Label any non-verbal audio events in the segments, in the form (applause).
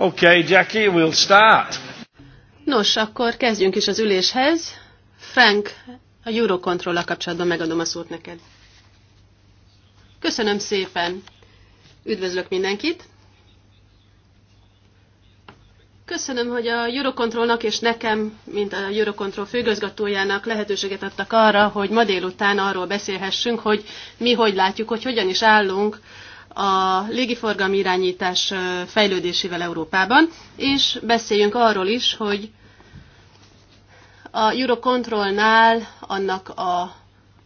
Okay, Jackie, we'll start. Nos, akkor kezdjünk is az üléshez. Frank, a Eurocontrollal kapcsolatban megadom a szót neked. Köszönöm szépen. Üdvözlök mindenkit. Köszönöm, hogy a Eurocontrolnak és nekem, mint a Eurocontrol főgazgatójának lehetőséget adtak arra, hogy ma délután arról beszélhessünk, hogy mi hogy látjuk, hogy hogyan is állunk a légiforgalmi irányítás fejlődésével Európában, és beszéljünk arról is, hogy a Eurocontrolnál annak a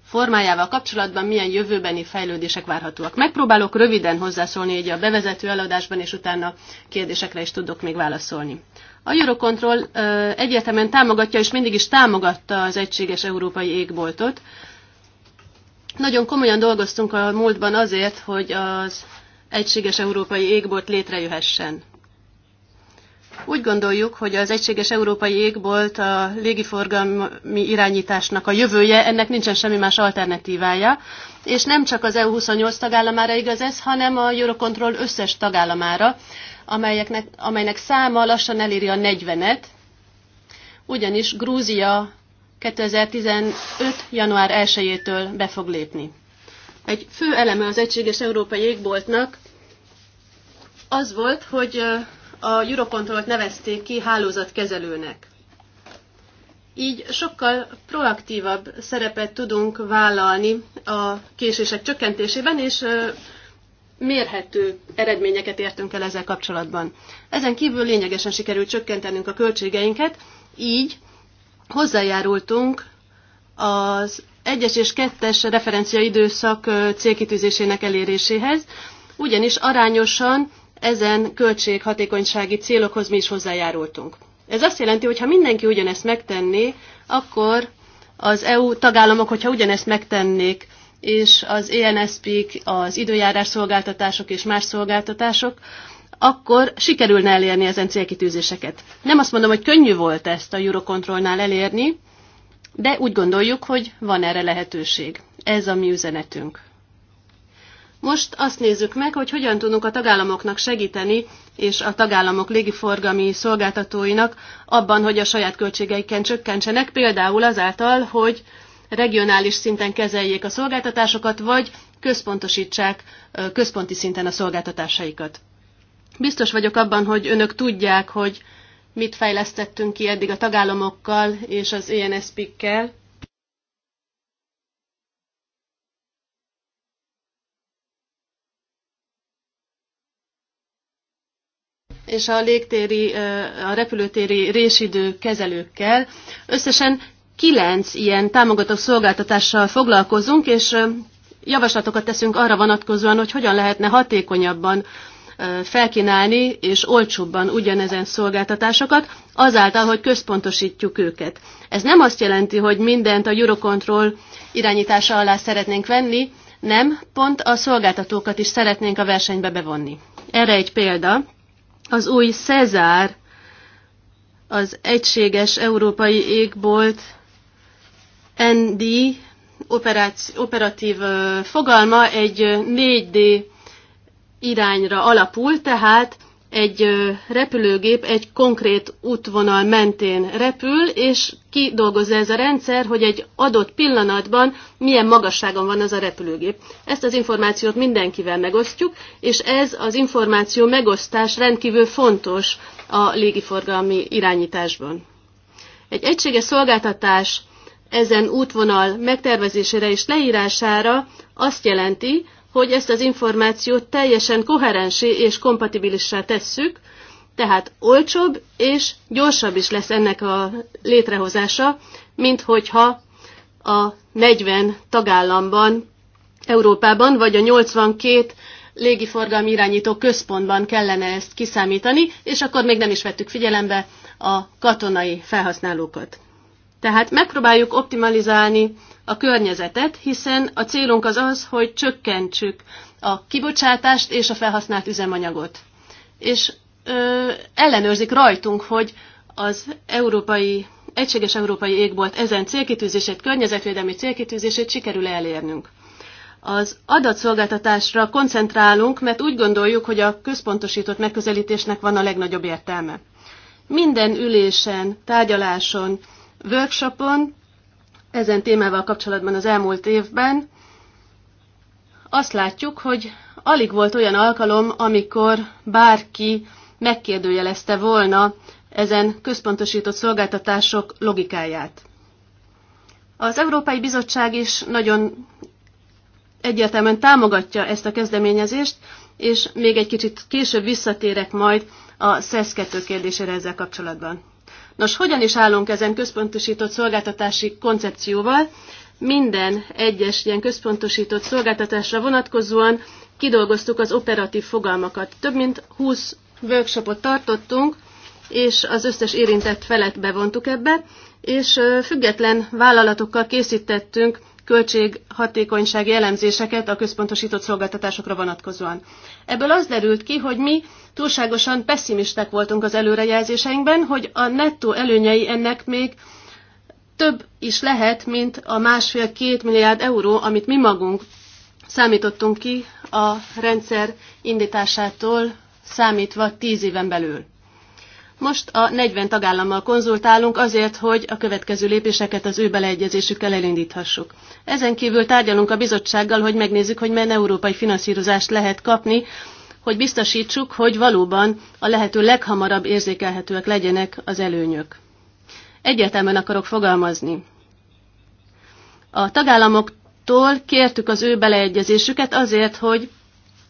formájával kapcsolatban milyen jövőbeni fejlődések várhatóak. Megpróbálok röviden hozzászólni így a bevezető előadásban, és utána kérdésekre is tudok még válaszolni. A Eurocontrol egyértelműen támogatja és mindig is támogatta az egységes európai égboltot, nagyon komolyan dolgoztunk a múltban azért, hogy az egységes európai égbolt létrejöhessen. Úgy gondoljuk, hogy az egységes európai égbolt a légiforgalmi irányításnak a jövője, ennek nincsen semmi más alternatívája, és nem csak az EU28 tagállamára igaz ez, hanem a Eurocontrol összes tagállamára, amelyeknek, amelynek száma lassan eléri a 40-et, ugyanis Grúzia 2015. január 1-től be fog lépni. Egy fő eleme az egységes európai égboltnak az volt, hogy a Eurocontrolt nevezték ki hálózatkezelőnek. Így sokkal proaktívabb szerepet tudunk vállalni a késések csökkentésében, és mérhető eredményeket értünk el ezzel kapcsolatban. Ezen kívül lényegesen sikerült csökkentenünk a költségeinket, így hozzájárultunk az egyes és kettes referencia időszak célkitűzésének eléréséhez, ugyanis arányosan ezen költséghatékonysági célokhoz mi is hozzájárultunk. Ez azt jelenti, hogy ha mindenki ugyanezt megtenné, akkor az EU tagállamok, hogyha ugyanezt megtennék, és az ENSP-k, az időjárás szolgáltatások és más szolgáltatások, akkor sikerülne elérni ezen célkitűzéseket. Nem azt mondom, hogy könnyű volt ezt a Eurocontrolnál elérni, de úgy gondoljuk, hogy van erre lehetőség. Ez a mi üzenetünk. Most azt nézzük meg, hogy hogyan tudunk a tagállamoknak segíteni, és a tagállamok légiforgalmi szolgáltatóinak abban, hogy a saját költségeiken csökkentsenek, például azáltal, hogy regionális szinten kezeljék a szolgáltatásokat, vagy központosítsák központi szinten a szolgáltatásaikat. Biztos vagyok abban, hogy önök tudják, hogy mit fejlesztettünk ki eddig a tagállamokkal és az ENSP-kkel. és a légtéri, a repülőtéri résidő kezelőkkel. Összesen kilenc ilyen támogató szolgáltatással foglalkozunk, és javaslatokat teszünk arra vonatkozóan, hogy hogyan lehetne hatékonyabban felkínálni, és olcsóbban ugyanezen szolgáltatásokat, azáltal, hogy központosítjuk őket. Ez nem azt jelenti, hogy mindent a Eurocontrol irányítása alá szeretnénk venni, nem, pont a szolgáltatókat is szeretnénk a versenybe bevonni. Erre egy példa, az új Cezár, az Egységes Európai Égbolt ND operáci, operatív fogalma egy 4D irányra alapul, tehát egy repülőgép egy konkrét útvonal mentén repül, és kidolgozza ez a rendszer, hogy egy adott pillanatban milyen magasságon van az a repülőgép. Ezt az információt mindenkivel megosztjuk, és ez az információ megosztás rendkívül fontos a légiforgalmi irányításban. Egy egységes szolgáltatás ezen útvonal megtervezésére és leírására azt jelenti, hogy ezt az információt teljesen koherensé és kompatibilissá tesszük, tehát olcsóbb és gyorsabb is lesz ennek a létrehozása, mint hogyha a 40 tagállamban, Európában, vagy a 82 légiforgalmi irányító központban kellene ezt kiszámítani, és akkor még nem is vettük figyelembe a katonai felhasználókat. Tehát megpróbáljuk optimalizálni a környezetet, hiszen a célunk az az, hogy csökkentsük a kibocsátást és a felhasznált üzemanyagot. És ö, ellenőrzik rajtunk, hogy az európai, egységes európai égbolt ezen célkitűzését, környezetvédelmi célkitűzését sikerül elérnünk. Az adatszolgáltatásra koncentrálunk, mert úgy gondoljuk, hogy a központosított megközelítésnek van a legnagyobb értelme. Minden ülésen, tárgyaláson, workshopon ezen témával kapcsolatban az elmúlt évben, azt látjuk, hogy alig volt olyan alkalom, amikor bárki megkérdőjelezte volna ezen központosított szolgáltatások logikáját. Az Európai Bizottság is nagyon egyértelműen támogatja ezt a kezdeményezést, és még egy kicsit később visszatérek majd a SZESZ 2 kérdésére ezzel kapcsolatban. Nos, hogyan is állunk ezen központosított szolgáltatási koncepcióval? Minden egyes ilyen központosított szolgáltatásra vonatkozóan kidolgoztuk az operatív fogalmakat. Több mint 20 workshopot tartottunk, és az összes érintett felet bevontuk ebbe, és független vállalatokkal készítettünk költséghatékonysági elemzéseket a központosított szolgáltatásokra vonatkozóan. Ebből az derült ki, hogy mi túlságosan pessimisták voltunk az előrejelzéseinkben, hogy a nettó előnyei ennek még több is lehet, mint a másfél-két milliárd euró, amit mi magunk számítottunk ki a rendszer indításától számítva tíz éven belül. Most a 40 tagállammal konzultálunk azért, hogy a következő lépéseket az ő beleegyezésükkel elindíthassuk. Ezen kívül tárgyalunk a bizottsággal, hogy megnézzük, hogy milyen európai finanszírozást lehet kapni, hogy biztosítsuk, hogy valóban a lehető leghamarabb érzékelhetőek legyenek az előnyök. Egyértelműen akarok fogalmazni. A tagállamoktól kértük az ő beleegyezésüket azért, hogy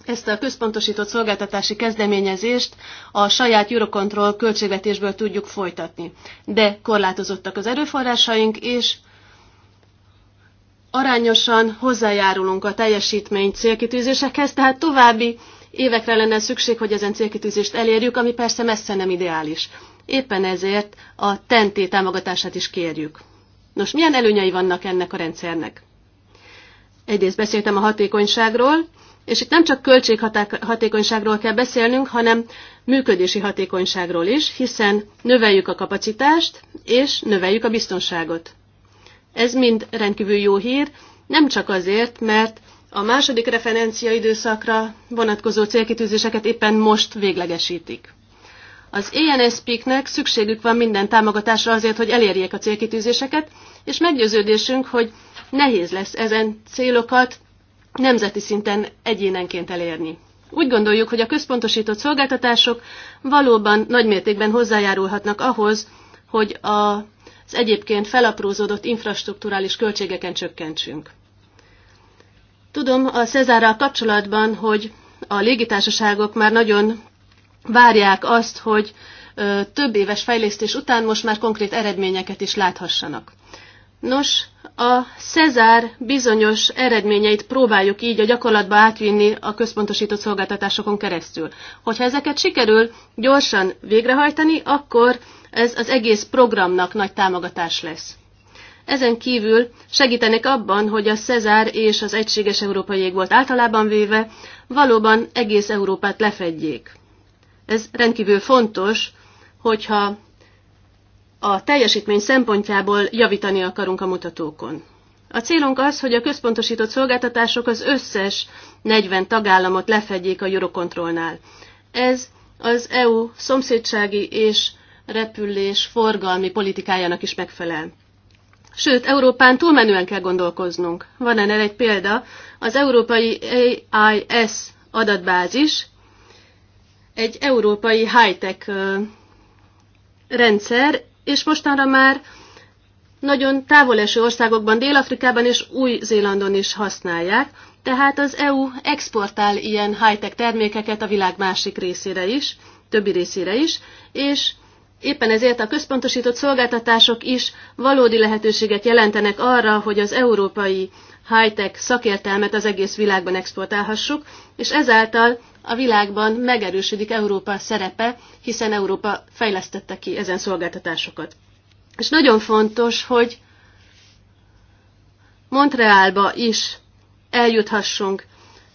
ezt a központosított szolgáltatási kezdeményezést a saját Eurocontrol költségvetésből tudjuk folytatni. De korlátozottak az erőforrásaink, és arányosan hozzájárulunk a teljesítmény célkitűzésekhez, tehát további évekre lenne szükség, hogy ezen célkitűzést elérjük, ami persze messze nem ideális. Éppen ezért a TENTÉ támogatását is kérjük. Nos, milyen előnyei vannak ennek a rendszernek? Egyrészt beszéltem a hatékonyságról, és itt nem csak költséghatékonyságról kell beszélnünk, hanem működési hatékonyságról is, hiszen növeljük a kapacitást, és növeljük a biztonságot. Ez mind rendkívül jó hír, nem csak azért, mert a második referencia időszakra vonatkozó célkitűzéseket éppen most véglegesítik. Az ENSP-knek szükségük van minden támogatásra azért, hogy elérjék a célkitűzéseket, és meggyőződésünk, hogy nehéz lesz ezen célokat nemzeti szinten egyénenként elérni. Úgy gondoljuk, hogy a központosított szolgáltatások valóban nagymértékben hozzájárulhatnak ahhoz, hogy az egyébként felaprózódott infrastruktúrális költségeken csökkentsünk. Tudom a Cezárral kapcsolatban, hogy a légitársaságok már nagyon várják azt, hogy több éves fejlesztés után most már konkrét eredményeket is láthassanak. Nos, a Cezár bizonyos eredményeit próbáljuk így a gyakorlatba átvinni a központosított szolgáltatásokon keresztül. Hogyha ezeket sikerül gyorsan végrehajtani, akkor ez az egész programnak nagy támogatás lesz. Ezen kívül segítenek abban, hogy a Cezár és az Egységes Európai Égbolt általában véve valóban egész Európát lefedjék. Ez rendkívül fontos, hogyha a teljesítmény szempontjából javítani akarunk a mutatókon. A célunk az, hogy a központosított szolgáltatások az összes 40 tagállamot lefedjék a Eurocontrolnál. Ez az EU szomszédsági és repülés forgalmi politikájának is megfelel. Sőt, Európán túlmenően kell gondolkoznunk. Van ennél egy példa, az Európai AIS adatbázis egy európai high-tech rendszer, és mostanra már nagyon eső országokban, Dél-Afrikában és Új-Zélandon is használják, tehát az EU exportál ilyen high-tech termékeket a világ másik részére is, többi részére is, és éppen ezért a központosított szolgáltatások is valódi lehetőséget jelentenek arra, hogy az európai high-tech szakértelmet az egész világban exportálhassuk, és ezáltal a világban megerősödik Európa szerepe, hiszen Európa fejlesztette ki ezen szolgáltatásokat. És nagyon fontos, hogy Montrealba is eljuthassunk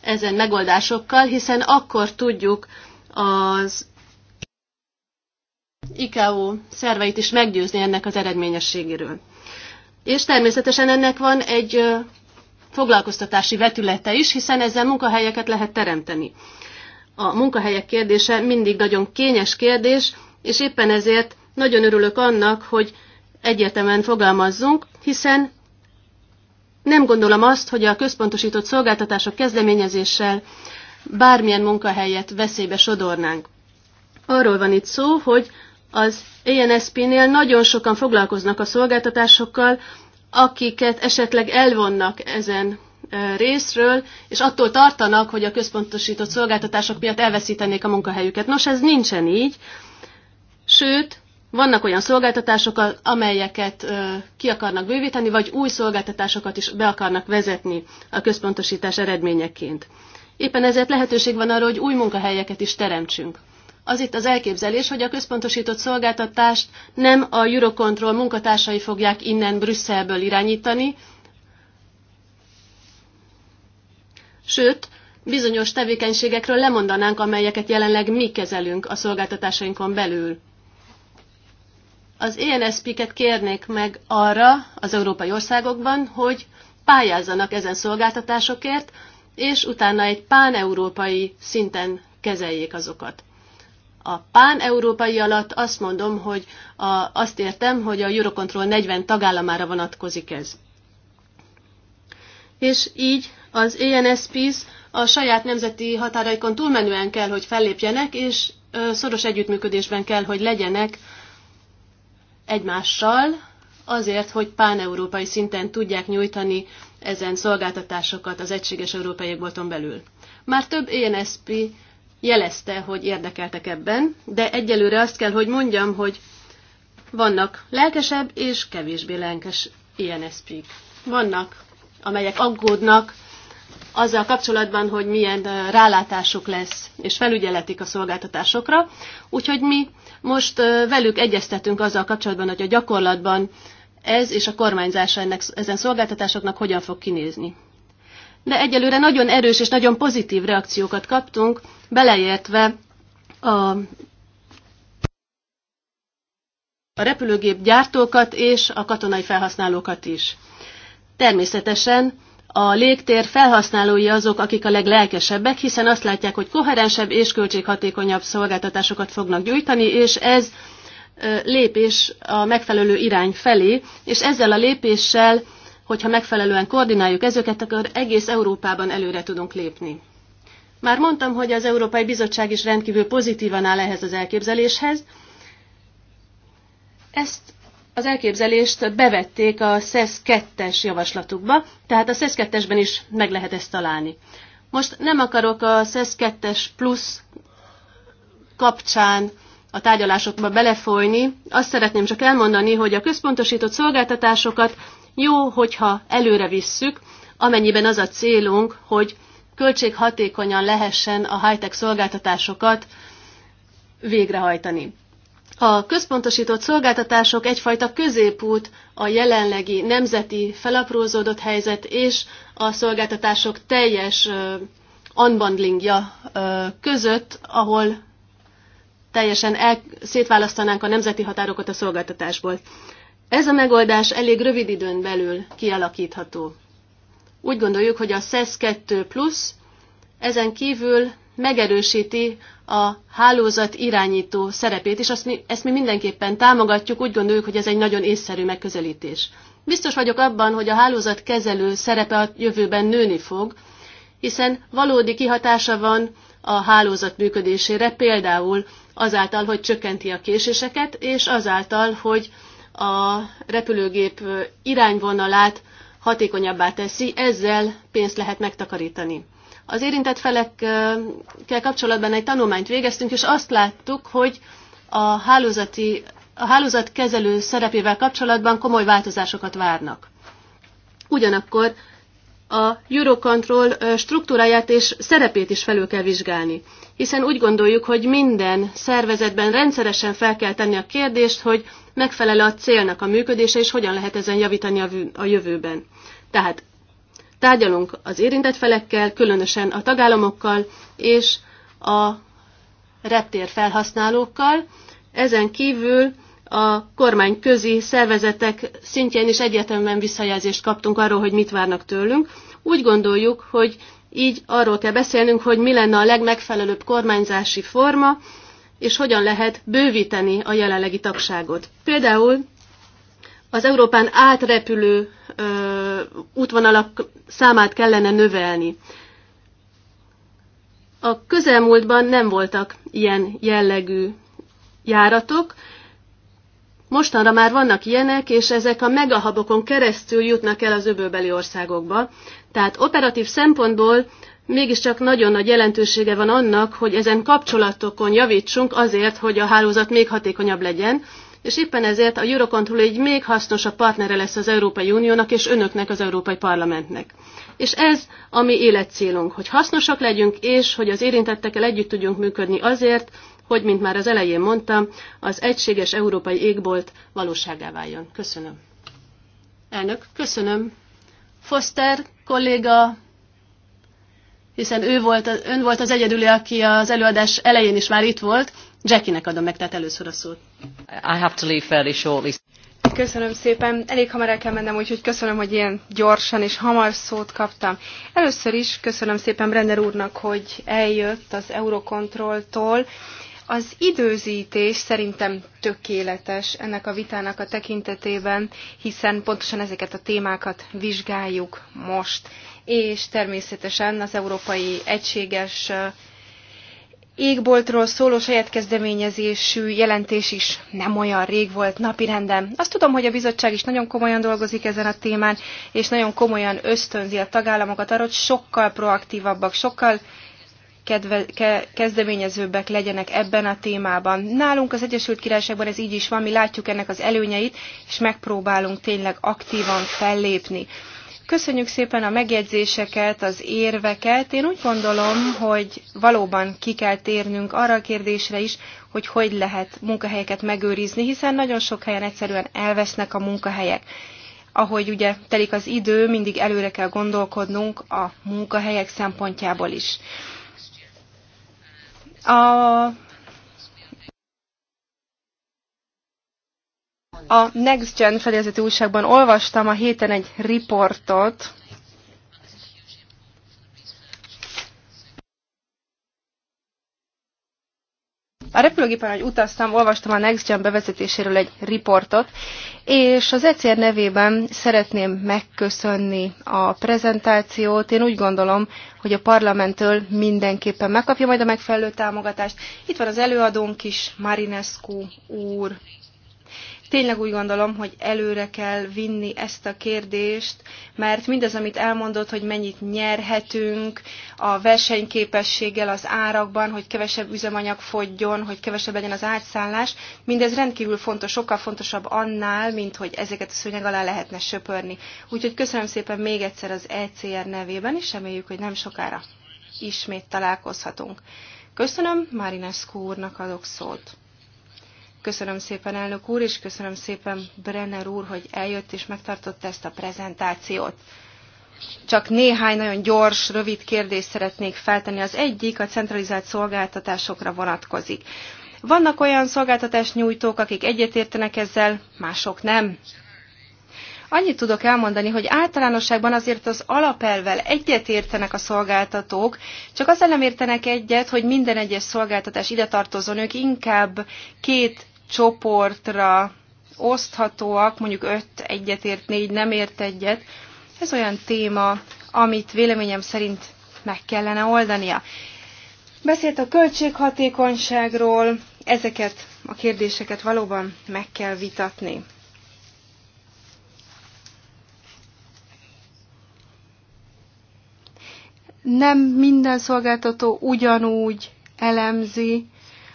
ezen megoldásokkal, hiszen akkor tudjuk az ICAO szerveit is meggyőzni ennek az eredményességéről. És természetesen ennek van egy foglalkoztatási vetülete is, hiszen ezzel munkahelyeket lehet teremteni a munkahelyek kérdése mindig nagyon kényes kérdés, és éppen ezért nagyon örülök annak, hogy egyetemen fogalmazzunk, hiszen nem gondolom azt, hogy a központosított szolgáltatások kezdeményezéssel bármilyen munkahelyet veszélybe sodornánk. Arról van itt szó, hogy az ENSP-nél nagyon sokan foglalkoznak a szolgáltatásokkal, akiket esetleg elvonnak ezen részről, és attól tartanak, hogy a központosított szolgáltatások miatt elveszítenék a munkahelyüket. Nos, ez nincsen így. Sőt, vannak olyan szolgáltatások, amelyeket ki akarnak bővíteni, vagy új szolgáltatásokat is be akarnak vezetni a központosítás eredményeként. Éppen ezért lehetőség van arra, hogy új munkahelyeket is teremtsünk. Az itt az elképzelés, hogy a központosított szolgáltatást nem a Eurocontrol munkatársai fogják innen Brüsszelből irányítani, sőt, bizonyos tevékenységekről lemondanánk, amelyeket jelenleg mi kezelünk a szolgáltatásainkon belül. Az ENSP-ket kérnék meg arra az európai országokban, hogy pályázzanak ezen szolgáltatásokért, és utána egy páneurópai szinten kezeljék azokat. A páneurópai alatt azt mondom, hogy a, azt értem, hogy a Eurocontrol 40 tagállamára vonatkozik ez. És így az ENSPs a saját nemzeti határaikon túlmenően kell, hogy fellépjenek, és szoros együttműködésben kell, hogy legyenek egymással, azért, hogy páneurópai szinten tudják nyújtani ezen szolgáltatásokat az egységes európai égbolton belül. Már több ENSP jelezte, hogy érdekeltek ebben, de egyelőre azt kell, hogy mondjam, hogy vannak lelkesebb és kevésbé lelkes ENSP-k. Vannak, amelyek aggódnak azzal kapcsolatban, hogy milyen rálátásuk lesz, és felügyeletik a szolgáltatásokra. Úgyhogy mi most velük egyeztetünk azzal kapcsolatban, hogy a gyakorlatban ez és a kormányzása ennek, ezen szolgáltatásoknak hogyan fog kinézni. De egyelőre nagyon erős és nagyon pozitív reakciókat kaptunk, beleértve a a repülőgép gyártókat és a katonai felhasználókat is. Természetesen a légtér felhasználói azok, akik a leglelkesebbek, hiszen azt látják, hogy koherensebb és költséghatékonyabb szolgáltatásokat fognak gyújtani, és ez lépés a megfelelő irány felé, és ezzel a lépéssel, hogyha megfelelően koordináljuk ezeket, akkor egész Európában előre tudunk lépni. Már mondtam, hogy az Európai Bizottság is rendkívül pozitívan áll ehhez az elképzeléshez. Ezt az elképzelést bevették a SES 2-es javaslatukba, tehát a SES 2-esben is meg lehet ezt találni. Most nem akarok a SES 2-es plusz kapcsán a tárgyalásokba belefolyni. Azt szeretném csak elmondani, hogy a központosított szolgáltatásokat jó, hogyha előre visszük, amennyiben az a célunk, hogy költséghatékonyan lehessen a high-tech szolgáltatásokat végrehajtani. A központosított szolgáltatások egyfajta középút a jelenlegi nemzeti felaprózódott helyzet és a szolgáltatások teljes unbundlingja között, ahol teljesen el, szétválasztanánk a nemzeti határokat a szolgáltatásból. Ez a megoldás elég rövid időn belül kialakítható. Úgy gondoljuk, hogy a SES 2 Plus ezen kívül megerősíti a hálózat irányító szerepét, és azt mi, ezt mi mindenképpen támogatjuk, úgy gondoljuk, hogy ez egy nagyon észszerű megközelítés. Biztos vagyok abban, hogy a hálózat kezelő szerepe a jövőben nőni fog, hiszen valódi kihatása van a hálózat működésére, például azáltal, hogy csökkenti a késéseket, és azáltal, hogy a repülőgép irányvonalát hatékonyabbá teszi, ezzel pénzt lehet megtakarítani. Az érintett felekkel kapcsolatban egy tanulmányt végeztünk, és azt láttuk, hogy a, hálózati, a hálózat kezelő szerepével kapcsolatban komoly változásokat várnak. Ugyanakkor a Eurocontrol struktúráját és szerepét is felül kell vizsgálni, hiszen úgy gondoljuk, hogy minden szervezetben rendszeresen fel kell tenni a kérdést, hogy megfelel a célnak a működése, és hogyan lehet ezen javítani a jövőben. Tehát Tárgyalunk az érintett felekkel, különösen a tagállamokkal és a reptér felhasználókkal. Ezen kívül a kormányközi szervezetek szintjén is egyetemben visszajelzést kaptunk arról, hogy mit várnak tőlünk. Úgy gondoljuk, hogy így arról kell beszélnünk, hogy mi lenne a legmegfelelőbb kormányzási forma, és hogyan lehet bővíteni a jelenlegi tagságot. Például az Európán átrepülő ö, útvonalak számát kellene növelni. A közelmúltban nem voltak ilyen jellegű járatok, mostanra már vannak ilyenek, és ezek a megahabokon keresztül jutnak el az öbölbeli országokba. Tehát operatív szempontból mégiscsak nagyon nagy jelentősége van annak, hogy ezen kapcsolatokon javítsunk azért, hogy a hálózat még hatékonyabb legyen, és éppen ezért a Eurocontrol egy még hasznosabb partnere lesz az Európai Uniónak és önöknek az Európai Parlamentnek. És ez a mi életcélunk, hogy hasznosak legyünk, és hogy az érintettekkel együtt tudjunk működni azért, hogy, mint már az elején mondtam, az egységes európai égbolt valóságá váljon. Köszönöm. Elnök, köszönöm. Foster kolléga, hiszen ő volt, ön volt az egyedüli, aki az előadás elején is már itt volt. Jackinek adom meg, tehát először a szót. I have to leave fairly shortly. Köszönöm szépen. Elég hamar el kell mennem, úgyhogy köszönöm, hogy ilyen gyorsan és hamar szót kaptam. Először is köszönöm szépen Brenner úrnak, hogy eljött az Eurocontroltól. Az időzítés szerintem tökéletes ennek a vitának a tekintetében, hiszen pontosan ezeket a témákat vizsgáljuk most. És természetesen az Európai Egységes égboltról szóló saját kezdeményezésű jelentés is nem olyan rég volt napirenden. Azt tudom, hogy a bizottság is nagyon komolyan dolgozik ezen a témán, és nagyon komolyan ösztönzi a tagállamokat arra, hogy sokkal proaktívabbak, sokkal kedve, ke, kezdeményezőbbek legyenek ebben a témában. Nálunk az Egyesült Királyságban ez így is van, mi látjuk ennek az előnyeit, és megpróbálunk tényleg aktívan fellépni. Köszönjük szépen a megjegyzéseket, az érveket. Én úgy gondolom, hogy valóban ki kell térnünk arra a kérdésre is, hogy hogy lehet munkahelyeket megőrizni, hiszen nagyon sok helyen egyszerűen elvesznek a munkahelyek. Ahogy ugye telik az idő, mindig előre kell gondolkodnunk a munkahelyek szempontjából is. A A Next Gen fedélzeti újságban olvastam a héten egy riportot, A repülőgépen, ahogy utaztam, olvastam a Next Gen bevezetéséről egy riportot, és az ECR nevében szeretném megköszönni a prezentációt. Én úgy gondolom, hogy a parlamenttől mindenképpen megkapja majd a megfelelő támogatást. Itt van az előadónk is, Marinescu úr. Tényleg úgy gondolom, hogy előre kell vinni ezt a kérdést, mert mindaz, amit elmondott, hogy mennyit nyerhetünk a versenyképességgel az árakban, hogy kevesebb üzemanyag fogyjon, hogy kevesebb legyen az átszállás, mindez rendkívül fontos, sokkal fontosabb annál, mint hogy ezeket a szőnyeg alá lehetne söpörni. Úgyhogy köszönöm szépen még egyszer az ECR nevében, és reméljük, hogy nem sokára ismét találkozhatunk. Köszönöm, Márinescu úrnak adok szót. Köszönöm szépen, elnök úr, és köszönöm szépen, Brenner úr, hogy eljött és megtartotta ezt a prezentációt. Csak néhány nagyon gyors, rövid kérdést szeretnék feltenni. Az egyik a centralizált szolgáltatásokra vonatkozik. Vannak olyan szolgáltatásnyújtók, akik egyetértenek ezzel, mások nem. Annyit tudok elmondani, hogy általánosságban azért az alapelvel egyet értenek a szolgáltatók, csak azzal nem értenek egyet, hogy minden egyes szolgáltatás ide tartozó ők inkább két csoportra oszthatóak, mondjuk öt egyet ért, négy nem ért egyet. Ez olyan téma, amit véleményem szerint meg kellene oldania. Beszélt a költséghatékonyságról, ezeket a kérdéseket valóban meg kell vitatni. nem minden szolgáltató ugyanúgy elemzi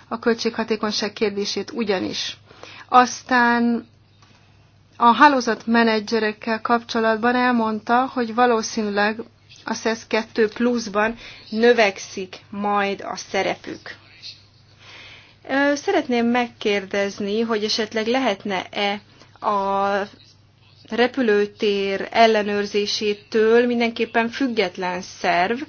a költséghatékonyság kérdését ugyanis. Aztán a hálózatmenedzserekkel kapcsolatban elmondta, hogy valószínűleg a SES 2 pluszban növekszik majd a szerepük. Szeretném megkérdezni, hogy esetleg lehetne-e a repülőtér ellenőrzésétől mindenképpen független szerv,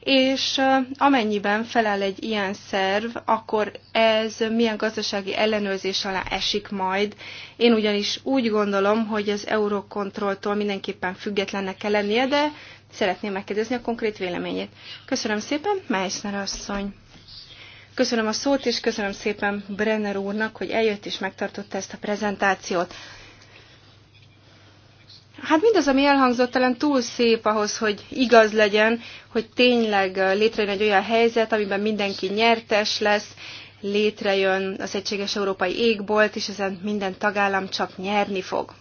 és amennyiben felel egy ilyen szerv, akkor ez milyen gazdasági ellenőrzés alá esik majd. Én ugyanis úgy gondolom, hogy az Eurokontrolltól mindenképpen függetlennek kell lennie, de szeretném megkérdezni a konkrét véleményét. Köszönöm szépen, Meissner asszony! Köszönöm a szót, és köszönöm szépen Brenner úrnak, hogy eljött és megtartotta ezt a prezentációt. Hát mindaz, ami elhangzott, talán túl szép ahhoz, hogy igaz legyen, hogy tényleg létrejön egy olyan helyzet, amiben mindenki nyertes lesz, létrejön az egységes európai égbolt, és ezen minden tagállam csak nyerni fog.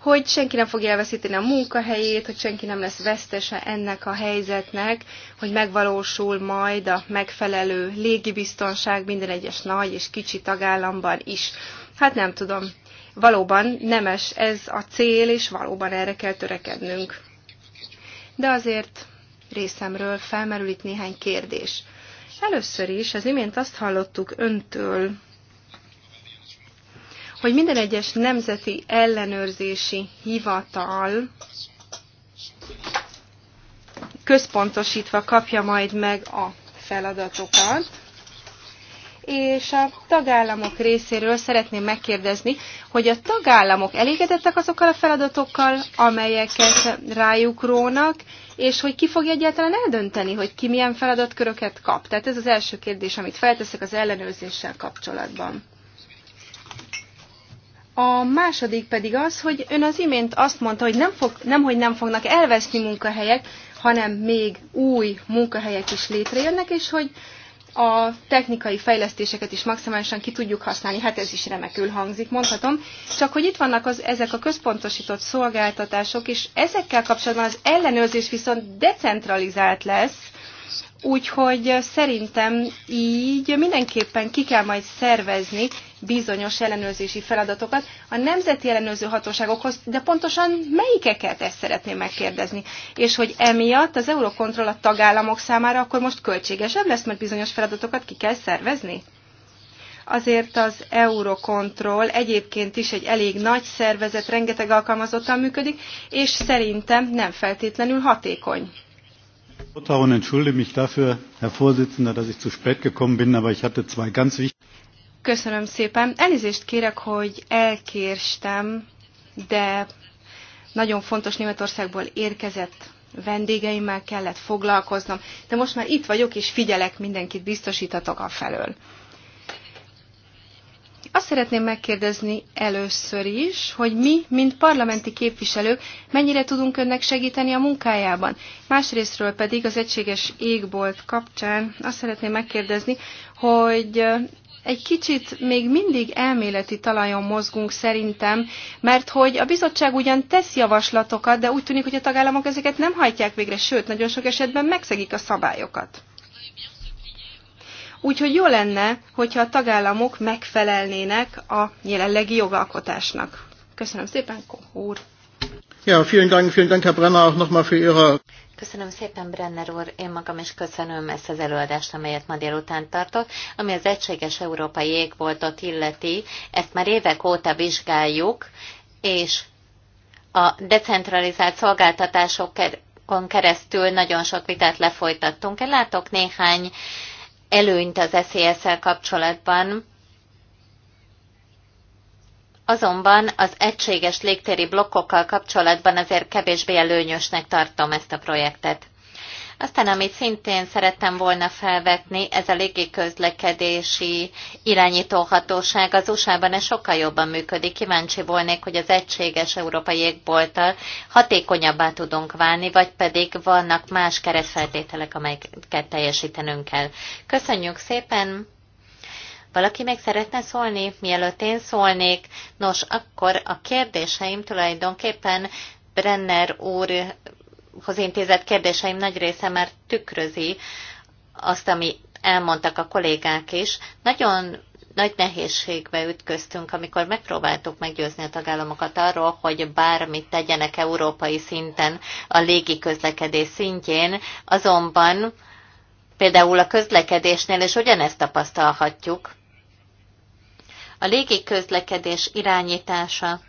Hogy senki nem fogja elveszíteni a munkahelyét, hogy senki nem lesz vesztese ennek a helyzetnek, hogy megvalósul majd a megfelelő légibiztonság minden egyes nagy és kicsi tagállamban is. Hát nem tudom. Valóban nemes ez a cél, és valóban erre kell törekednünk. De azért részemről felmerül itt néhány kérdés. Először is az imént azt hallottuk öntől, hogy minden egyes nemzeti ellenőrzési hivatal központosítva kapja majd meg a feladatokat, és a tagállamok részéről szeretném megkérdezni, hogy a tagállamok elégedettek azokkal a feladatokkal, amelyeket rájuk rónak, és hogy ki fog egyáltalán eldönteni, hogy ki milyen feladatköröket kap. Tehát ez az első kérdés, amit felteszek az ellenőrzéssel kapcsolatban. A második pedig az, hogy ön az imént azt mondta, hogy nem, fog, nem hogy nem fognak elveszni munkahelyek, hanem még új munkahelyek is létrejönnek, és hogy a technikai fejlesztéseket is maximálisan ki tudjuk használni. Hát ez is remekül hangzik, mondhatom. Csak hogy itt vannak az, ezek a központosított szolgáltatások, és ezekkel kapcsolatban az ellenőrzés viszont decentralizált lesz, úgyhogy szerintem így mindenképpen ki kell majd szervezni bizonyos ellenőrzési feladatokat a nemzeti ellenőrző hatóságokhoz, de pontosan melyikeket ezt szeretném megkérdezni. És hogy emiatt az Eurokontroll a tagállamok számára akkor most költségesebb lesz, mert bizonyos feladatokat ki kell szervezni? azért az Eurokontroll egyébként is egy elég nagy szervezet, rengeteg alkalmazottan működik, és szerintem nem feltétlenül hatékony. Frau entschuldige mich dafür, Herr Vorsitzender, dass ich zu spät gekommen bin, aber ich hatte zwei ganz wichtige Köszönöm szépen. Elnézést kérek, hogy elkérstem, de nagyon fontos Németországból érkezett vendégeimmel kellett foglalkoznom, de most már itt vagyok, és figyelek, mindenkit biztosítatok a felől. Azt szeretném megkérdezni először is, hogy mi, mint parlamenti képviselők, mennyire tudunk önnek segíteni a munkájában. Másrésztről pedig az egységes égbolt kapcsán azt szeretném megkérdezni, hogy egy kicsit még mindig elméleti talajon mozgunk szerintem, mert hogy a bizottság ugyan tesz javaslatokat, de úgy tűnik, hogy a tagállamok ezeket nem hajtják végre, sőt, nagyon sok esetben megszegik a szabályokat. Úgyhogy jó lenne, hogyha a tagállamok megfelelnének a jelenlegi jogalkotásnak. Köszönöm szépen, Kohúr! Ja, vielen Dank, vielen Dank, Herr Brenner, auch nochmal für Ihre... Köszönöm szépen, Brenner úr. Én magam is köszönöm ezt az előadást, amelyet ma délután tartott. Ami az egységes európai égboltot illeti, ezt már évek óta vizsgáljuk, és a decentralizált szolgáltatásokon keresztül nagyon sok vitát lefolytattunk. Én látok néhány előnyt az SZSZ-el kapcsolatban Azonban az egységes légtéri blokkokkal kapcsolatban azért kevésbé előnyösnek tartom ezt a projektet. Aztán, amit szintén szerettem volna felvetni, ez a légiközlekedési irányítóhatóság az USA-ban ez sokkal jobban működik. Kíváncsi volnék, hogy az egységes európai égbolttal hatékonyabbá tudunk válni, vagy pedig vannak más keresztfeltételek, amelyeket teljesítenünk kell. Köszönjük szépen! Valaki még szeretne szólni, mielőtt én szólnék? Nos, akkor a kérdéseim tulajdonképpen Brenner úrhoz intézett kérdéseim nagy része már tükrözi azt, ami elmondtak a kollégák is. Nagyon nagy nehézségbe ütköztünk, amikor megpróbáltuk meggyőzni a tagállamokat arról, hogy bármit tegyenek európai szinten a légi közlekedés szintjén, azonban például a közlekedésnél is ugyanezt tapasztalhatjuk, a légi közlekedés irányítása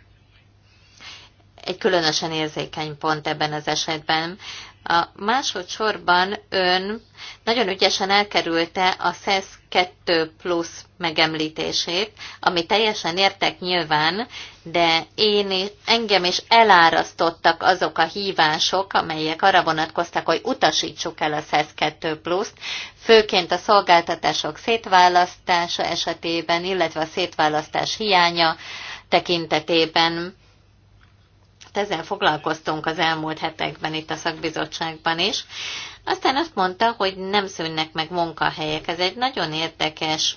egy különösen érzékeny pont ebben az esetben. A másodszorban ön nagyon ügyesen elkerülte a SES 2 plusz megemlítését, ami teljesen értek nyilván, de én engem is elárasztottak azok a hívások, amelyek arra vonatkoztak, hogy utasítsuk el a SES 2 pluszt, főként a szolgáltatások szétválasztása esetében, illetve a szétválasztás hiánya tekintetében Hát ezzel foglalkoztunk az elmúlt hetekben itt a szakbizottságban is. Aztán azt mondta, hogy nem szűnnek meg munkahelyek. Ez egy nagyon érdekes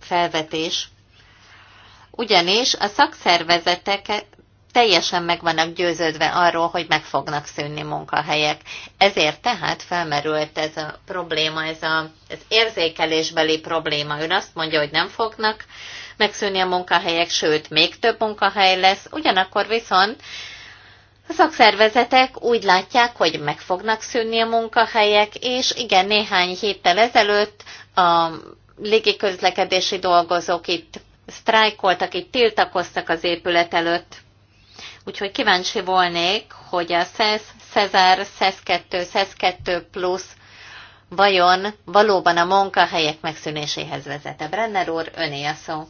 felvetés, ugyanis a szakszervezetek teljesen meg vannak győződve arról, hogy meg fognak szűnni munkahelyek. Ezért tehát felmerült ez a probléma, ez a, az érzékelésbeli probléma. Ön azt mondja, hogy nem fognak megszűnni a munkahelyek, sőt, még több munkahely lesz, ugyanakkor viszont a szakszervezetek úgy látják, hogy meg fognak szűnni a munkahelyek, és igen, néhány héttel ezelőtt a légiközlekedési dolgozók itt sztrájkoltak, itt tiltakoztak az épület előtt. Úgyhogy kíváncsi volnék, hogy a SESZ, Cezár, SES 2, SES 2 plusz vajon valóban a munkahelyek megszűnéséhez vezete. Brenner úr, öné a szó.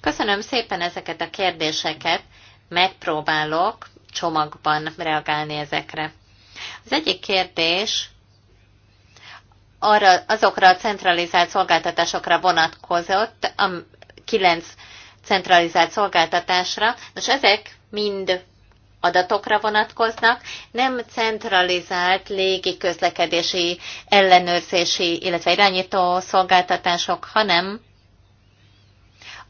Köszönöm szépen ezeket a kérdéseket, megpróbálok csomagban reagálni ezekre. Az egyik kérdés arra, azokra a centralizált szolgáltatásokra vonatkozott, a kilenc centralizált szolgáltatásra, és ezek mind adatokra vonatkoznak, nem centralizált légi közlekedési ellenőrzési, illetve irányító szolgáltatások, hanem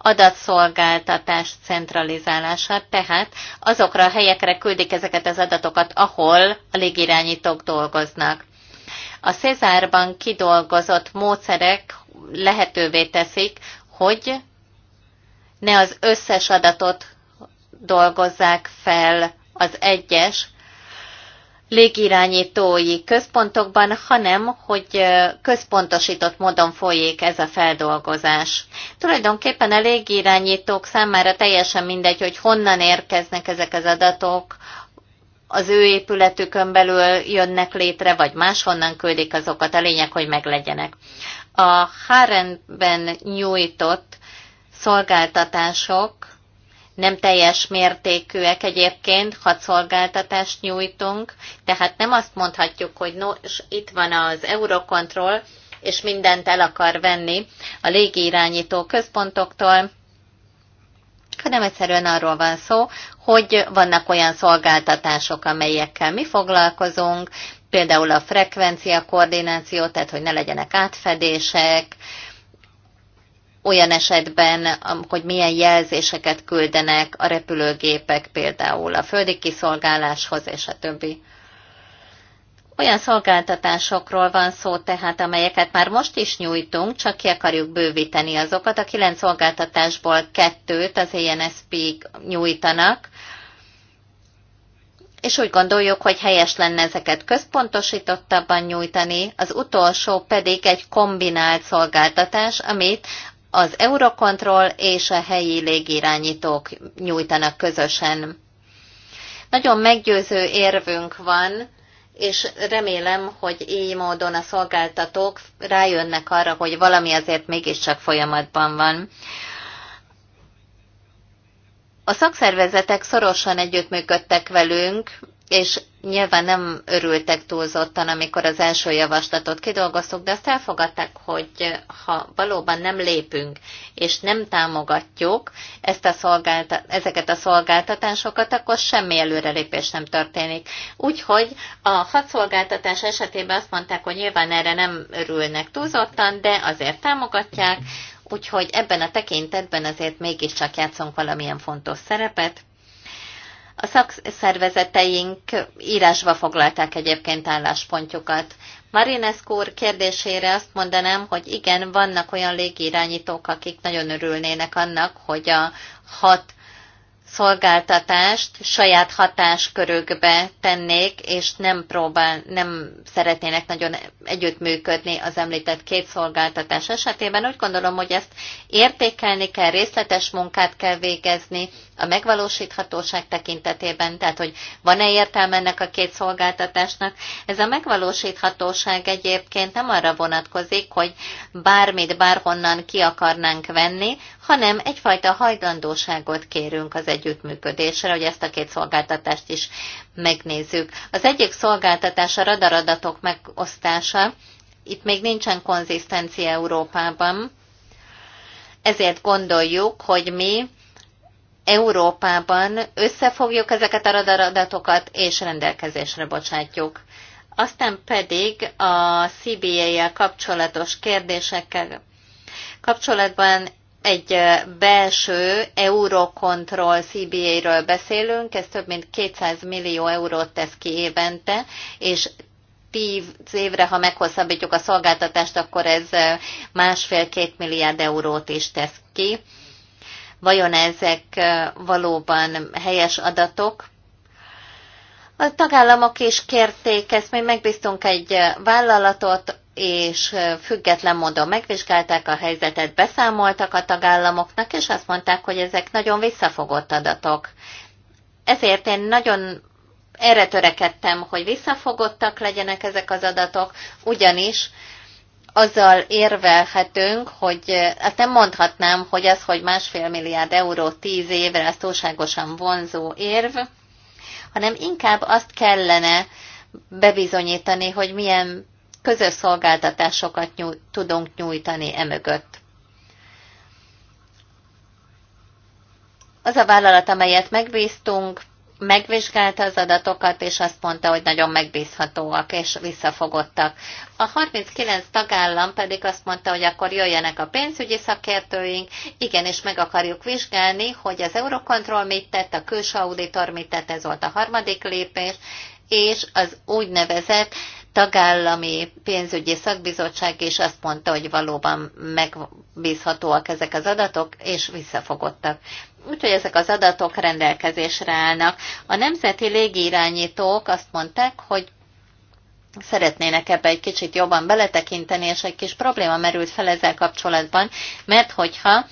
adatszolgáltatás centralizálását, tehát azokra a helyekre küldik ezeket az adatokat, ahol a légirányítók dolgoznak. A Cezárban kidolgozott módszerek lehetővé teszik, hogy ne az összes adatot dolgozzák fel az egyes légirányítói központokban, hanem hogy központosított módon folyik ez a feldolgozás. Tulajdonképpen a légirányítók számára teljesen mindegy, hogy honnan érkeznek ezek az adatok, az ő épületükön belül jönnek létre, vagy máshonnan küldik azokat, a lényeg, hogy meglegyenek. A Hárenben nyújtott szolgáltatások nem teljes mértékűek egyébként, hat szolgáltatást nyújtunk, tehát nem azt mondhatjuk, hogy no, itt van az Eurocontrol, és mindent el akar venni a légirányító központoktól, hanem egyszerűen arról van szó, hogy vannak olyan szolgáltatások, amelyekkel mi foglalkozunk, például a frekvencia koordináció, tehát hogy ne legyenek átfedések, olyan esetben, hogy milyen jelzéseket küldenek a repülőgépek például a földi kiszolgáláshoz és a többi. Olyan szolgáltatásokról van szó tehát, amelyeket már most is nyújtunk, csak ki akarjuk bővíteni azokat. A kilenc szolgáltatásból kettőt az ENSP nyújtanak, és úgy gondoljuk, hogy helyes lenne ezeket központosítottabban nyújtani, az utolsó pedig egy kombinált szolgáltatás, amit az Eurocontrol és a helyi légirányítók nyújtanak közösen. Nagyon meggyőző érvünk van, és remélem, hogy így módon a szolgáltatók rájönnek arra, hogy valami azért mégiscsak folyamatban van. A szakszervezetek szorosan együttműködtek velünk, és nyilván nem örültek túlzottan, amikor az első javaslatot kidolgoztuk, de azt elfogadták, hogy ha valóban nem lépünk és nem támogatjuk ezt a szolgálta- ezeket a szolgáltatásokat, akkor semmi előrelépés nem történik. Úgyhogy a hat szolgáltatás esetében azt mondták, hogy nyilván erre nem örülnek túlzottan, de azért támogatják, úgyhogy ebben a tekintetben azért mégiscsak játszunk valamilyen fontos szerepet, a szakszervezeteink írásba foglalták egyébként álláspontjukat. Marinescu úr kérdésére azt mondanám, hogy igen, vannak olyan légirányítók, akik nagyon örülnének annak, hogy a hat szolgáltatást saját hatáskörökbe tennék, és nem próbál, nem szeretnének nagyon együttműködni az említett két szolgáltatás esetében. Úgy gondolom, hogy ezt értékelni kell, részletes munkát kell végezni a megvalósíthatóság tekintetében, tehát hogy van-e értelme ennek a két szolgáltatásnak. Ez a megvalósíthatóság egyébként nem arra vonatkozik, hogy bármit bárhonnan ki akarnánk venni, hanem egyfajta hajlandóságot kérünk az együttműködésre, hogy ezt a két szolgáltatást is megnézzük. Az egyik szolgáltatás a radaradatok megosztása. Itt még nincsen konzisztencia Európában, ezért gondoljuk, hogy mi Európában összefogjuk ezeket a radaradatokat és rendelkezésre bocsátjuk. Aztán pedig a CBA-jel kapcsolatos kérdésekkel kapcsolatban egy belső Eurocontrol CBA-ről beszélünk, ez több mint 200 millió eurót tesz ki évente, és 10 évre, ha meghosszabbítjuk a szolgáltatást, akkor ez másfél-két milliárd eurót is tesz ki. Vajon ezek valóban helyes adatok? A tagállamok is kérték ezt, mi megbíztunk egy vállalatot, és független módon megvizsgálták a helyzetet, beszámoltak a tagállamoknak, és azt mondták, hogy ezek nagyon visszafogott adatok. Ezért én nagyon erre törekedtem, hogy visszafogottak legyenek ezek az adatok, ugyanis azzal érvelhetünk, hogy azt hát nem mondhatnám, hogy az, hogy másfél milliárd euró tíz évre, az túlságosan vonzó érv, hanem inkább azt kellene bebizonyítani, hogy milyen közös szolgáltatásokat nyújt, tudunk nyújtani emögött. Az a vállalat, amelyet megbíztunk, megvizsgálta az adatokat, és azt mondta, hogy nagyon megbízhatóak és visszafogottak. A 39 tagállam pedig azt mondta, hogy akkor jöjjenek a pénzügyi szakértőink, igenis meg akarjuk vizsgálni, hogy az Eurocontrol mit tett, a külső auditor mit tett, ez volt a harmadik lépés, és az úgynevezett tagállami pénzügyi szakbizottság is azt mondta, hogy valóban megbízhatóak ezek az adatok, és visszafogottak. Úgyhogy ezek az adatok rendelkezésre állnak. A nemzeti légirányítók azt mondták, hogy szeretnének ebbe egy kicsit jobban beletekinteni, és egy kis probléma merült fel ezzel kapcsolatban, mert hogyha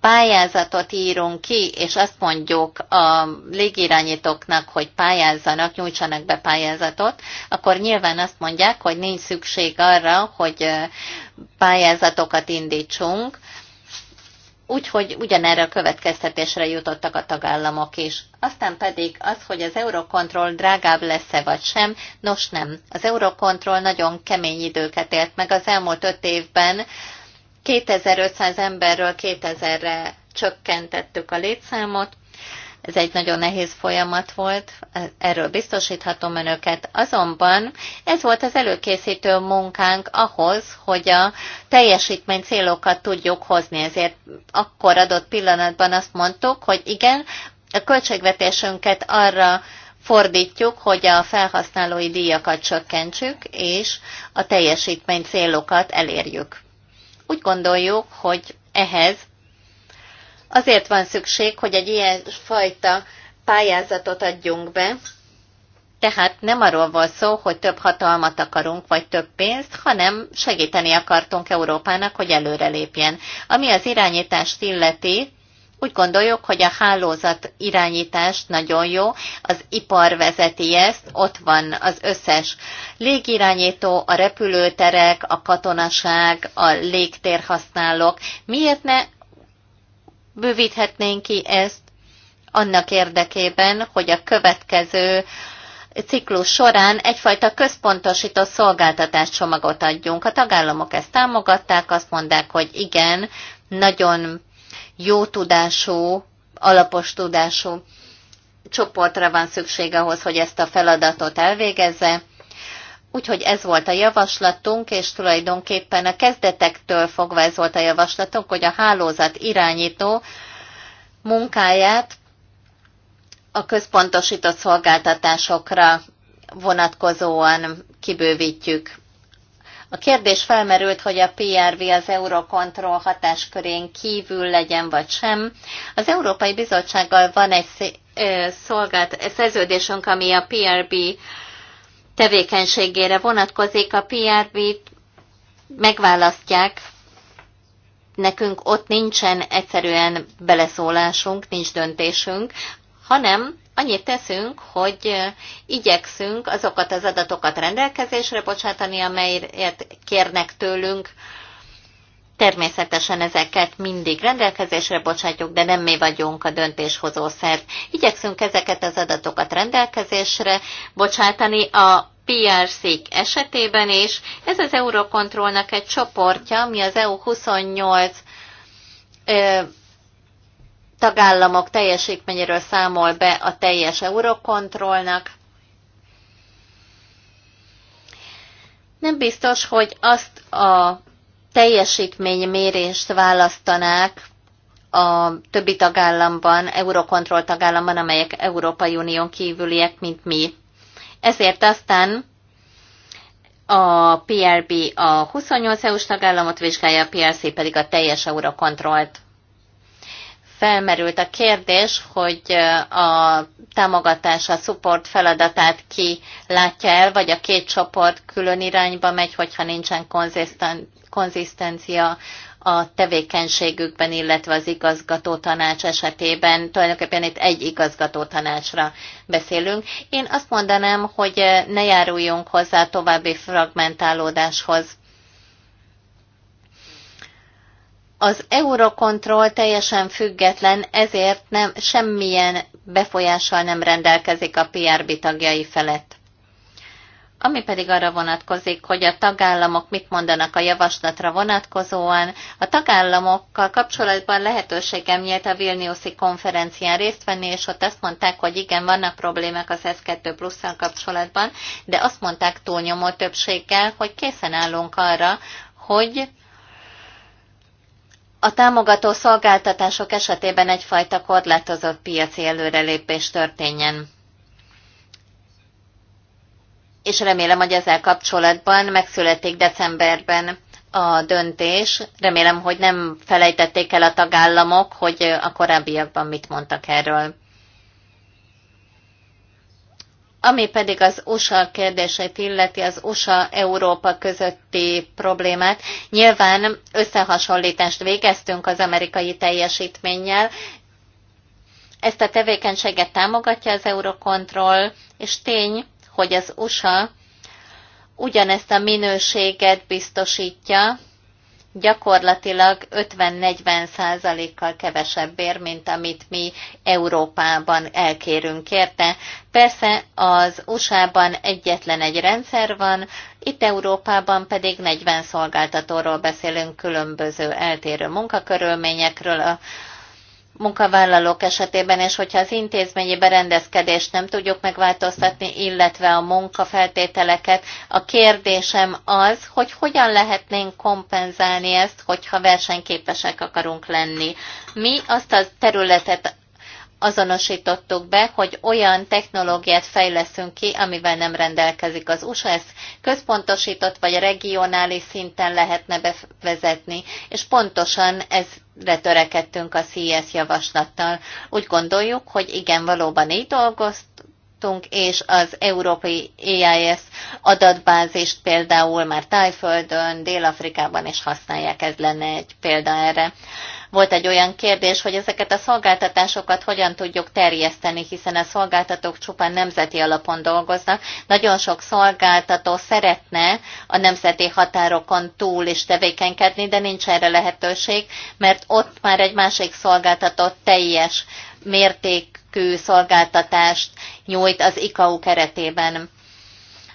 pályázatot írunk ki, és azt mondjuk a légirányítóknak, hogy pályázzanak, nyújtsanak be pályázatot, akkor nyilván azt mondják, hogy nincs szükség arra, hogy pályázatokat indítsunk, Úgyhogy ugyanerre a következtetésre jutottak a tagállamok is. Aztán pedig az, hogy az Eurocontrol drágább lesz-e vagy sem, nos nem. Az Eurocontrol nagyon kemény időket élt meg az elmúlt öt évben, 2500 emberről 2000-re csökkentettük a létszámot, ez egy nagyon nehéz folyamat volt, erről biztosíthatom önöket. Azonban ez volt az előkészítő munkánk ahhoz, hogy a teljesítmény célokat tudjuk hozni. Ezért akkor adott pillanatban azt mondtuk, hogy igen, a költségvetésünket arra fordítjuk, hogy a felhasználói díjakat csökkentsük, és a teljesítmény célokat elérjük. Úgy gondoljuk, hogy ehhez Azért van szükség, hogy egy ilyen fajta pályázatot adjunk be, tehát nem arról van szó, hogy több hatalmat akarunk, vagy több pénzt, hanem segíteni akartunk Európának, hogy előrelépjen. Ami az irányítást illeti, úgy gondoljuk, hogy a hálózat irányítást nagyon jó, az ipar vezeti ezt, ott van az összes légirányító, a repülőterek, a katonaság, a légtérhasználók. Miért ne bővíthetnénk ki ezt annak érdekében, hogy a következő ciklus során egyfajta központosított szolgáltatás csomagot adjunk. A tagállamok ezt támogatták, azt mondták, hogy igen, nagyon jó tudású, alapos tudású csoportra van szükség ahhoz, hogy ezt a feladatot elvégezze. Úgyhogy ez volt a javaslatunk, és tulajdonképpen a kezdetektől fogva ez volt a javaslatunk, hogy a hálózat irányító munkáját a központosított szolgáltatásokra vonatkozóan kibővítjük. A kérdés felmerült, hogy a PRV az Eurocontrol hatáskörén kívül legyen vagy sem. Az Európai Bizottsággal van egy szolgált, szerződésünk, ami a PRB tevékenységére vonatkozik, a PRB-t megválasztják, nekünk ott nincsen egyszerűen beleszólásunk, nincs döntésünk, hanem annyit teszünk, hogy igyekszünk azokat az adatokat rendelkezésre bocsátani, amelyet kérnek tőlünk Természetesen ezeket mindig rendelkezésre bocsátjuk, de nem mi vagyunk a döntéshozó szerv. Igyekszünk ezeket az adatokat rendelkezésre bocsátani a prc esetében is. Ez az Eurocontrolnak egy csoportja, ami az EU28 tagállamok teljesítményéről számol be a teljes Eurocontrolnak. Nem biztos, hogy azt a teljesítménymérést választanák a többi tagállamban, Eurocontrol tagállamban, amelyek Európai Unión kívüliek, mint mi. Ezért aztán a PRB a 28 EU-s tagállamot vizsgálja, a PRC pedig a teljes Eurocontrolt felmerült a kérdés, hogy a támogatás, a support feladatát ki látja el, vagy a két csoport külön irányba megy, hogyha nincsen konzisztencia a tevékenységükben, illetve az igazgató tanács esetében, tulajdonképpen itt egy igazgató tanácsra beszélünk. Én azt mondanám, hogy ne járuljunk hozzá további fragmentálódáshoz Az Eurocontrol teljesen független, ezért nem, semmilyen befolyással nem rendelkezik a PRB tagjai felett. Ami pedig arra vonatkozik, hogy a tagállamok mit mondanak a javaslatra vonatkozóan, a tagállamokkal kapcsolatban lehetőségem nyílt a Vilniuszi konferencián részt venni, és ott azt mondták, hogy igen, vannak problémák az S2 pluszsal kapcsolatban, de azt mondták túlnyomó többséggel, hogy készen állunk arra, hogy a támogató szolgáltatások esetében egyfajta korlátozott piaci előrelépés történjen. És remélem, hogy ezzel kapcsolatban megszületik decemberben a döntés. Remélem, hogy nem felejtették el a tagállamok, hogy a korábbiakban mit mondtak erről. Ami pedig az USA kérdését illeti, az USA-Európa közötti problémát, nyilván összehasonlítást végeztünk az amerikai teljesítménnyel, ezt a tevékenységet támogatja az Eurocontrol, és tény, hogy az USA ugyanezt a minőséget biztosítja, gyakorlatilag 50-40 százalékkal kevesebb bér, mint amit mi Európában elkérünk érte. Persze az USA-ban egyetlen egy rendszer van, itt Európában pedig 40 szolgáltatóról beszélünk különböző eltérő munkakörülményekről, a munkavállalók esetében, és hogyha az intézményi berendezkedést nem tudjuk megváltoztatni, illetve a munkafeltételeket, a kérdésem az, hogy hogyan lehetnénk kompenzálni ezt, hogyha versenyképesek akarunk lenni. Mi azt a területet azonosítottuk be, hogy olyan technológiát fejleszünk ki, amivel nem rendelkezik az USA. Ezt központosított vagy regionális szinten lehetne bevezetni, és pontosan ezre törekedtünk a CES javaslattal. Úgy gondoljuk, hogy igen, valóban így dolgozt, és az európai EIS adatbázist például már Tájföldön, Dél-Afrikában is használják, ez lenne egy példa erre. Volt egy olyan kérdés, hogy ezeket a szolgáltatásokat hogyan tudjuk terjeszteni, hiszen a szolgáltatók csupán nemzeti alapon dolgoznak. Nagyon sok szolgáltató szeretne a nemzeti határokon túl is tevékenykedni, de nincs erre lehetőség, mert ott már egy másik szolgáltató teljes mértékű szolgáltatást nyújt az ICAO keretében.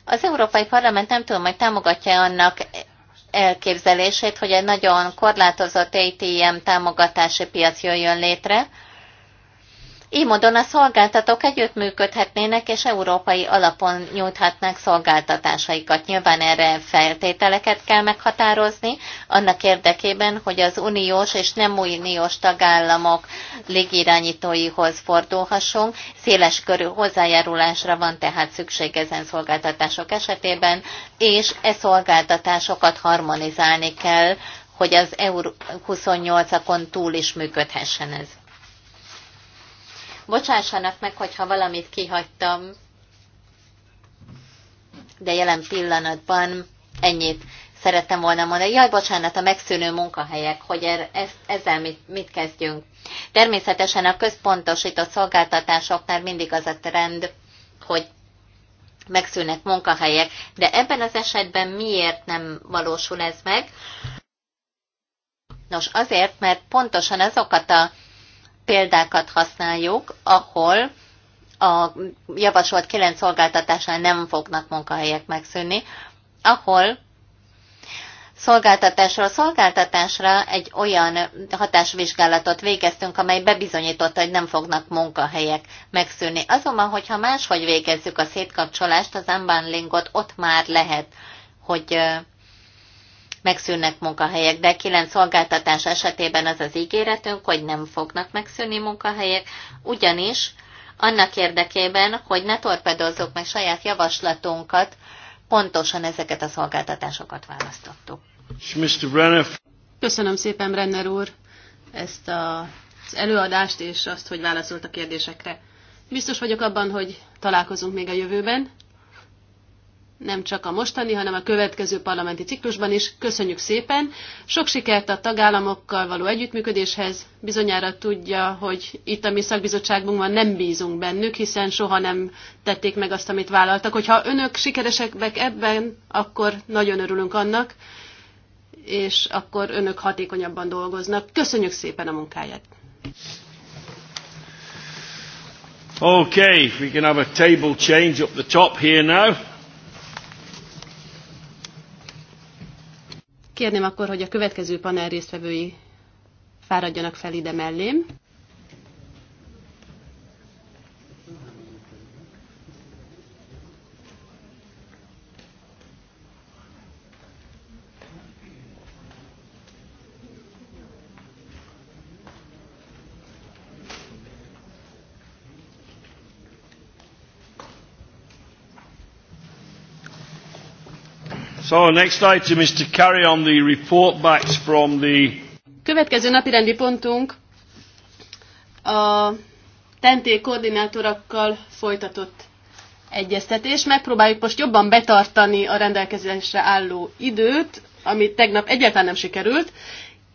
Az Európai Parlament nem tudom, hogy támogatja annak elképzelését, hogy egy nagyon korlátozott ATM támogatási piac jöjjön létre, így módon a szolgáltatók együttműködhetnének, és európai alapon nyújthatnák szolgáltatásaikat. Nyilván erre feltételeket kell meghatározni, annak érdekében, hogy az uniós és nem uniós tagállamok légirányítóihoz fordulhassunk. Széles körű hozzájárulásra van tehát szükség ezen szolgáltatások esetében, és e szolgáltatásokat harmonizálni kell, hogy az EU 28-akon túl is működhessen ez. Bocsássanak meg, hogyha valamit kihagytam, de jelen pillanatban ennyit szerettem volna mondani. Jaj, bocsánat, a megszűnő munkahelyek, hogy er, ezt, ezzel mit, mit kezdjünk. Természetesen a központosított szolgáltatásoknál mindig az a trend, hogy megszűnnek munkahelyek, de ebben az esetben miért nem valósul ez meg? Nos, azért, mert pontosan azokat a példákat használjuk, ahol a javasolt kilenc szolgáltatásán nem fognak munkahelyek megszűnni, ahol szolgáltatásról szolgáltatásra egy olyan hatásvizsgálatot végeztünk, amely bebizonyította, hogy nem fognak munkahelyek megszűnni. Azonban, hogyha máshogy végezzük a szétkapcsolást, az unbundlingot ott már lehet, hogy megszűnnek munkahelyek, de kilenc szolgáltatás esetében az az ígéretünk, hogy nem fognak megszűnni munkahelyek, ugyanis annak érdekében, hogy ne torpedozzuk meg saját javaslatunkat, pontosan ezeket a szolgáltatásokat választottuk. Köszönöm szépen, Brenner úr, ezt a, az előadást és azt, hogy válaszolt a kérdésekre. Biztos vagyok abban, hogy találkozunk még a jövőben nem csak a mostani, hanem a következő parlamenti ciklusban is. Köszönjük szépen! Sok sikert a tagállamokkal való együttműködéshez. Bizonyára tudja, hogy itt a mi szakbizottságunkban nem bízunk bennük, hiszen soha nem tették meg azt, amit vállaltak. Hogyha önök sikeresek ebben, akkor nagyon örülünk annak, és akkor önök hatékonyabban dolgoznak. Köszönjük szépen a munkáját! Okay, we can have a table change up the top here now. Kérném akkor, hogy a következő panel résztvevői fáradjanak fel ide mellém. Következő napi rendi Következő napirendi pontunk a tenté koordinátorokkal folytatott egyeztetés. Megpróbáljuk most jobban betartani a rendelkezésre álló időt, ami tegnap egyáltalán nem sikerült.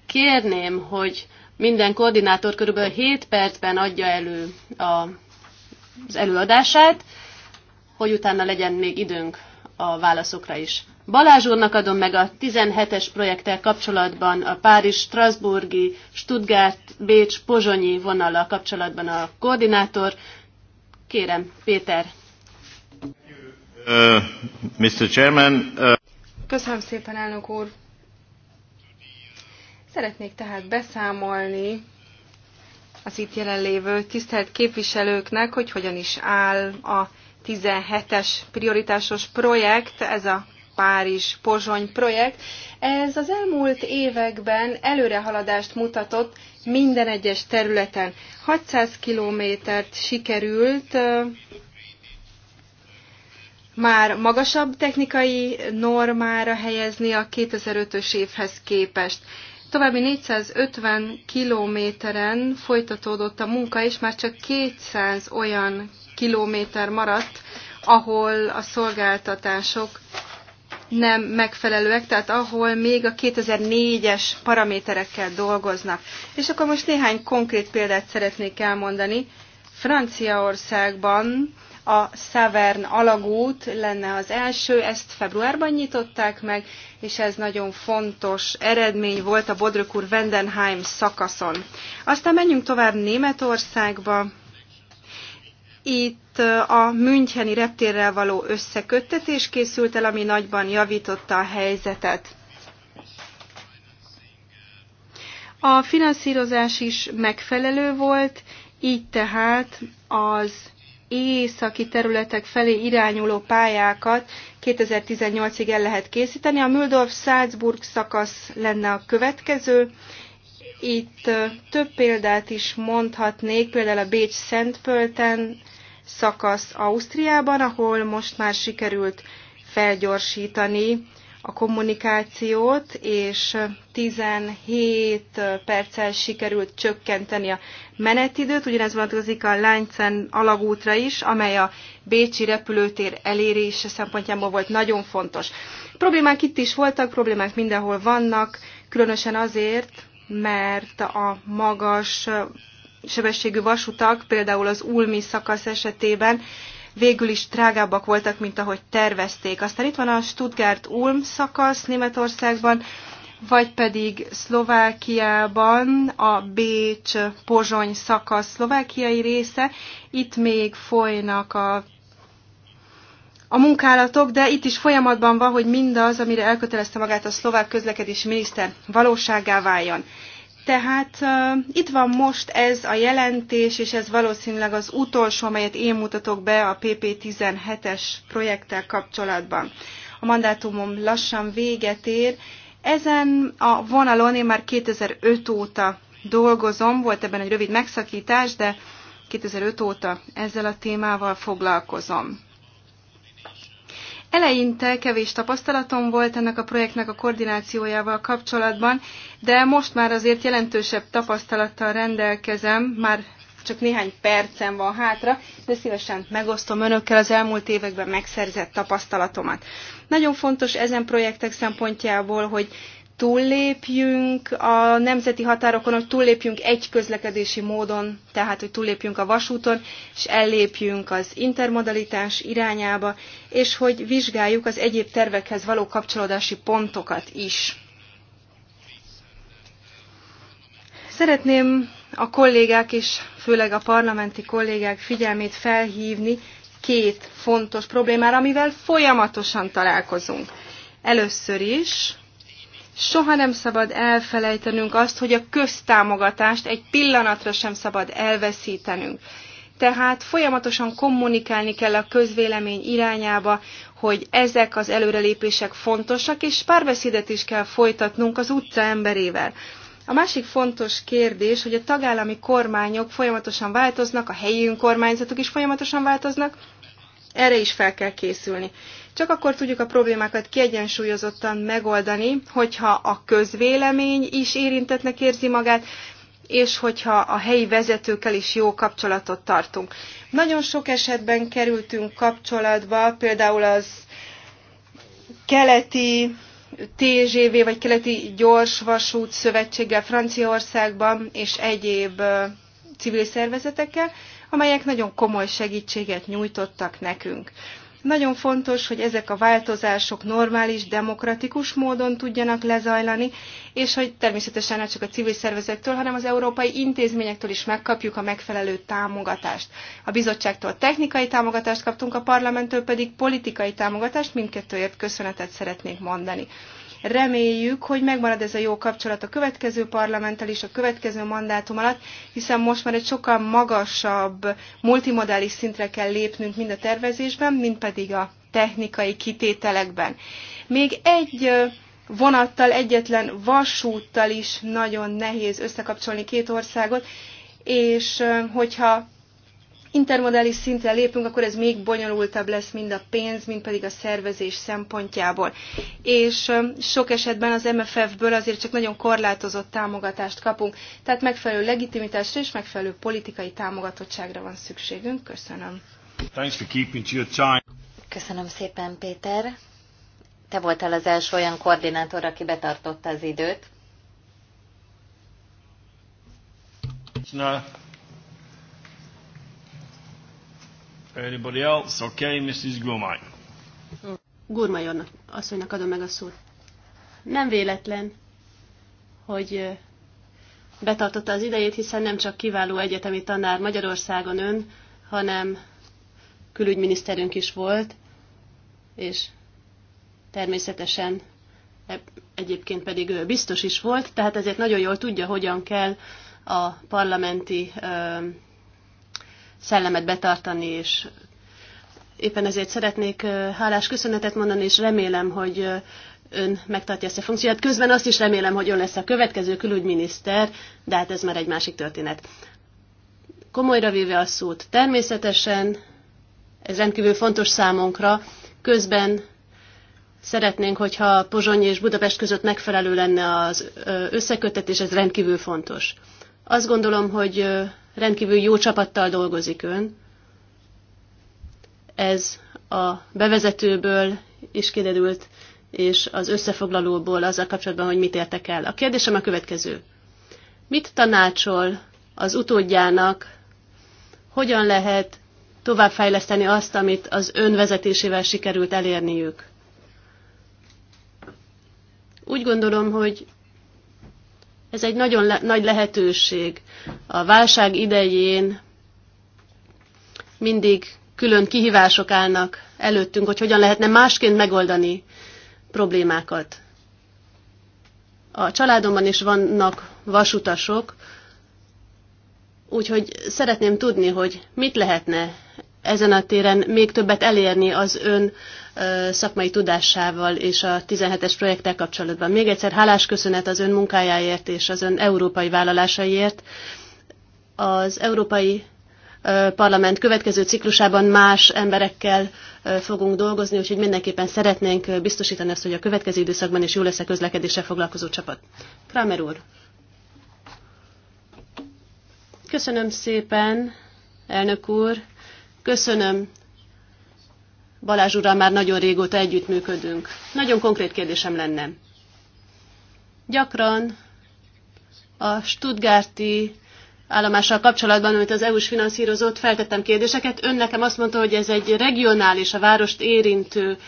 Kérném, hogy minden koordinátor körülbelül 7 percben adja elő a, az előadását, hogy utána legyen még időnk a válaszokra is. Balázs úrnak adom meg a 17-es projekttel kapcsolatban a Párizs, Strasburgi, Stuttgart, Bécs, Pozsonyi vonallal kapcsolatban a koordinátor. Kérem, Péter. Uh, Mr. Chairman, uh, Köszönöm szépen, elnök úr. Szeretnék tehát beszámolni az itt jelenlévő tisztelt képviselőknek, hogy hogyan is áll a 17-es prioritásos projekt, ez a Párizs-Pozsony projekt. Ez az elmúlt években előrehaladást mutatott minden egyes területen. 600 kilométert sikerült már magasabb technikai normára helyezni a 2005-ös évhez képest. További 450 kilométeren folytatódott a munka, és már csak 200 olyan kilométer maradt, ahol a szolgáltatások nem megfelelőek, tehát ahol még a 2004-es paraméterekkel dolgoznak. És akkor most néhány konkrét példát szeretnék elmondani. Franciaországban a Savern alagút lenne az első, ezt februárban nyitották meg, és ez nagyon fontos eredmény volt a Bodrökur Wendenheim szakaszon. Aztán menjünk tovább Németországba. Itt a Müncheni reptérrel való összeköttetés készült el, ami nagyban javította a helyzetet. A finanszírozás is megfelelő volt, így tehát az északi területek felé irányuló pályákat 2018-ig el lehet készíteni. A müldorf salzburg szakasz lenne a következő. Itt több példát is mondhatnék, például a Bécs-Szentpölten szakasz Ausztriában, ahol most már sikerült felgyorsítani a kommunikációt, és 17 perccel sikerült csökkenteni a menetidőt. Ugyanez vonatkozik a Lányszen alagútra is, amely a Bécsi repülőtér elérése szempontjából volt nagyon fontos. Problémák itt is voltak, problémák mindenhol vannak, különösen azért, mert a magas sebességű vasutak, például az Ulmi szakasz esetében végül is drágábbak voltak, mint ahogy tervezték. Aztán itt van a Stuttgart-Ulm szakasz Németországban, vagy pedig Szlovákiában a Bécs-Pozsony szakasz szlovákiai része. Itt még folynak a a munkálatok, de itt is folyamatban van, hogy mindaz, amire elkötelezte magát a szlovák közlekedési miniszter, valóságá váljon. Tehát uh, itt van most ez a jelentés, és ez valószínűleg az utolsó, amelyet én mutatok be a PP17-es projekttel kapcsolatban. A mandátumom lassan véget ér. Ezen a vonalon én már 2005 óta dolgozom, volt ebben egy rövid megszakítás, de 2005 óta ezzel a témával foglalkozom. Eleinte kevés tapasztalatom volt ennek a projektnek a koordinációjával kapcsolatban, de most már azért jelentősebb tapasztalattal rendelkezem, már csak néhány percen van hátra, de szívesen megosztom önökkel az elmúlt években megszerzett tapasztalatomat. Nagyon fontos ezen projektek szempontjából, hogy túllépjünk a nemzeti határokon, hogy túllépjünk egy közlekedési módon, tehát hogy túllépjünk a vasúton, és ellépjünk az intermodalitás irányába, és hogy vizsgáljuk az egyéb tervekhez való kapcsolódási pontokat is. Szeretném a kollégák és főleg a parlamenti kollégák figyelmét felhívni két fontos problémára, amivel folyamatosan találkozunk. Először is Soha nem szabad elfelejtenünk azt, hogy a köztámogatást egy pillanatra sem szabad elveszítenünk. Tehát folyamatosan kommunikálni kell a közvélemény irányába, hogy ezek az előrelépések fontosak, és párbeszédet is kell folytatnunk az utca emberével. A másik fontos kérdés, hogy a tagállami kormányok folyamatosan változnak, a helyi önkormányzatok is folyamatosan változnak, erre is fel kell készülni. Csak akkor tudjuk a problémákat kiegyensúlyozottan megoldani, hogyha a közvélemény is érintetnek érzi magát, és hogyha a helyi vezetőkkel is jó kapcsolatot tartunk. Nagyon sok esetben kerültünk kapcsolatba, például az keleti TGV vagy keleti gyorsvasút szövetséggel Franciaországban és egyéb civil szervezetekkel, amelyek nagyon komoly segítséget nyújtottak nekünk. Nagyon fontos, hogy ezek a változások normális, demokratikus módon tudjanak lezajlani, és hogy természetesen nem csak a civil szervezetektől, hanem az európai intézményektől is megkapjuk a megfelelő támogatást. A bizottságtól technikai támogatást kaptunk, a parlamenttől pedig politikai támogatást, mindkettőért köszönetet szeretnék mondani. Reméljük, hogy megmarad ez a jó kapcsolat a következő parlamenttel is, a következő mandátum alatt, hiszen most már egy sokkal magasabb multimodális szintre kell lépnünk mind a tervezésben, mind pedig a technikai kitételekben. Még egy vonattal, egyetlen vasúttal is nagyon nehéz összekapcsolni két országot, és hogyha intermodális szintre lépünk, akkor ez még bonyolultabb lesz mind a pénz, mind pedig a szervezés szempontjából. És sok esetben az MFF-ből azért csak nagyon korlátozott támogatást kapunk, tehát megfelelő legitimitásra és megfelelő politikai támogatottságra van szükségünk. Köszönöm. Thanks for keeping to your time. Köszönöm szépen, Péter. Te voltál az első olyan koordinátor, aki betartotta az időt. Anybody else? Okay, Mrs. Gurmai. Gurmai asszonynak adom meg a szót. Nem véletlen, hogy betartotta az idejét, hiszen nem csak kiváló egyetemi tanár Magyarországon ön, hanem külügyminiszterünk is volt, és természetesen e, egyébként pedig ő biztos is volt, tehát ezért nagyon jól tudja, hogyan kell a parlamenti szellemet betartani, és éppen ezért szeretnék hálás köszönetet mondani, és remélem, hogy ön megtartja ezt a funkciót. Közben azt is remélem, hogy ön lesz a következő külügyminiszter, de hát ez már egy másik történet. Komolyra véve a szót, természetesen ez rendkívül fontos számunkra, közben szeretnénk, hogyha Pozsony és Budapest között megfelelő lenne az összekötetés, ez rendkívül fontos. Azt gondolom, hogy rendkívül jó csapattal dolgozik ön. Ez a bevezetőből is kiderült, és az összefoglalóból azzal kapcsolatban, hogy mit értek el. A kérdésem a következő. Mit tanácsol az utódjának, hogyan lehet továbbfejleszteni azt, amit az vezetésével sikerült elérniük? Úgy gondolom, hogy ez egy nagyon le nagy lehetőség. A válság idején mindig külön kihívások állnak előttünk, hogy hogyan lehetne másként megoldani problémákat. A családomban is vannak vasutasok, úgyhogy szeretném tudni, hogy mit lehetne ezen a téren még többet elérni az ön szakmai tudásával és a 17-es projekttel kapcsolatban. Még egyszer hálás köszönet az ön munkájáért és az ön európai vállalásaiért. Az európai parlament következő ciklusában más emberekkel fogunk dolgozni, úgyhogy mindenképpen szeretnénk biztosítani azt, hogy a következő időszakban is jó lesz a közlekedéssel foglalkozó csapat. Kramer úr! Köszönöm szépen, elnök úr! Köszönöm. Balázs úrral már nagyon régóta együttműködünk. Nagyon konkrét kérdésem lenne. Gyakran a Stuttgarti állomással kapcsolatban, amit az EU-s finanszírozott, feltettem kérdéseket. Ön nekem azt mondta, hogy ez egy regionális, a várost érintő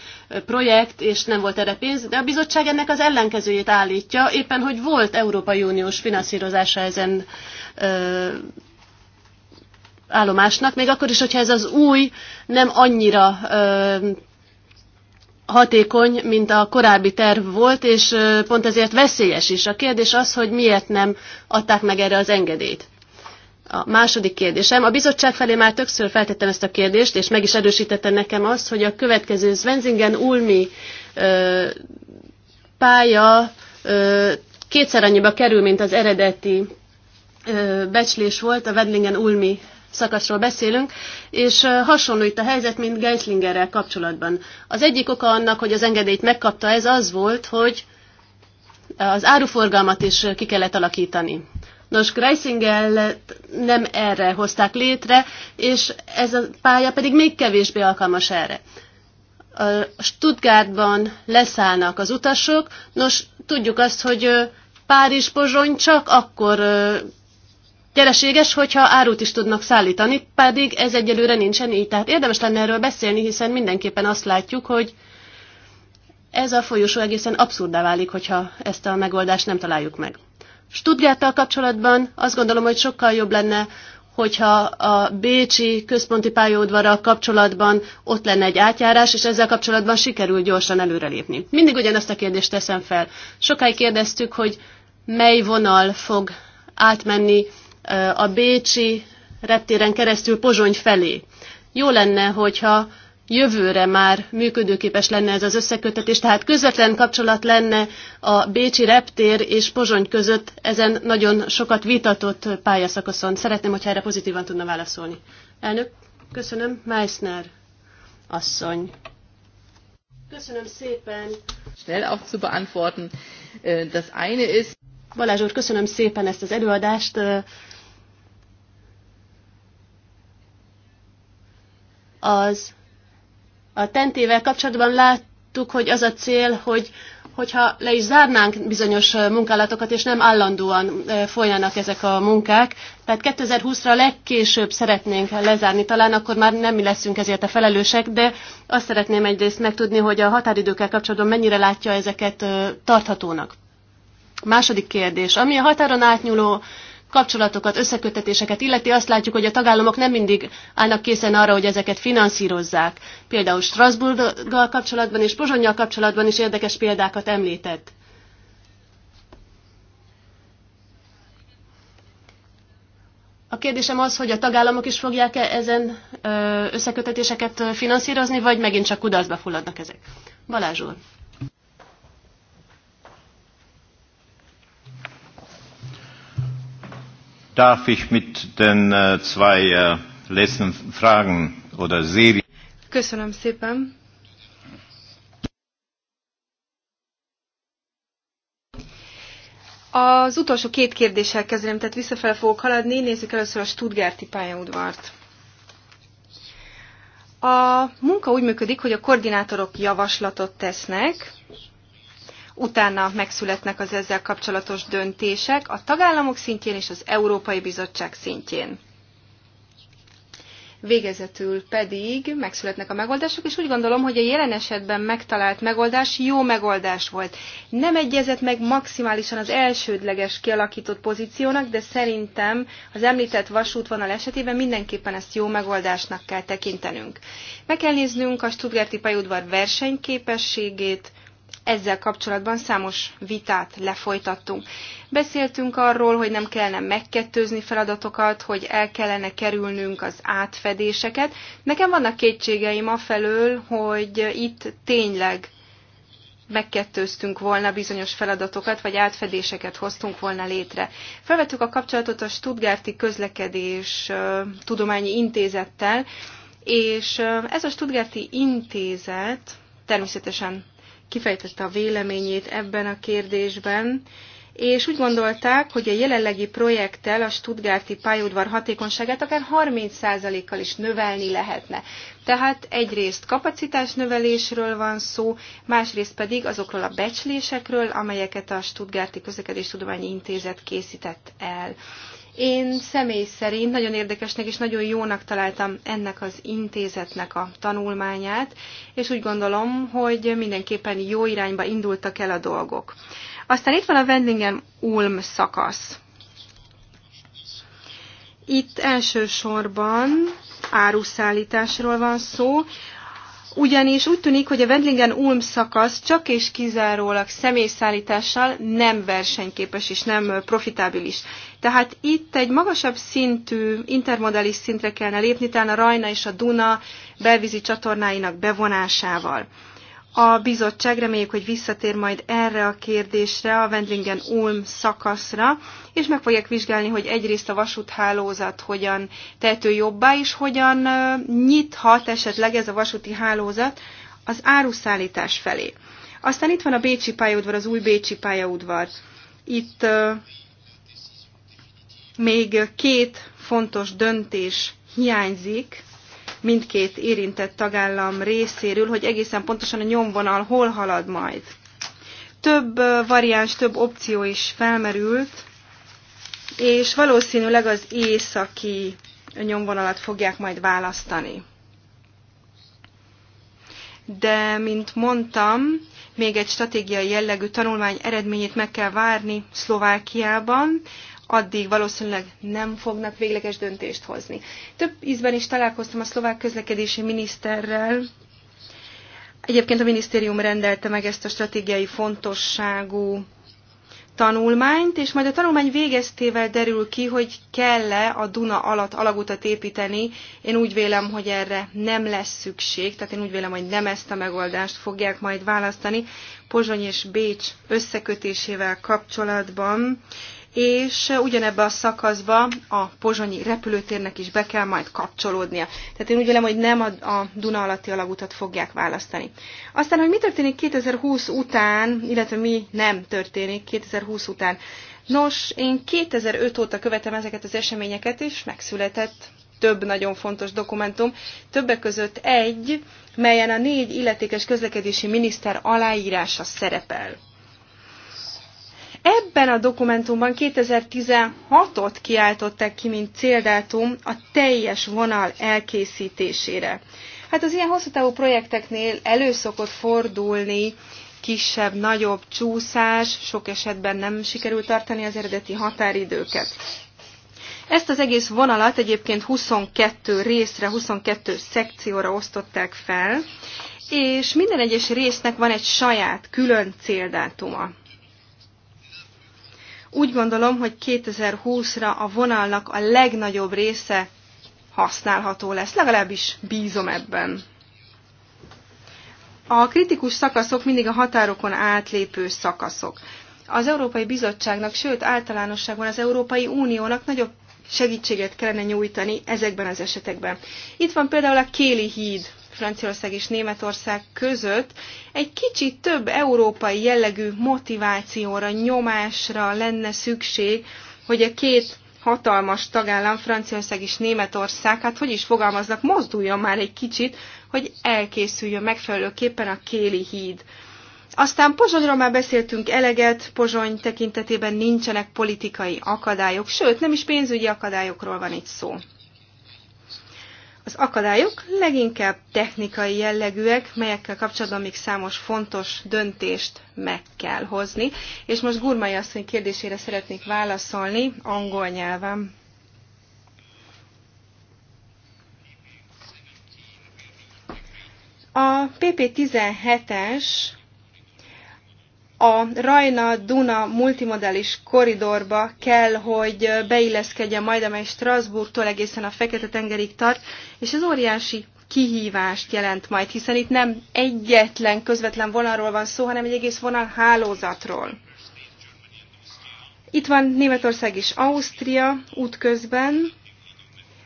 projekt, és nem volt erre pénz, de a bizottság ennek az ellenkezőjét állítja, éppen hogy volt Európai Uniós finanszírozása ezen ö, állomásnak, még akkor is, hogyha ez az új nem annyira ö, hatékony, mint a korábbi terv volt, és ö, pont ezért veszélyes is. A kérdés az, hogy miért nem adták meg erre az engedélyt. A második kérdésem. A bizottság felé már többször feltettem ezt a kérdést, és meg is erősítette nekem azt, hogy a következő Svenzingen-Ulmi pálya ö, kétszer annyiba kerül, mint az eredeti becslés volt a Wedlingen-Ulmi szakaszról beszélünk, és hasonló itt a helyzet, mint Geislingerrel kapcsolatban. Az egyik oka annak, hogy az engedélyt megkapta ez az volt, hogy az áruforgalmat is ki kellett alakítani. Nos, Greisingel nem erre hozták létre, és ez a pálya pedig még kevésbé alkalmas erre. A Stuttgartban leszállnak az utasok, nos, tudjuk azt, hogy Párizs-Pozsony csak akkor Gyereséges, hogyha árut is tudnak szállítani, pedig ez egyelőre nincsen így. Tehát érdemes lenne erről beszélni, hiszen mindenképpen azt látjuk, hogy ez a folyosó egészen abszurdá válik, hogyha ezt a megoldást nem találjuk meg. Stuttgarttal kapcsolatban azt gondolom, hogy sokkal jobb lenne, hogyha a Bécsi központi pályaudvara kapcsolatban ott lenne egy átjárás, és ezzel kapcsolatban sikerül gyorsan előrelépni. Mindig ugyanezt a kérdést teszem fel. Sokáig kérdeztük, hogy mely vonal fog átmenni a Bécsi reptéren keresztül Pozsony felé. Jó lenne, hogyha jövőre már működőképes lenne ez az összekötetés, tehát közvetlen kapcsolat lenne a Bécsi reptér és Pozsony között ezen nagyon sokat vitatott pályaszakaszon. Szeretném, hogyha erre pozitívan tudna válaszolni. Elnök, köszönöm. Meissner asszony. Köszönöm szépen. Schnell auch zu beantworten. Äh, das eine ist... Balázs úr, köszönöm szépen ezt az előadást. az a tentével kapcsolatban láttuk, hogy az a cél, hogy hogyha le is zárnánk bizonyos munkálatokat, és nem állandóan folynának ezek a munkák. Tehát 2020-ra legkésőbb szeretnénk lezárni, talán akkor már nem mi leszünk ezért a felelősek, de azt szeretném egyrészt megtudni, hogy a határidőkkel kapcsolatban mennyire látja ezeket tarthatónak. Második kérdés. Ami a határon átnyúló kapcsolatokat, összekötetéseket illeti, azt látjuk, hogy a tagállamok nem mindig állnak készen arra, hogy ezeket finanszírozzák. Például Strasbourggal kapcsolatban és Pozsonyjal kapcsolatban is érdekes példákat említett. A kérdésem az, hogy a tagállamok is fogják-e ezen összekötetéseket finanszírozni, vagy megint csak kudarcba fulladnak ezek. Balázs úr. darf ich mit den äh, zwei äh, letzten Fragen oder Serien. Köszönöm szépen. Az utolsó két kérdéssel kezdem, tehát visszafele fogok haladni. Nézzük először a Stuttgarti pályaudvart. A munka úgy működik, hogy a koordinátorok javaslatot tesznek, utána megszületnek az ezzel kapcsolatos döntések a tagállamok szintjén és az Európai Bizottság szintjén. Végezetül pedig megszületnek a megoldások, és úgy gondolom, hogy a jelen esetben megtalált megoldás jó megoldás volt. Nem egyezett meg maximálisan az elsődleges kialakított pozíciónak, de szerintem az említett vasútvonal esetében mindenképpen ezt jó megoldásnak kell tekintenünk. Meg kell néznünk a Stuttgarti pályaudvar versenyképességét, ezzel kapcsolatban számos vitát lefolytattunk. Beszéltünk arról, hogy nem kellene megkettőzni feladatokat, hogy el kellene kerülnünk az átfedéseket. Nekem vannak kétségeim afelől, hogy itt tényleg megkettőztünk volna bizonyos feladatokat, vagy átfedéseket hoztunk volna létre. Felvettük a kapcsolatot a Stuttgarti Közlekedés Tudományi Intézettel, és ez a Stuttgarti Intézet természetesen kifejtette a véleményét ebben a kérdésben, és úgy gondolták, hogy a jelenlegi projekttel a Stuttgarti pályaudvar hatékonyságát akár 30%-kal is növelni lehetne. Tehát egyrészt kapacitásnövelésről van szó, másrészt pedig azokról a becslésekről, amelyeket a Stuttgarti tudományi Intézet készített el. Én személy szerint nagyon érdekesnek és nagyon jónak találtam ennek az intézetnek a tanulmányát, és úgy gondolom, hogy mindenképpen jó irányba indultak el a dolgok. Aztán itt van a Wendlingen-Ulm szakasz. Itt elsősorban áruszállításról van szó, ugyanis úgy tűnik, hogy a Wendlingen-Ulm szakasz csak és kizárólag személyszállítással nem versenyképes és nem profitábilis. Tehát itt egy magasabb szintű, intermodális szintre kellene lépni, talán a Rajna és a Duna belvízi csatornáinak bevonásával. A bizottság reméljük, hogy visszatér majd erre a kérdésre, a Vendlingen-Ulm szakaszra, és meg fogják vizsgálni, hogy egyrészt a vasúthálózat hogyan tehető jobbá, és hogyan nyithat esetleg ez a vasúti hálózat az áruszállítás felé. Aztán itt van a Bécsi pályaudvar, az új Bécsi pályaudvar. Itt még két fontos döntés hiányzik mindkét érintett tagállam részéről, hogy egészen pontosan a nyomvonal hol halad majd. Több variáns, több opció is felmerült, és valószínűleg az északi nyomvonalat fogják majd választani. De, mint mondtam, még egy stratégiai jellegű tanulmány eredményét meg kell várni Szlovákiában, addig valószínűleg nem fognak végleges döntést hozni. Több ízben is találkoztam a szlovák közlekedési miniszterrel. Egyébként a minisztérium rendelte meg ezt a stratégiai fontosságú tanulmányt, és majd a tanulmány végeztével derül ki, hogy kell-e a Duna alatt alagutat építeni. Én úgy vélem, hogy erre nem lesz szükség, tehát én úgy vélem, hogy nem ezt a megoldást fogják majd választani. Pozsony és Bécs összekötésével kapcsolatban és eh, ugyanebbe a szakaszba a pozsonyi repülőtérnek is be kell majd kapcsolódnia. Tehát én úgy vélem, hogy nem a Duna alatti alagutat fogják választani. Aztán, hogy mi történik 2020 után, illetve mi nem történik 2020 után. Nos, én 2005 óta követem ezeket az eseményeket, és megszületett több nagyon fontos dokumentum, többek között egy, melyen a négy illetékes közlekedési miniszter aláírása szerepel. Ebben a dokumentumban 2016-ot kiáltották ki, mint céldátum a teljes vonal elkészítésére. Hát az ilyen hosszú távú projekteknél elő szokott fordulni kisebb-nagyobb csúszás, sok esetben nem sikerül tartani az eredeti határidőket. Ezt az egész vonalat egyébként 22 részre, 22 szekcióra osztották fel, és minden egyes résznek van egy saját, külön céldátuma. Úgy gondolom, hogy 2020-ra a vonalnak a legnagyobb része használható lesz, legalábbis bízom ebben. A kritikus szakaszok mindig a határokon átlépő szakaszok. Az Európai Bizottságnak, sőt általánosságban az Európai Uniónak nagyobb segítséget kellene nyújtani ezekben az esetekben. Itt van például a Kéli híd Franciaország és Németország között egy kicsit több európai jellegű motivációra, nyomásra lenne szükség, hogy a két hatalmas tagállam, Franciaország és Németország, hát hogy is fogalmaznak, mozduljon már egy kicsit, hogy elkészüljön megfelelőképpen a Kéli híd. Aztán Pozsonyról már beszéltünk eleget, Pozsony tekintetében nincsenek politikai akadályok, sőt, nem is pénzügyi akadályokról van itt szó. Az akadályok leginkább technikai jellegűek, melyekkel kapcsolatban még számos fontos döntést meg kell hozni. És most Gurmai asszony kérdésére szeretnék válaszolni angol nyelven. A PP17-es a Rajna-Duna multimodális koridorba kell, hogy beilleszkedjen majd, amely Strasbourgtól egészen a Fekete-tengerig tart, és ez óriási kihívást jelent majd, hiszen itt nem egyetlen közvetlen vonalról van szó, hanem egy egész vonal hálózatról. Itt van Németország és Ausztria útközben,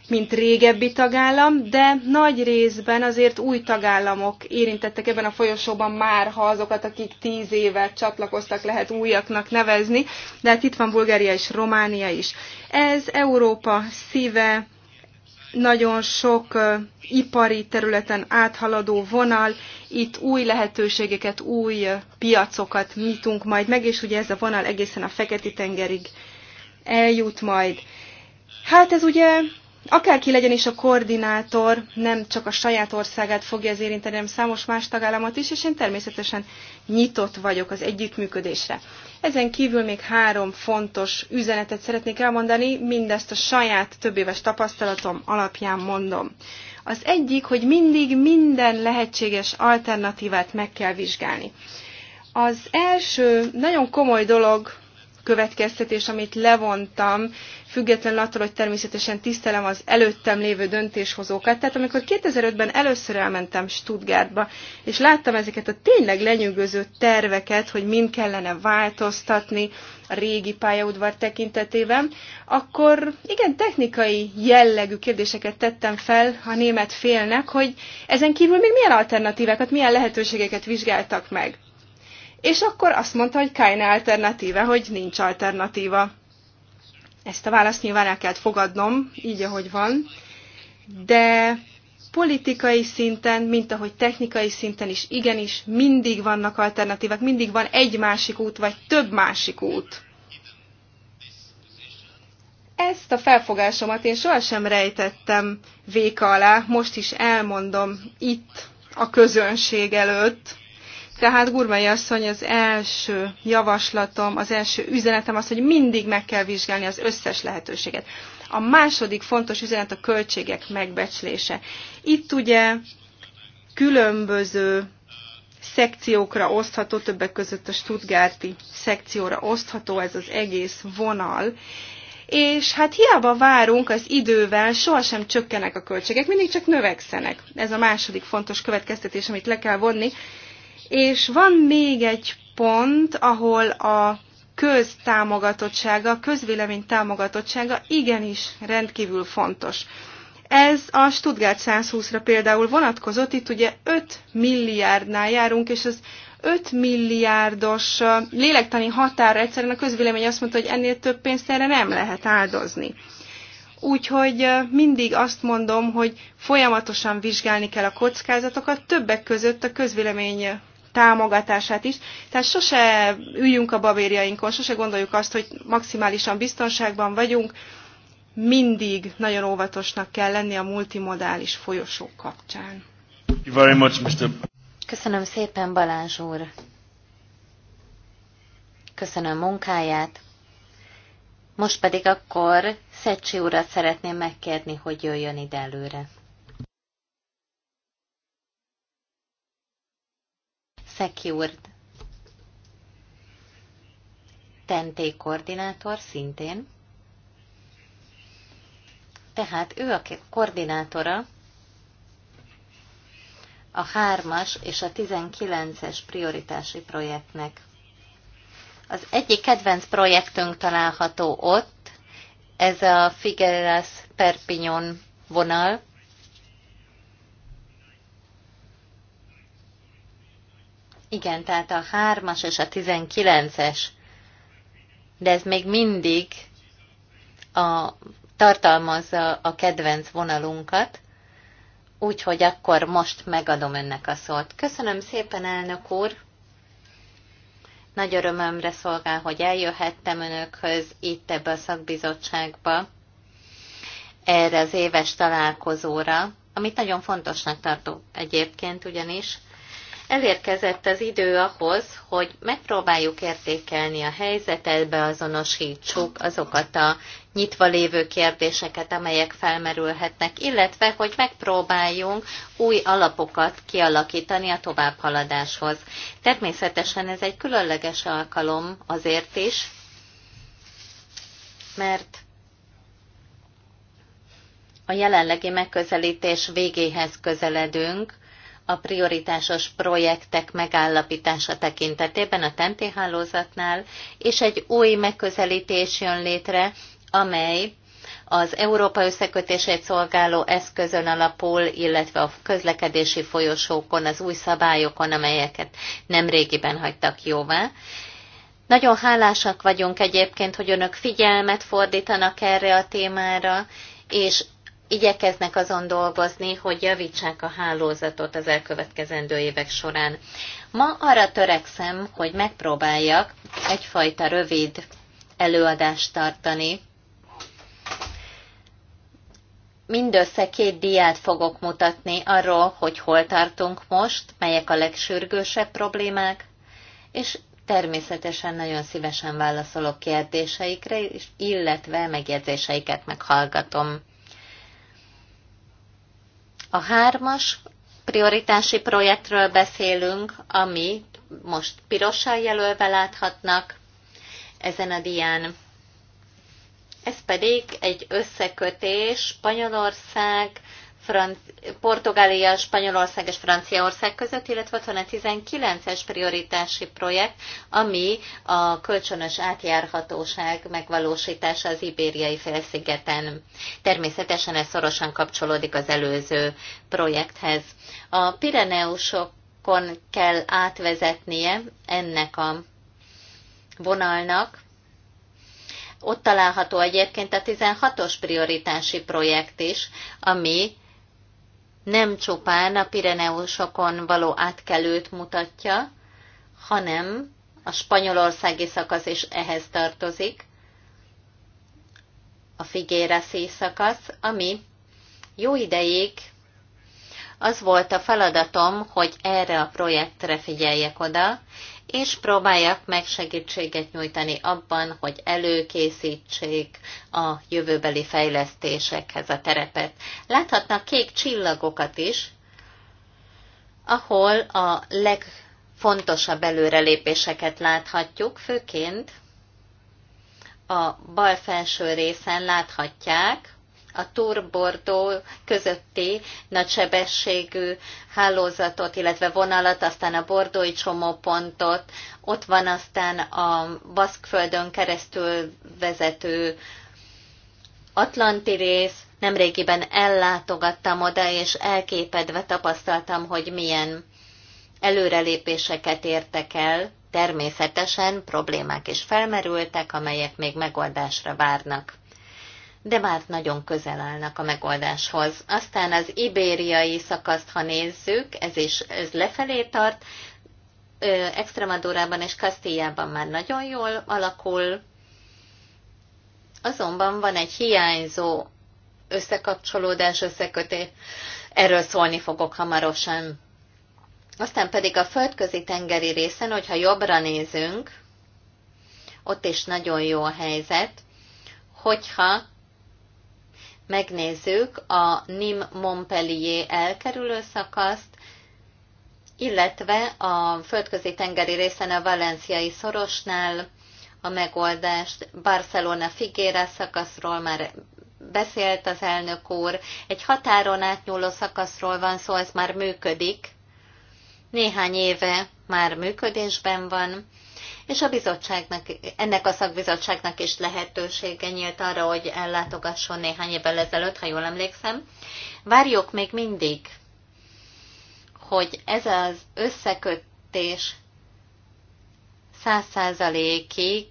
mint régebbi tagállam, de nagy részben azért új tagállamok érintettek ebben a folyosóban már, ha azokat, akik tíz éve csatlakoztak, lehet újaknak nevezni, de hát itt van Bulgária és Románia is. Ez Európa szíve, nagyon sok ipari területen áthaladó vonal, itt új lehetőségeket, új piacokat nyitunk majd meg, és ugye ez a vonal egészen a Feketi-tengerig eljut majd. Hát ez ugye akárki legyen is a koordinátor, nem csak a saját országát fogja ez érinteni, hanem számos más tagállamot is, és én természetesen nyitott vagyok az együttműködésre. Ezen kívül még három fontos üzenetet szeretnék elmondani, mindezt a saját többéves tapasztalatom alapján mondom. Az egyik, hogy mindig minden lehetséges alternatívát meg kell vizsgálni. Az első nagyon komoly dolog, következtetés, amit levontam, függetlenül attól, hogy természetesen tisztelem az előttem lévő döntéshozókat. Tehát amikor 2005-ben először elmentem Stuttgartba, és láttam ezeket a tényleg lenyűgöző terveket, hogy mind kellene változtatni a régi pályaudvar tekintetében, akkor igen, technikai jellegű kérdéseket tettem fel a német félnek, hogy ezen kívül még milyen alternatívákat, milyen lehetőségeket vizsgáltak meg és akkor azt mondta, hogy Kájne alternatíve, hogy nincs alternatíva. Ezt a választ nyilván el kellett fogadnom, így ahogy van, de politikai szinten, mint ahogy technikai szinten is, igenis mindig vannak alternatívak, mindig van egy másik út, vagy több másik út. Ezt a felfogásomat én sohasem rejtettem véka alá, most is elmondom itt a közönség előtt, tehát Gurmai asszony, az első javaslatom, az első üzenetem az, hogy mindig meg kell vizsgálni az összes lehetőséget. A második fontos üzenet a költségek megbecslése. Itt ugye különböző szekciókra osztható, többek között a Stuttgarti szekcióra osztható ez az egész vonal, és hát hiába várunk az idővel, sohasem csökkenek a költségek, mindig csak növekszenek. Ez a második fontos következtetés, amit le kell vonni, és van még egy pont, ahol a köztámogatottsága, a közvélemény támogatottsága igenis rendkívül fontos. Ez a Stuttgart 120-ra például vonatkozott, itt ugye 5 milliárdnál járunk, és az 5 milliárdos lélektani határa egyszerűen a közvélemény azt mondta, hogy ennél több pénzt erre nem lehet áldozni. Úgyhogy mindig azt mondom, hogy folyamatosan vizsgálni kell a kockázatokat, többek között a közvélemény támogatását is. Tehát sose üljünk a babérjainkon, sose gondoljuk azt, hogy maximálisan biztonságban vagyunk, mindig nagyon óvatosnak kell lenni a multimodális folyosó kapcsán. Köszönöm szépen, Balázs úr! Köszönöm munkáját! Most pedig akkor Szecsi urat szeretném megkérni, hogy jöjjön ide előre. Secured Tenté koordinátor szintén. Tehát ő a koordinátora a 3-as és a 19-es prioritási projektnek. Az egyik kedvenc projektünk található ott, ez a Figueras Perpignan vonal, Igen, tehát a 3-as és a 19-es, de ez még mindig a, tartalmazza a kedvenc vonalunkat, úgyhogy akkor most megadom önnek a szót. Köszönöm szépen, elnök úr! Nagy örömömre szolgál, hogy eljöhettem önökhöz itt ebbe a szakbizottságba, erre az éves találkozóra, amit nagyon fontosnak tartok egyébként, ugyanis Elérkezett az idő ahhoz, hogy megpróbáljuk értékelni a helyzetet, beazonosítsuk azokat a nyitva lévő kérdéseket, amelyek felmerülhetnek, illetve hogy megpróbáljunk új alapokat kialakítani a továbbhaladáshoz. Természetesen ez egy különleges alkalom azért is, mert a jelenlegi megközelítés végéhez közeledünk, a prioritásos projektek megállapítása tekintetében a TENTI hálózatnál, és egy új megközelítés jön létre, amely az Európa összekötését szolgáló eszközön alapul, illetve a közlekedési folyosókon, az új szabályokon, amelyeket nemrégiben hagytak jóvá. Nagyon hálásak vagyunk egyébként, hogy önök figyelmet fordítanak erre a témára, és igyekeznek azon dolgozni, hogy javítsák a hálózatot az elkövetkezendő évek során. Ma arra törekszem, hogy megpróbáljak egyfajta rövid előadást tartani. Mindössze két diát fogok mutatni arról, hogy hol tartunk most, melyek a legsürgősebb problémák, és természetesen nagyon szívesen válaszolok kérdéseikre, illetve megjegyzéseiket meghallgatom. A hármas prioritási projektről beszélünk, ami most pirossal jelölve láthatnak ezen a dián. Ez pedig egy összekötés Spanyolország, Franc, Portugália, Spanyolország és Franciaország között, illetve ott van a 19-es prioritási projekt, ami a kölcsönös átjárhatóság megvalósítása az ibériai félszigeten. Természetesen ez szorosan kapcsolódik az előző projekthez. A Pireneusokon kell átvezetnie ennek a vonalnak, ott található egyébként a 16-os prioritási projekt is, ami nem csupán a Pireneusokon való átkelőt mutatja, hanem a spanyolországi szakasz is ehhez tartozik, a Figéreszi szakasz, ami jó ideig az volt a feladatom, hogy erre a projektre figyeljek oda, és próbálják meg segítséget nyújtani abban, hogy előkészítsék a jövőbeli fejlesztésekhez a terepet. Láthatnak kék csillagokat is, ahol a legfontosabb előrelépéseket láthatjuk, főként a bal felső részen láthatják a Turbordó közötti nagysebességű hálózatot, illetve vonalat, aztán a bordói csomópontot, ott van aztán a Baszkföldön keresztül vezető Atlanti rész, nemrégiben ellátogattam oda, és elképedve tapasztaltam, hogy milyen előrelépéseket értek el, természetesen problémák is felmerültek, amelyek még megoldásra várnak de már nagyon közel állnak a megoldáshoz. Aztán az ibériai szakaszt, ha nézzük, ez is ez lefelé tart, Extremadurában és Kastíliában már nagyon jól alakul, azonban van egy hiányzó összekapcsolódás, összekötés, erről szólni fogok hamarosan. Aztán pedig a földközi tengeri részen, hogyha jobbra nézünk, ott is nagyon jó a helyzet, hogyha megnézzük a Nim Montpellier elkerülő szakaszt, illetve a földközi tengeri részen a valenciai szorosnál a megoldást Barcelona Figuera szakaszról már beszélt az elnök úr. Egy határon átnyúló szakaszról van szó, ez már működik. Néhány éve már működésben van és a bizottságnak, ennek a szakbizottságnak is lehetősége nyílt arra, hogy ellátogasson néhány évvel ezelőtt, ha jól emlékszem. Várjuk még mindig, hogy ez az összekötés száz százalékig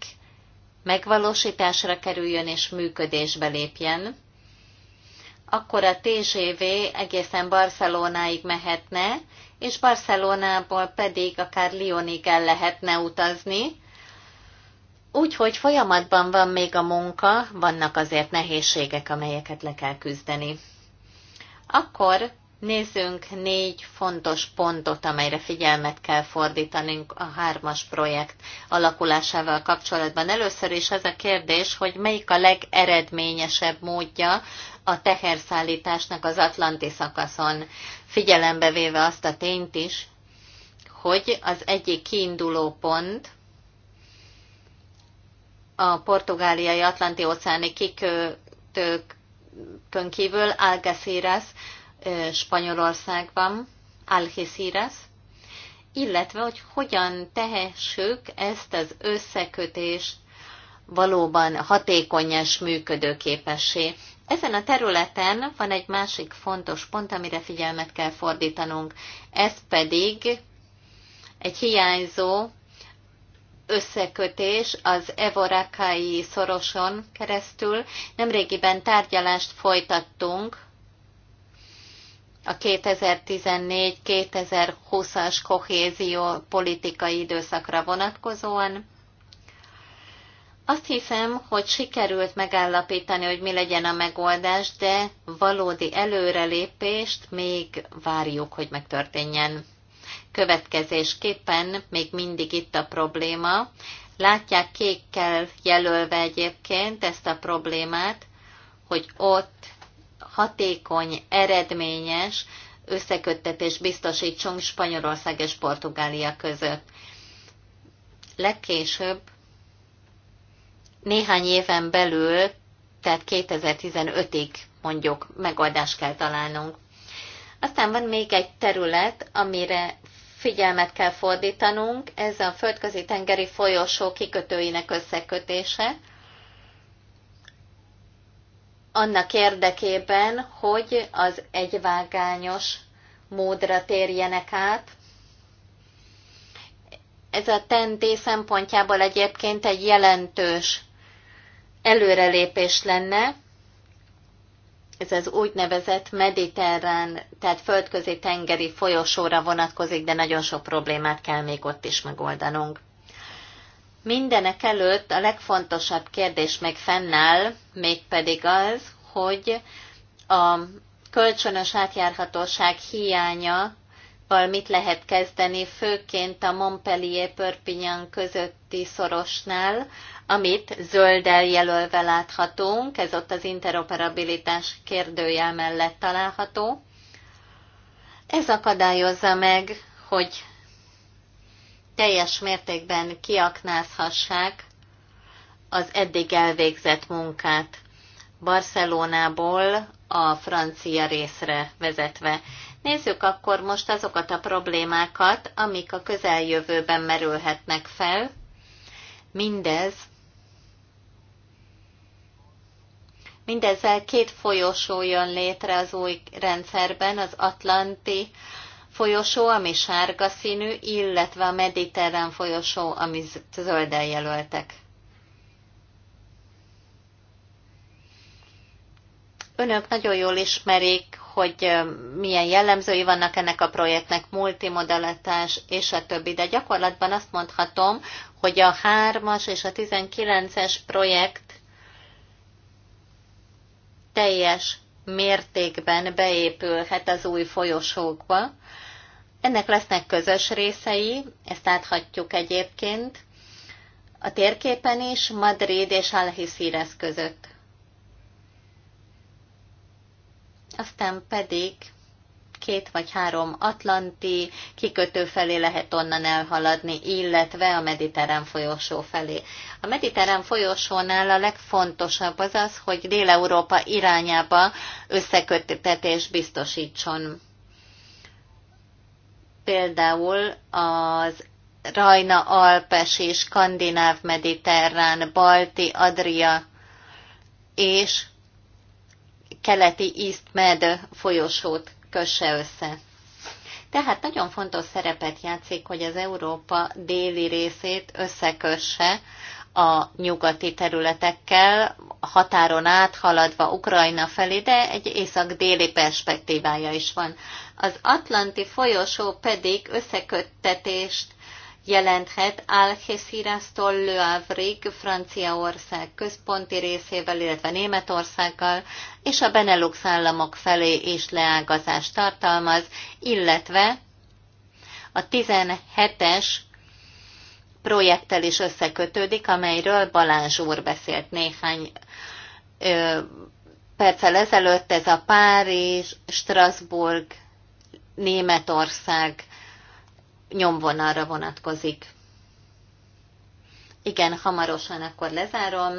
megvalósításra kerüljön és működésbe lépjen, akkor a TGV egészen Barcelonáig mehetne, és Barcelonából pedig akár Lyonig el lehetne utazni. Úgyhogy folyamatban van még a munka, vannak azért nehézségek, amelyeket le kell küzdeni. Akkor nézzünk négy fontos pontot, amelyre figyelmet kell fordítanunk a hármas projekt alakulásával kapcsolatban. Először is az a kérdés, hogy melyik a legeredményesebb módja a teherszállításnak az Atlanti szakaszon, figyelembe véve azt a tényt is, hogy az egyik kiinduló pont a portugáliai Atlanti óceáni kikötőkön kívül Algeciras, Spanyolországban, Algeciras, illetve hogy hogyan tehessük ezt az összekötést valóban hatékonyas működőképessé. Ezen a területen van egy másik fontos pont, amire figyelmet kell fordítanunk. Ez pedig egy hiányzó összekötés az Evorakai szoroson keresztül. Nemrégiben tárgyalást folytattunk a 2014-2020-as kohézió politikai időszakra vonatkozóan azt hiszem, hogy sikerült megállapítani, hogy mi legyen a megoldás, de valódi előrelépést még várjuk, hogy megtörténjen. Következésképpen még mindig itt a probléma. Látják kékkel jelölve egyébként ezt a problémát, hogy ott hatékony, eredményes összeköttetés biztosítsunk Spanyolország és Portugália között. Legkésőbb néhány éven belül, tehát 2015-ig mondjuk megoldást kell találnunk. Aztán van még egy terület, amire figyelmet kell fordítanunk, ez a földközi tengeri folyosó kikötőinek összekötése, annak érdekében, hogy az egyvágányos módra térjenek át. Ez a TNT szempontjából egyébként egy jelentős előrelépés lenne, ez az úgynevezett mediterrán, tehát földközi tengeri folyosóra vonatkozik, de nagyon sok problémát kell még ott is megoldanunk. Mindenek előtt a legfontosabb kérdés még fennáll, mégpedig az, hogy a kölcsönös átjárhatóság hiánya valamit lehet kezdeni, főként a montpellier pörpinyan közötti szorosnál, amit zölddel jelölve láthatunk, ez ott az interoperabilitás kérdőjel mellett található. Ez akadályozza meg, hogy teljes mértékben kiaknázhassák az eddig elvégzett munkát Barcelonából a francia részre vezetve. Nézzük akkor most azokat a problémákat, amik a közeljövőben merülhetnek fel. Mindez Mindezzel két folyosó jön létre az új rendszerben, az Atlanti folyosó, ami sárga színű, illetve a mediterrán folyosó, ami zölden jelöltek. Önök nagyon jól ismerik, hogy milyen jellemzői vannak ennek a projektnek, multimodalitás és a többi, de gyakorlatban azt mondhatom, hogy a 3-as és a 19-es projekt teljes mértékben beépülhet az új folyosókba. Ennek lesznek közös részei, ezt láthatjuk egyébként a térképen is, Madrid és Algeciras között. Aztán pedig két vagy három atlanti kikötő felé lehet onnan elhaladni, illetve a mediterrán folyosó felé. A mediterrán folyosónál a legfontosabb az az, hogy Dél-Európa irányába összekötetés biztosítson. Például az Rajna, Alpes és Skandináv mediterrán, Balti, Adria és keleti East Med folyosót kösse össze. Tehát nagyon fontos szerepet játszik, hogy az Európa déli részét összekösse a nyugati területekkel, határon áthaladva Ukrajna felé, de egy észak-déli perspektívája is van. Az Atlanti folyosó pedig összeköttetést jelenthet Algeciras-tól Le Havre-ig Franciaország központi részével, illetve Németországgal és a Benelux államok felé is leágazást tartalmaz, illetve a 17-es projekttel is összekötődik, amelyről Balázs úr beszélt néhány ö, perccel ezelőtt, ez a Párizs, Strasbourg, Németország nyomvonalra vonatkozik. Igen, hamarosan akkor lezárom.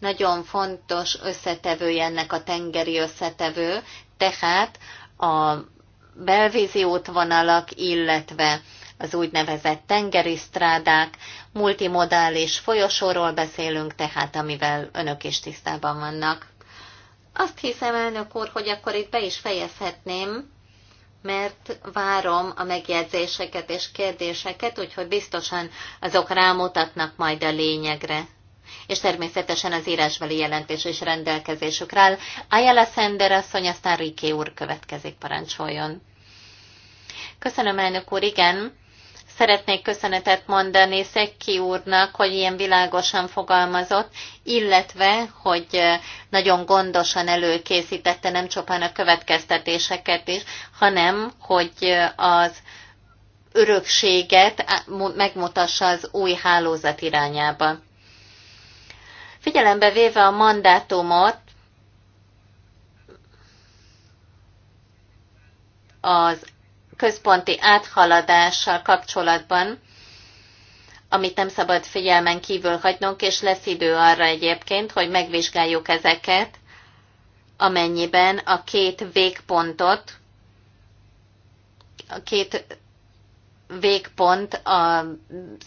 Nagyon fontos összetevő ennek a tengeri összetevő, tehát a belvízi útvonalak, illetve az úgynevezett tengeri strádák, multimodális folyosóról beszélünk, tehát amivel önök is tisztában vannak. Azt hiszem, elnök úr, hogy akkor itt be is fejezhetném mert várom a megjegyzéseket és kérdéseket, úgyhogy biztosan azok rámutatnak majd a lényegre. És természetesen az írásbeli jelentés is rendelkezésükre áll. Ayala Sender asszony, aztán Riki úr következik, parancsoljon. Köszönöm, elnök úr, igen Szeretnék köszönetet mondani Szekki úrnak, hogy ilyen világosan fogalmazott, illetve, hogy nagyon gondosan előkészítette nem csupán a következtetéseket is, hanem, hogy az örökséget megmutassa az új hálózat irányába. Figyelembe véve a mandátumot, az központi áthaladással kapcsolatban, amit nem szabad figyelmen kívül hagynunk, és lesz idő arra egyébként, hogy megvizsgáljuk ezeket, amennyiben a két végpontot, a két végpont az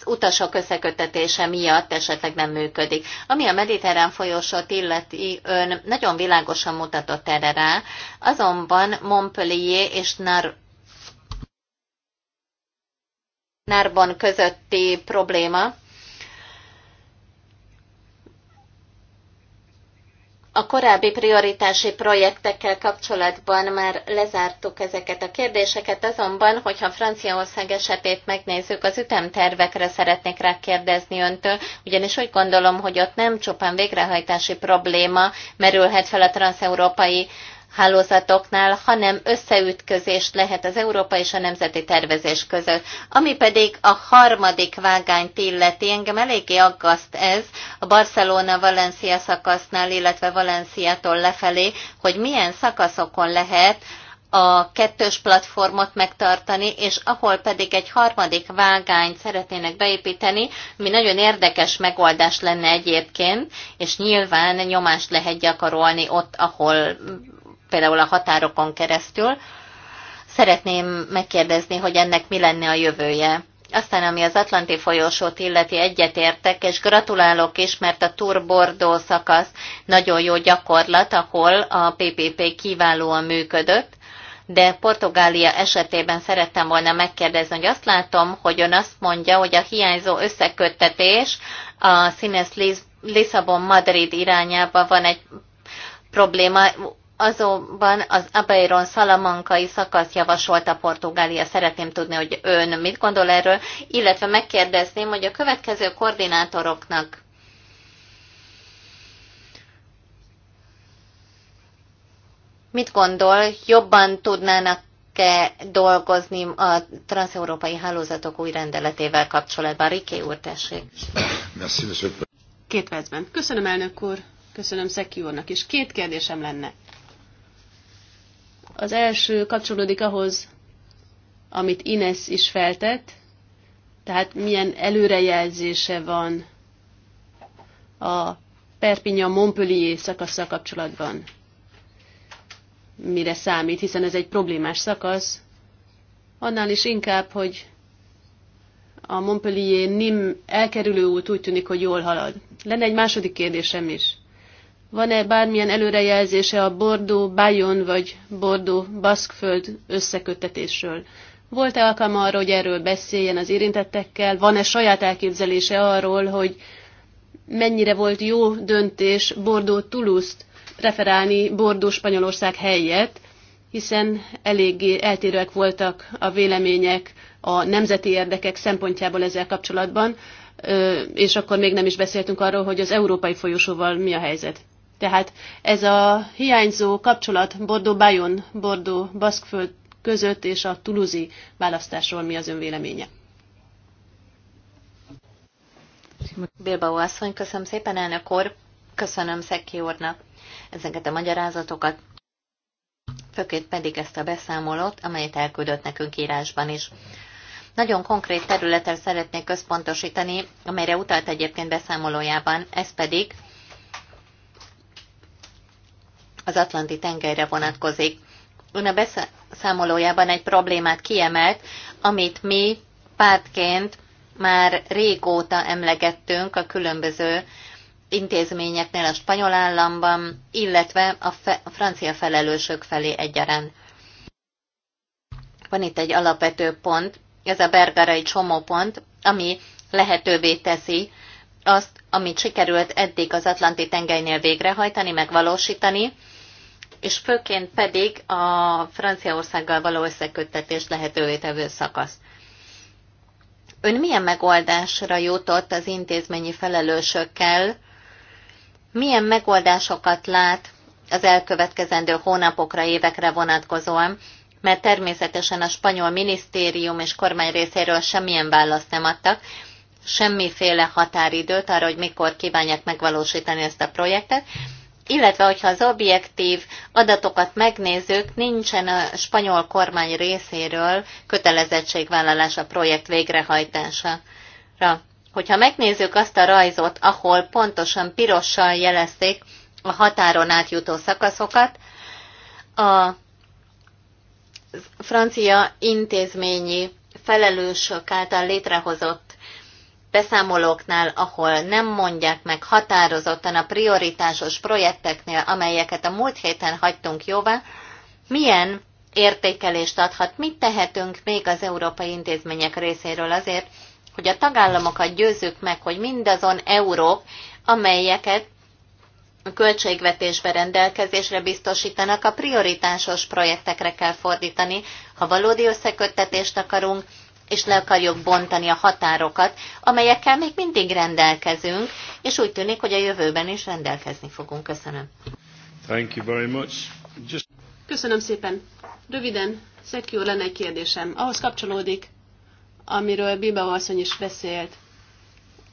utasok összekötetése miatt esetleg nem működik. Ami a mediterrán folyosót illeti, ön nagyon világosan mutatott erre rá, azonban Montpellier és Nar Nárban közötti probléma. A korábbi prioritási projektekkel kapcsolatban már lezártuk ezeket a kérdéseket, azonban, hogyha Franciaország esetét megnézzük, az ütemtervekre szeretnék rákérdezni öntől, ugyanis úgy gondolom, hogy ott nem csupán végrehajtási probléma merülhet fel a transeurópai hálózatoknál, hanem összeütközést lehet az Európa és a Nemzeti Tervezés között. Ami pedig a harmadik vágányt illeti, engem eléggé aggaszt ez a Barcelona-Valencia szakasznál, illetve Valenciától lefelé, hogy milyen szakaszokon lehet a kettős platformot megtartani, és ahol pedig egy harmadik vágányt szeretnének beépíteni, mi nagyon érdekes megoldás lenne egyébként, és nyilván nyomást lehet gyakorolni ott, ahol például a határokon keresztül. Szeretném megkérdezni, hogy ennek mi lenne a jövője. Aztán, ami az Atlanti folyosót illeti, egyetértek, és gratulálok is, mert a Tour Bordeaux szakasz nagyon jó gyakorlat, ahol a PPP kiválóan működött, de Portugália esetében szerettem volna megkérdezni, hogy azt látom, hogy ön azt mondja, hogy a hiányzó összeköttetés a színes Lisszabon-Madrid irányába van egy probléma, Azonban az Abeiron Salamankai szakasz javasolta Portugália. Szeretném tudni, hogy ön mit gondol erről, illetve megkérdezném, hogy a következő koordinátoroknak mit gondol, jobban tudnának -e dolgozni a transeurópai hálózatok új rendeletével kapcsolatban. Riké úr, tessék. Két percben. Köszönöm, elnök úr. Köszönöm Szeki úrnak is. Két kérdésem lenne. Az első kapcsolódik ahhoz, amit Ines is feltett, tehát milyen előrejelzése van a Perpignan-Montpellier szakaszsal kapcsolatban. Mire számít, hiszen ez egy problémás szakasz, annál is inkább, hogy a Montpellier-Nim elkerülő út úgy tűnik, hogy jól halad. Lenne egy második kérdésem is. Van-e bármilyen előrejelzése a Bordó Bajon vagy Bordó Baszkföld összekötetésről? Volt-e alkalma arra, hogy erről beszéljen az érintettekkel? Van-e saját elképzelése arról, hogy mennyire volt jó döntés Bordó tuluszt referálni preferálni Bordó Spanyolország helyett, hiszen eléggé eltérőek voltak a vélemények a nemzeti érdekek szempontjából ezzel kapcsolatban, és akkor még nem is beszéltünk arról, hogy az európai folyosóval mi a helyzet. Tehát ez a hiányzó kapcsolat Bordeaux-Bajon, Bordeaux-Baszkföld között és a tuluzi választásról mi az ön véleménye? Bilbao asszony, köszönöm szépen, elnök úr, köszönöm Szeki úrnak ezeket a magyarázatokat, főként pedig ezt a beszámolót, amelyet elküldött nekünk írásban is. Nagyon konkrét területet szeretnék központosítani, amelyre utalt egyébként beszámolójában, ez pedig az Atlanti tengerre vonatkozik. Ön a beszámolójában egy problémát kiemelt, amit mi pártként már régóta emlegettünk a különböző intézményeknél a spanyol államban, illetve a, fe, a francia felelősök felé egyaránt. Van itt egy alapvető pont, ez a bergarai csomópont, ami lehetővé teszi azt, amit sikerült eddig az Atlanti tengelynél végrehajtani, megvalósítani, és főként pedig a Franciaországgal való összeköttetés lehetővé tevő szakasz. Ön milyen megoldásra jutott az intézményi felelősökkel? Milyen megoldásokat lát az elkövetkezendő hónapokra, évekre vonatkozóan, mert természetesen a spanyol minisztérium és kormány részéről semmilyen választ nem adtak, semmiféle határidőt arra, hogy mikor kívánják megvalósítani ezt a projektet, illetve hogyha az objektív adatokat megnézzük, nincsen a spanyol kormány részéről kötelezettségvállalás a projekt végrehajtására. Hogyha megnézzük azt a rajzot, ahol pontosan pirossal jelezték a határon átjutó szakaszokat, a francia intézményi felelősök által létrehozott beszámolóknál, ahol nem mondják meg határozottan a prioritásos projekteknél, amelyeket a múlt héten hagytunk jóvá, milyen értékelést adhat, mit tehetünk még az európai intézmények részéről azért, hogy a tagállamokat győzzük meg, hogy mindazon eurók, amelyeket a költségvetésbe rendelkezésre biztosítanak, a prioritásos projektekre kell fordítani, ha valódi összeköttetést akarunk, és le akarjuk bontani a határokat, amelyekkel még mindig rendelkezünk, és úgy tűnik, hogy a jövőben is rendelkezni fogunk. Köszönöm. Thank you very much. Just... Köszönöm szépen. Röviden, Szekjó, lenne egy kérdésem. Ahhoz kapcsolódik, amiről Biba asszony is beszélt.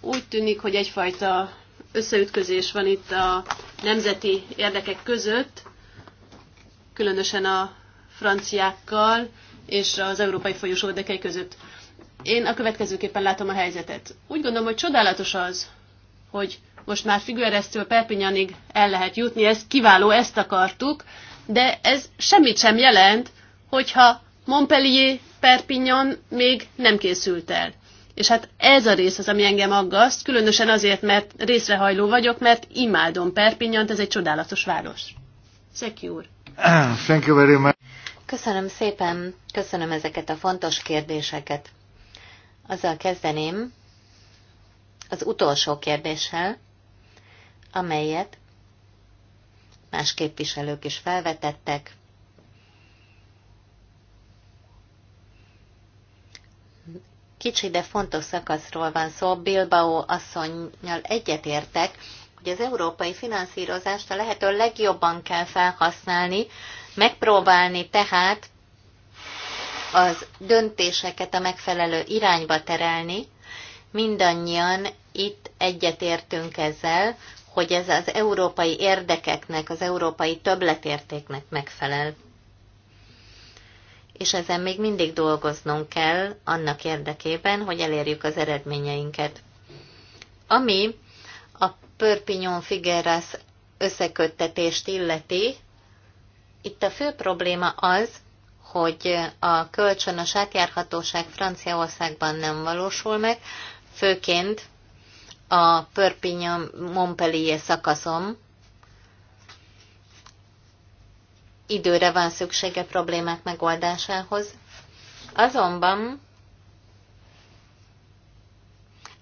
Úgy tűnik, hogy egyfajta összeütközés van itt a nemzeti érdekek között, különösen a franciákkal és az európai folyosó érdekei között. Én a következőképpen látom a helyzetet. Úgy gondolom, hogy csodálatos az, hogy most már Figueresztől Perpignanig el lehet jutni, ez kiváló, ezt akartuk, de ez semmit sem jelent, hogyha Montpellier Perpignan még nem készült el. És hát ez a rész az, ami engem aggaszt, különösen azért, mert részrehajló vagyok, mert imádom Perpignant, ez egy csodálatos város. Szeki Thank you very much. Köszönöm szépen, köszönöm ezeket a fontos kérdéseket. Azzal kezdeném az utolsó kérdéssel, amelyet más képviselők is felvetettek. Kicsi, de fontos szakaszról van szó. Bilbao asszonynal egyetértek, hogy az európai finanszírozást a lehető legjobban kell felhasználni, megpróbálni tehát az döntéseket a megfelelő irányba terelni. Mindannyian itt egyetértünk ezzel, hogy ez az európai érdekeknek, az európai többletértéknek megfelel. És ezen még mindig dolgoznunk kell annak érdekében, hogy elérjük az eredményeinket. Ami a Pörpinyon Figueras összeköttetést illeti, itt a fő probléma az, hogy a kölcsönös átjárhatóság Franciaországban nem valósul meg, főként a Perpignan-Montpellier szakaszom időre van szüksége problémák megoldásához. Azonban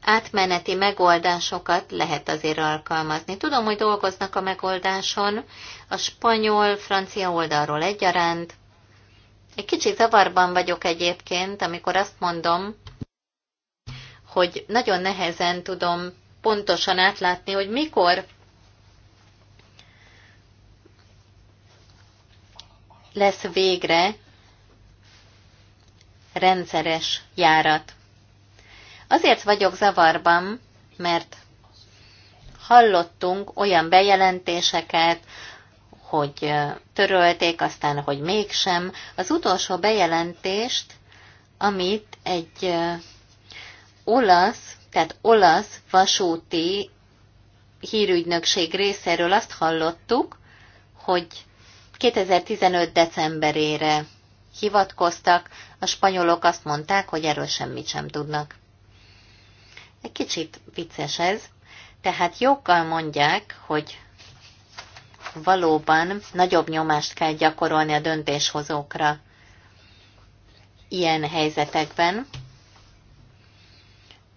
átmeneti megoldásokat lehet azért alkalmazni. Tudom, hogy dolgoznak a megoldáson a spanyol-francia oldalról egyaránt, egy kicsit zavarban vagyok egyébként, amikor azt mondom, hogy nagyon nehezen tudom pontosan átlátni, hogy mikor lesz végre rendszeres járat. Azért vagyok zavarban, mert hallottunk olyan bejelentéseket, hogy törölték, aztán, hogy mégsem. Az utolsó bejelentést, amit egy olasz, tehát olasz vasúti hírügynökség részéről azt hallottuk, hogy 2015. decemberére hivatkoztak, a spanyolok azt mondták, hogy erről semmit sem tudnak. Egy kicsit vicces ez, tehát joggal mondják, hogy valóban nagyobb nyomást kell gyakorolni a döntéshozókra ilyen helyzetekben.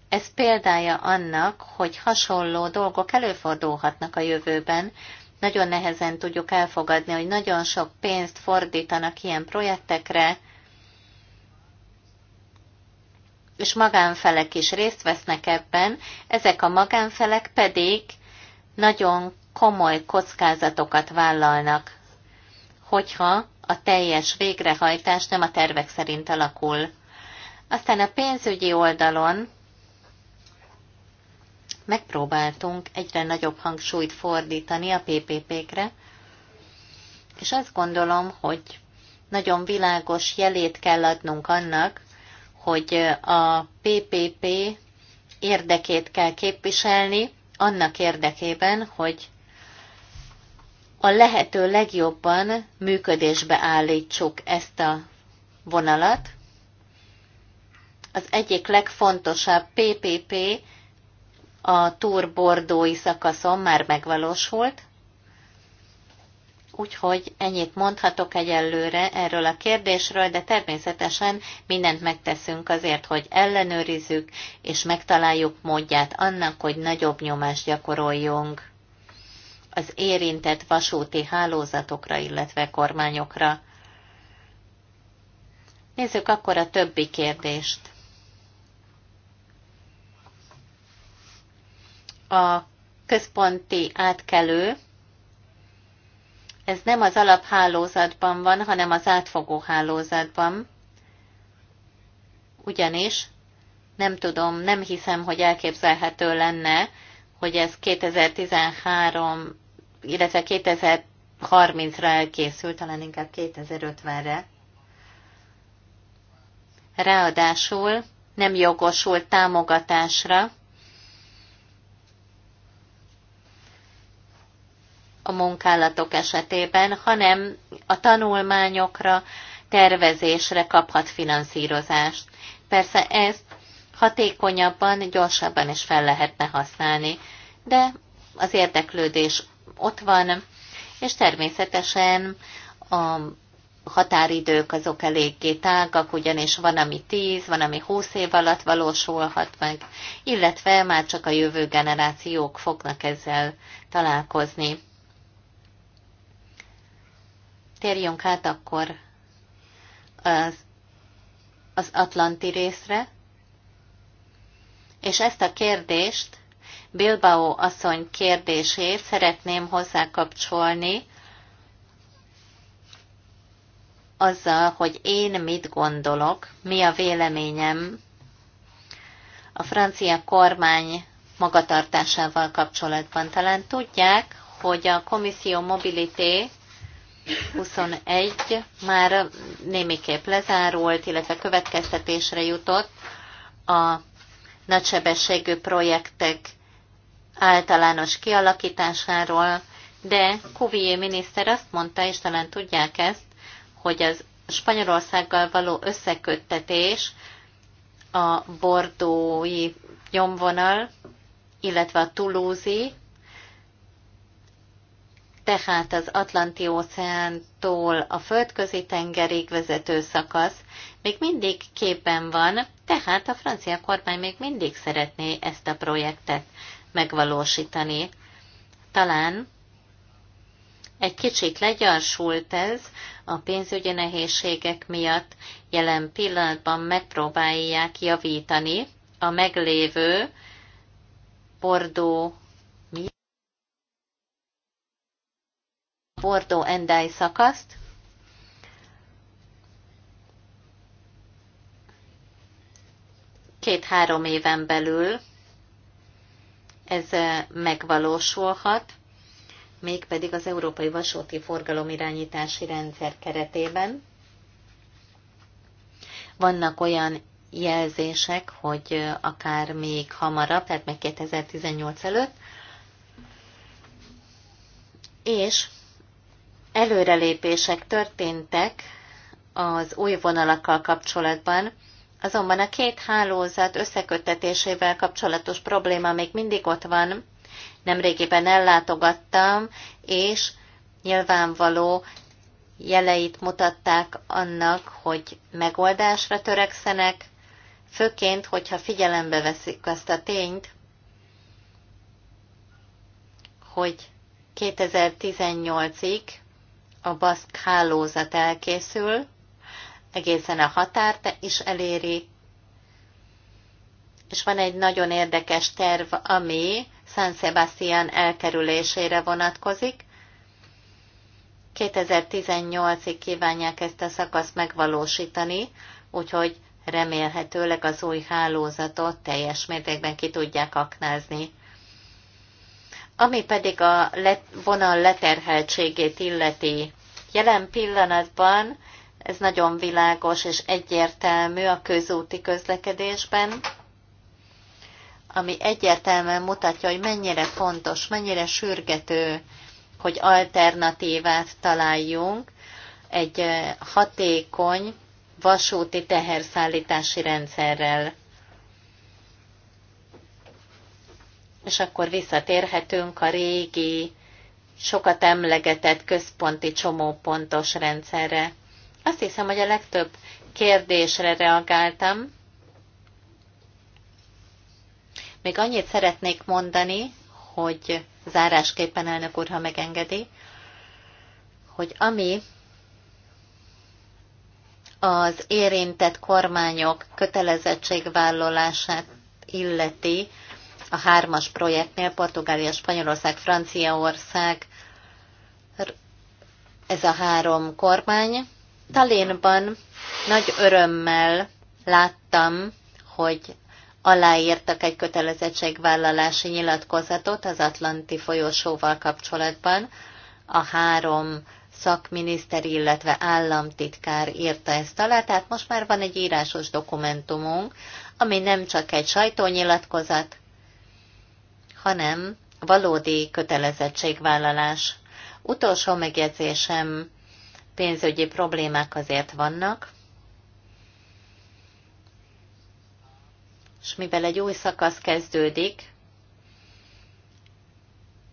Ez példája annak, hogy hasonló dolgok előfordulhatnak a jövőben. Nagyon nehezen tudjuk elfogadni, hogy nagyon sok pénzt fordítanak ilyen projektekre, és magánfelek is részt vesznek ebben, ezek a magánfelek pedig nagyon komoly kockázatokat vállalnak, hogyha a teljes végrehajtás nem a tervek szerint alakul. Aztán a pénzügyi oldalon megpróbáltunk egyre nagyobb hangsúlyt fordítani a PPP-kre, és azt gondolom, hogy nagyon világos jelét kell adnunk annak, hogy a PPP érdekét kell képviselni annak érdekében, hogy a lehető legjobban működésbe állítsuk ezt a vonalat. Az egyik legfontosabb PPP a Tour bordói szakaszon már megvalósult, úgyhogy ennyit mondhatok egyelőre erről a kérdésről, de természetesen mindent megteszünk azért, hogy ellenőrizzük és megtaláljuk módját annak, hogy nagyobb nyomást gyakoroljunk az érintett vasúti hálózatokra, illetve kormányokra. Nézzük akkor a többi kérdést. A központi átkelő, ez nem az alaphálózatban van, hanem az átfogó hálózatban. Ugyanis nem tudom, nem hiszem, hogy elképzelhető lenne, hogy ez 2013 illetve 2030-ra elkészült, talán inkább 2050-re. Ráadásul nem jogosult támogatásra a munkálatok esetében, hanem a tanulmányokra, tervezésre kaphat finanszírozást. Persze ezt hatékonyabban, gyorsabban is fel lehetne használni, de az érdeklődés ott van, és természetesen a határidők azok eléggé tágak, ugyanis van, ami 10, van, ami 20 év alatt valósulhat meg, illetve már csak a jövő generációk fognak ezzel találkozni. Térjünk át akkor az, az Atlanti részre, és ezt a kérdést Bilbao asszony kérdését szeretném hozzákapcsolni azzal, hogy én mit gondolok, mi a véleményem a francia kormány magatartásával kapcsolatban. Talán tudják, hogy a Komisszió Mobilité 21 már némiképp lezárult, illetve következtetésre jutott a nagysebességű projektek általános kialakításáról, de Kuvié miniszter azt mondta, és talán tudják ezt, hogy az Spanyolországgal való összeköttetés a bordói nyomvonal, illetve a tulúzi, tehát az Atlanti óceántól a földközi tengerig vezető szakasz még mindig képen van, tehát a francia kormány még mindig szeretné ezt a projektet megvalósítani. Talán egy kicsit legyarsult ez a pénzügyi nehézségek miatt jelen pillanatban megpróbálják javítani a meglévő bordó bordó endály szakaszt, két-három éven belül ez eh, megvalósulhat, mégpedig az Európai Vasúti Forgalomirányítási Rendszer keretében. Vannak olyan jelzések, hogy eh, akár még hamarabb, tehát meg 2018 előtt, és előrelépések történtek az új vonalakkal kapcsolatban, Azonban a két hálózat összeköttetésével kapcsolatos probléma még mindig ott van. Nemrégiben ellátogattam, és nyilvánvaló jeleit mutatták annak, hogy megoldásra törekszenek, főként, hogyha figyelembe veszik azt a tényt, hogy 2018-ig a baszk hálózat elkészül, egészen a határt is eléri, és van egy nagyon érdekes terv, ami San Sebastian elkerülésére vonatkozik. 2018-ig kívánják ezt a szakaszt megvalósítani, úgyhogy remélhetőleg az új hálózatot teljes mértékben ki tudják aknázni. Ami pedig a vonal leterheltségét illeti, jelen pillanatban ez nagyon világos és egyértelmű a közúti közlekedésben, ami egyértelműen mutatja, hogy mennyire fontos, mennyire sürgető, hogy alternatívát találjunk egy eh, hatékony vasúti teherszállítási rendszerrel. És akkor visszatérhetünk a régi, sokat emlegetett központi csomópontos rendszerre. Azt hiszem, hogy a legtöbb kérdésre reagáltam. Még annyit szeretnék mondani, hogy zárásképpen elnök úr, ha megengedi, hogy ami az érintett kormányok kötelezettségvállalását illeti a hármas projektnél, Portugália, Spanyolország, Franciaország, ez a három kormány, Talinban nagy örömmel láttam, hogy aláírtak egy kötelezettségvállalási nyilatkozatot az Atlanti folyosóval kapcsolatban. A három szakminiszter, illetve államtitkár írta ezt alá, tehát most már van egy írásos dokumentumunk, ami nem csak egy sajtónyilatkozat, hanem valódi kötelezettségvállalás. Utolsó megjegyzésem pénzügyi problémák azért vannak, és mivel egy új szakasz kezdődik,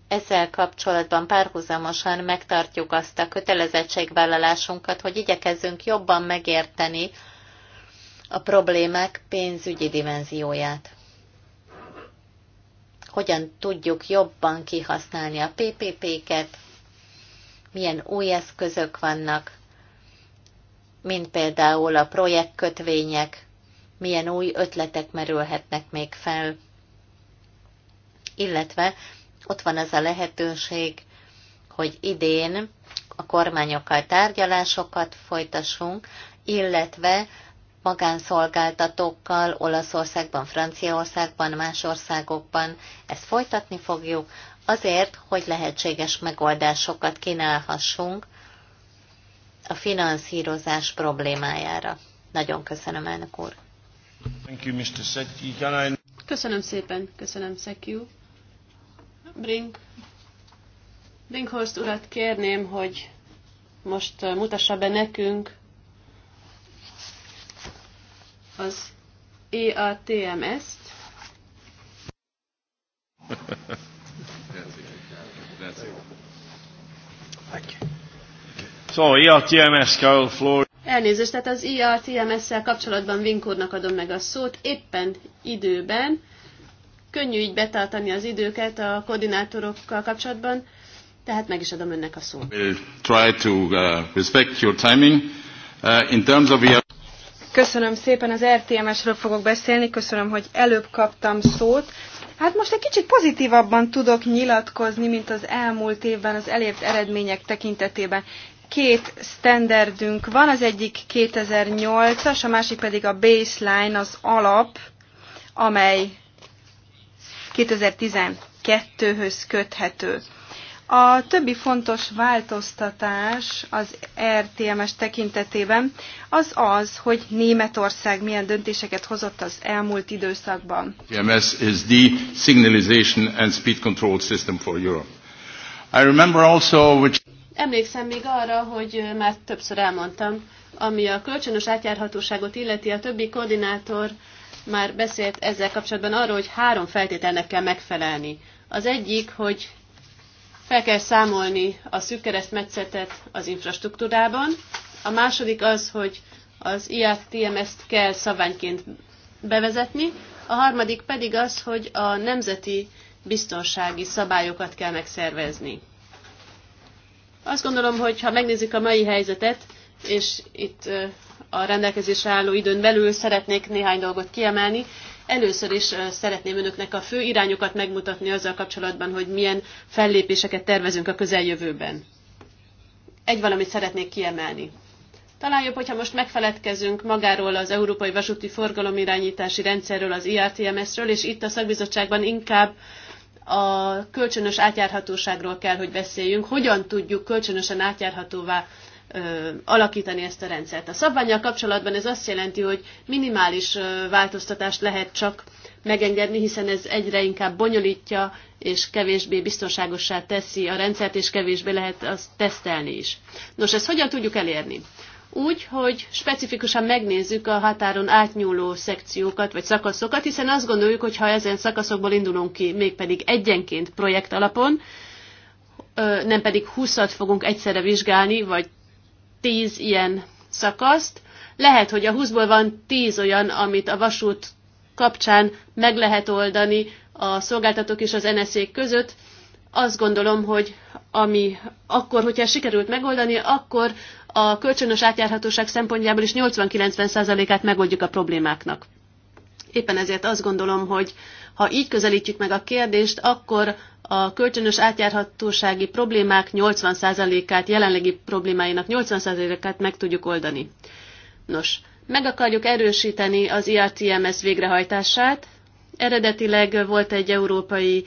ezzel kapcsolatban párhuzamosan megtartjuk azt a kötelezettségvállalásunkat, hogy igyekezzünk jobban megérteni a problémák pénzügyi dimenzióját. Hogyan tudjuk jobban kihasználni a PPP-ket, milyen új eszközök vannak, mint például a projektkötvények, milyen új ötletek merülhetnek még fel, illetve ott van az a lehetőség, hogy idén a kormányokkal tárgyalásokat folytassunk, illetve magánszolgáltatókkal Olaszországban, Franciaországban, más országokban. Ezt folytatni fogjuk, azért, hogy lehetséges megoldásokat kínálhassunk a finanszírozás problémájára. Nagyon köszönöm, elnök úr. Köszönöm szépen, köszönöm, Szekiu. Brink, Brinkhorst urat kérném, hogy most uh, mutassa be nekünk az EATMS-t. (laughs) So, IRTMS, e Carol Floor. Elnézést, tehát az iatms e szel kapcsolatban Vinkornak adom meg a szót, éppen időben. Könnyű így betartani az időket a koordinátorokkal kapcsolatban, tehát meg is adom önnek a szót. We'll try to uh, respect your timing. Uh, in terms of IR... E köszönöm szépen, az RTMS-ről fogok beszélni, köszönöm, hogy előbb kaptam szót. Hát most egy kicsit pozitívabban tudok nyilatkozni, mint az elmúlt évben az elért eredmények tekintetében két standardünk van, az egyik 2008-as, a másik pedig a baseline, az alap, amely 2012-höz köthető. A többi fontos változtatás az RTMS er tekintetében az az, hogy Németország milyen döntéseket hozott az elmúlt időszakban. RTMS er is the signalization and speed control system for Europe. I remember also which Emlékszem még arra, hogy már többször elmondtam, ami a kölcsönös átjárhatóságot illeti, a többi koordinátor már beszélt ezzel kapcsolatban arról, hogy három feltételnek kell megfelelni. Az egyik, hogy fel kell számolni a szűk keresztmetszetet az infrastruktúrában. A második az, hogy az IATMS-t kell szabványként bevezetni. A harmadik pedig az, hogy a nemzeti biztonsági szabályokat kell megszervezni. Azt gondolom, hogy ha megnézzük a mai helyzetet, és itt a rendelkezésre álló időn belül szeretnék néhány dolgot kiemelni. Először is szeretném önöknek a fő irányokat megmutatni azzal kapcsolatban, hogy milyen fellépéseket tervezünk a közeljövőben. Egy valamit szeretnék kiemelni. Talán jobb, hogyha most megfeledkezünk magáról az Európai Vasúti Forgalomirányítási Rendszerről, az IRTMS-ről, és itt a szakbizottságban inkább a kölcsönös átjárhatóságról kell, hogy beszéljünk, hogyan tudjuk kölcsönösen átjárhatóvá alakítani ezt a rendszert. A szabványjal kapcsolatban ez azt jelenti, hogy minimális változtatást lehet csak megengedni, hiszen ez egyre inkább bonyolítja, és kevésbé biztonságossá teszi a rendszert, és kevésbé lehet azt tesztelni is. Nos, ezt hogyan tudjuk elérni? úgy, hogy specifikusan megnézzük a határon átnyúló szekciókat vagy szakaszokat, hiszen azt gondoljuk, hogy ha ezen szakaszokból indulunk ki, mégpedig egyenként projekt alapon, nem pedig 20-at fogunk egyszerre vizsgálni, vagy 10 ilyen szakaszt, lehet, hogy a 20-ból van 10 olyan, amit a vasút kapcsán meg lehet oldani a szolgáltatók és az nsz között, azt gondolom, hogy ami akkor, hogyha sikerült megoldani, akkor a kölcsönös átjárhatóság szempontjából is 80-90%-át megoldjuk a problémáknak. Éppen ezért azt gondolom, hogy ha így közelítjük meg a kérdést, akkor a kölcsönös átjárhatósági problémák 80%-át, jelenlegi problémáinak 80%-át meg tudjuk oldani. Nos, meg akarjuk erősíteni az IRTMS végrehajtását. Eredetileg volt egy európai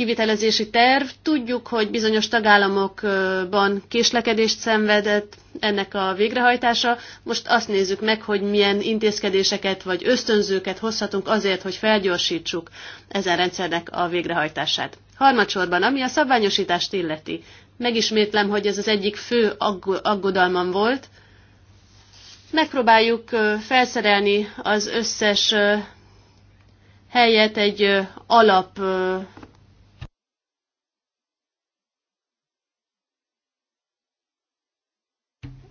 kivitelezési terv. Tudjuk, hogy bizonyos tagállamokban késlekedést szenvedett ennek a végrehajtása. Most azt nézzük meg, hogy milyen intézkedéseket vagy ösztönzőket hozhatunk azért, hogy felgyorsítsuk ezen rendszernek a végrehajtását. Harmadsorban, ami a szabványosítást illeti. Megismétlem, hogy ez az egyik fő aggodalmam volt. Megpróbáljuk felszerelni az összes helyet egy alap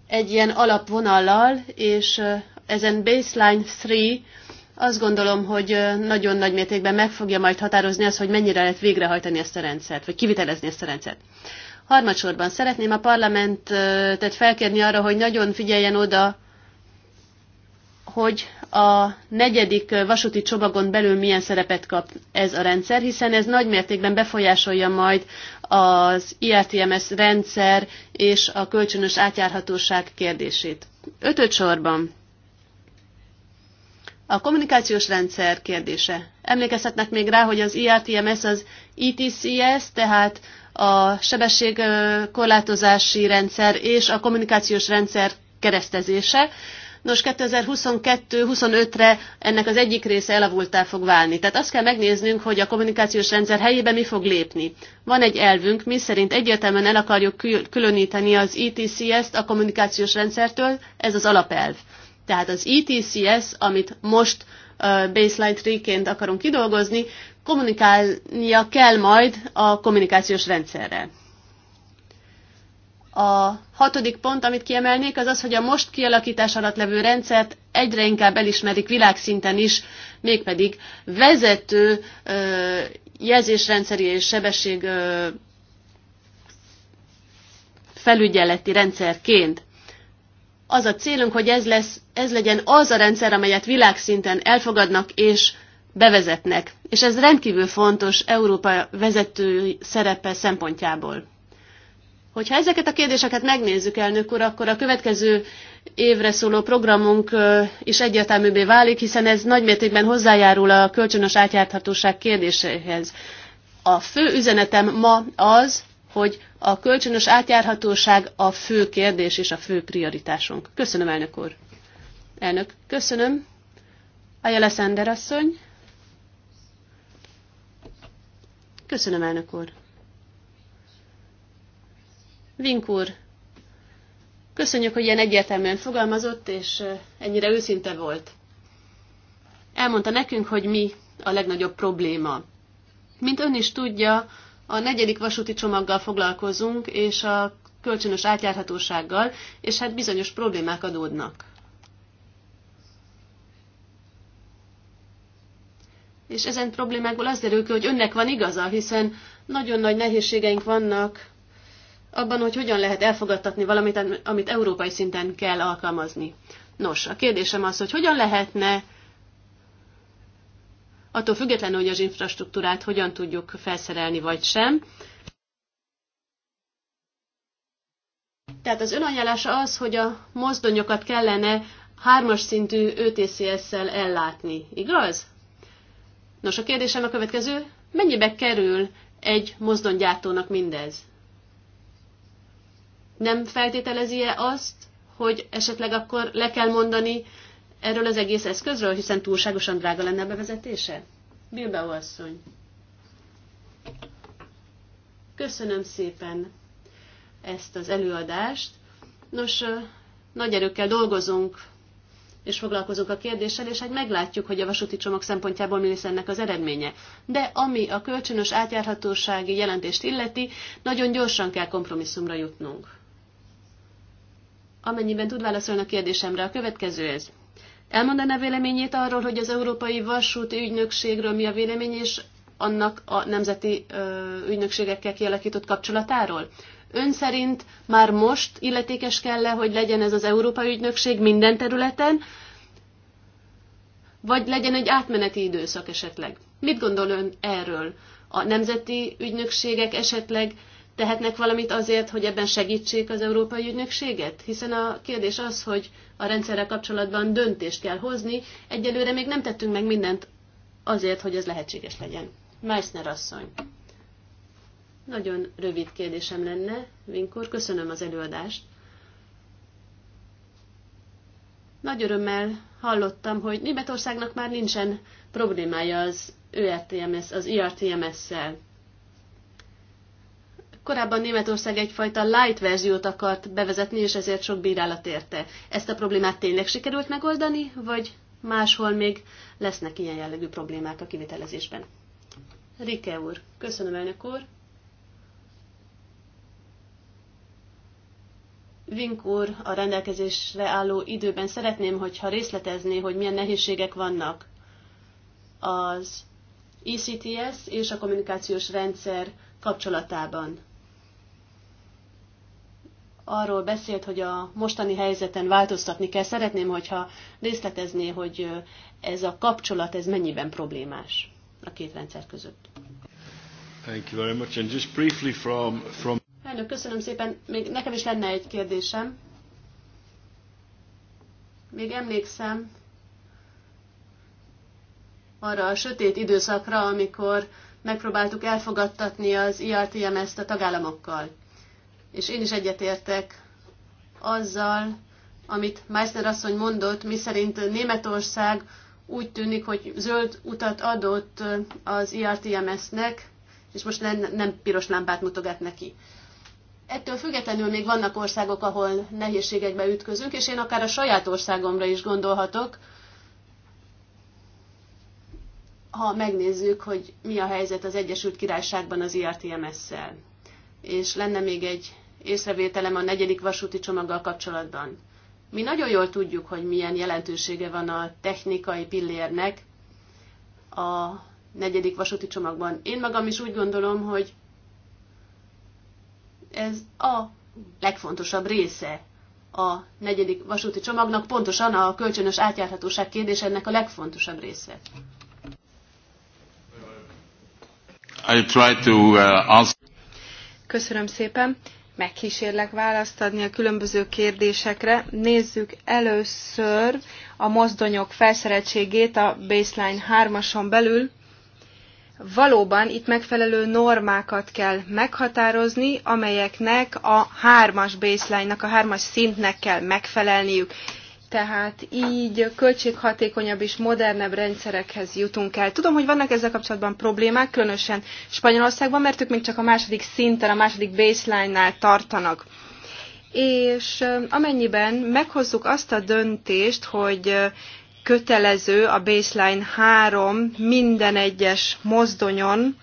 egy ilyen alapvonallal, és ezen baseline 3 azt gondolom, hogy nagyon nagy mértékben meg fogja majd határozni azt, hogy mennyire lehet végrehajtani ezt a rendszert, vagy kivitelezni ezt a rendszert. Harmadsorban szeretném a parlamentet felkérni arra, hogy nagyon figyeljen oda hogy a negyedik vasúti csomagon belül milyen szerepet kap ez a rendszer, hiszen ez nagymértékben befolyásolja majd az IRTMS er rendszer és a kölcsönös átjárhatóság kérdését. Ötöt sorban. A kommunikációs rendszer kérdése. Emlékezhetnek még rá, hogy az IRTMS er az ETCS, tehát a sebességkorlátozási rendszer és a kommunikációs rendszer keresztezése. Nos, 2022-25-re ennek az egyik része elavultá fog válni. Tehát azt kell megnéznünk, hogy a kommunikációs rendszer helyébe mi fog lépni. Van egy elvünk, mi szerint egyértelműen el akarjuk különíteni az ETCS-t a kommunikációs rendszertől, ez az alapelv. Tehát az ETCS, amit most baseline tree-ként akarunk kidolgozni, kommunikálnia kell majd a kommunikációs rendszerrel. A hatodik pont, amit kiemelnék, az az, hogy a most kialakítás alatt levő rendszert egyre inkább elismerik világszinten is, mégpedig vezető ö, jelzésrendszeri és sebesség ö, felügyeleti rendszerként. Az a célunk, hogy ez, lesz, ez legyen az a rendszer, amelyet világszinten elfogadnak és bevezetnek. És ez rendkívül fontos Európa vezető szerepe szempontjából. Hogyha ezeket a kérdéseket megnézzük, elnök úr, akkor a következő évre szóló programunk is egyértelműbbé válik, hiszen ez nagymértékben hozzájárul a kölcsönös átjárthatóság kérdéséhez. A fő üzenetem ma az, hogy a kölcsönös átjárhatóság a fő kérdés és a fő prioritásunk. Köszönöm, elnök úr. Elnök, köszönöm. Ajala Szender asszony. Köszönöm, elnök úr. Vink úr, köszönjük, hogy ilyen egyértelműen fogalmazott, és ennyire őszinte volt. Elmondta nekünk, hogy mi a legnagyobb probléma. Mint ön is tudja, a negyedik vasúti csomaggal foglalkozunk, és a kölcsönös átjárhatósággal, és hát bizonyos problémák adódnak. És ezen problémákból az derül ki, hogy önnek van igaza, hiszen nagyon nagy nehézségeink vannak abban, hogy hogyan lehet elfogadtatni valamit, amit európai szinten kell alkalmazni. Nos, a kérdésem az, hogy hogyan lehetne attól függetlenül, hogy az infrastruktúrát hogyan tudjuk felszerelni vagy sem. Tehát az önajánlása az, hogy a mozdonyokat kellene hármas szintű ÖTCS-szel ellátni, igaz? Nos, a kérdésem a következő, mennyibe kerül egy mozdongyártónak mindez? nem feltételezi-e azt, hogy esetleg akkor le kell mondani erről az egész eszközről, hiszen túlságosan drága lenne a bevezetése? Bilbao asszony. Köszönöm szépen ezt az előadást. Nos, nagy erőkkel dolgozunk és foglalkozunk a kérdéssel, és hát meglátjuk, hogy a vasúti csomag szempontjából mi lesz ennek az eredménye. De ami a kölcsönös átjárhatósági jelentést illeti, nagyon gyorsan kell kompromisszumra jutnunk amennyiben tud válaszolni a kérdésemre. A következő ez. Elmondaná véleményét arról, hogy az Európai Vasúti Ügynökségről mi a vélemény, és annak a nemzeti ö, ügynökségekkel kialakított kapcsolatáról? Ön szerint már most illetékes kell -e, hogy legyen ez az Európai Ügynökség minden területen, vagy legyen egy átmeneti időszak esetleg? Mit gondol ön erről? A nemzeti ügynökségek esetleg tehetnek valamit azért, hogy ebben segítsék az Európai Ügynökséget? Hiszen a kérdés az, hogy a rendszerrel kapcsolatban döntést kell hozni. Egyelőre még nem tettünk meg mindent azért, hogy ez lehetséges legyen. Meissner asszony. Nagyon rövid kérdésem lenne, Vinkor. Köszönöm az előadást. Nagy örömmel hallottam, hogy Németországnak már nincsen problémája az ERTMS, az IRTMS-szel Korábban Németország egyfajta light verziót akart bevezetni, és ezért sok bírálat érte. Ezt a problémát tényleg sikerült megoldani, vagy máshol még lesznek ilyen jellegű problémák a kivitelezésben? Rike úr, köszönöm elnök úr. Vink úr, a rendelkezésre álló időben szeretném, hogyha részletezné, hogy milyen nehézségek vannak az ECTS és a kommunikációs rendszer kapcsolatában arról beszélt, hogy a mostani helyzeten változtatni kell. Szeretném, hogyha részletezné, hogy ez a kapcsolat, ez mennyiben problémás a két rendszer között. Thank you very much. And just briefly from, from... Elnök, köszönöm szépen. Még nekem is lenne egy kérdésem. Még emlékszem arra a sötét időszakra, amikor megpróbáltuk elfogadtatni az IRTMS-t a tagállamokkal és én is egyetértek azzal, amit Meissner asszony mondott, miszerint Németország úgy tűnik, hogy zöld utat adott az IRTMS-nek, és most nem piros lámpát mutogat neki. Ettől függetlenül még vannak országok, ahol nehézségekbe ütközünk, és én akár a saját országomra is gondolhatok, ha megnézzük, hogy mi a helyzet az Egyesült Királyságban az IRTMS-szel és lenne még egy észrevételem a negyedik vasúti csomaggal kapcsolatban. Mi nagyon jól tudjuk, hogy milyen jelentősége van a technikai pillérnek a negyedik vasúti csomagban. Én magam is úgy gondolom, hogy ez a legfontosabb része a negyedik vasúti csomagnak, pontosan a kölcsönös átjárhatóság kérdés ennek a legfontosabb része. I try to, uh, ask... Köszönöm szépen. Megkísérlek választ adni a különböző kérdésekre. Nézzük először a mozdonyok felszereltségét a baseline 3-ason belül. Valóban itt megfelelő normákat kell meghatározni, amelyeknek a hármas baseline-nak, a hármas szintnek kell megfelelniük tehát így költséghatékonyabb és modernebb rendszerekhez jutunk el. Tudom, hogy vannak ezzel kapcsolatban problémák, különösen Spanyolországban, mert ők még csak a második szinten, a második baseline-nál tartanak. És amennyiben meghozzuk azt a döntést, hogy kötelező a baseline 3 minden egyes mozdonyon,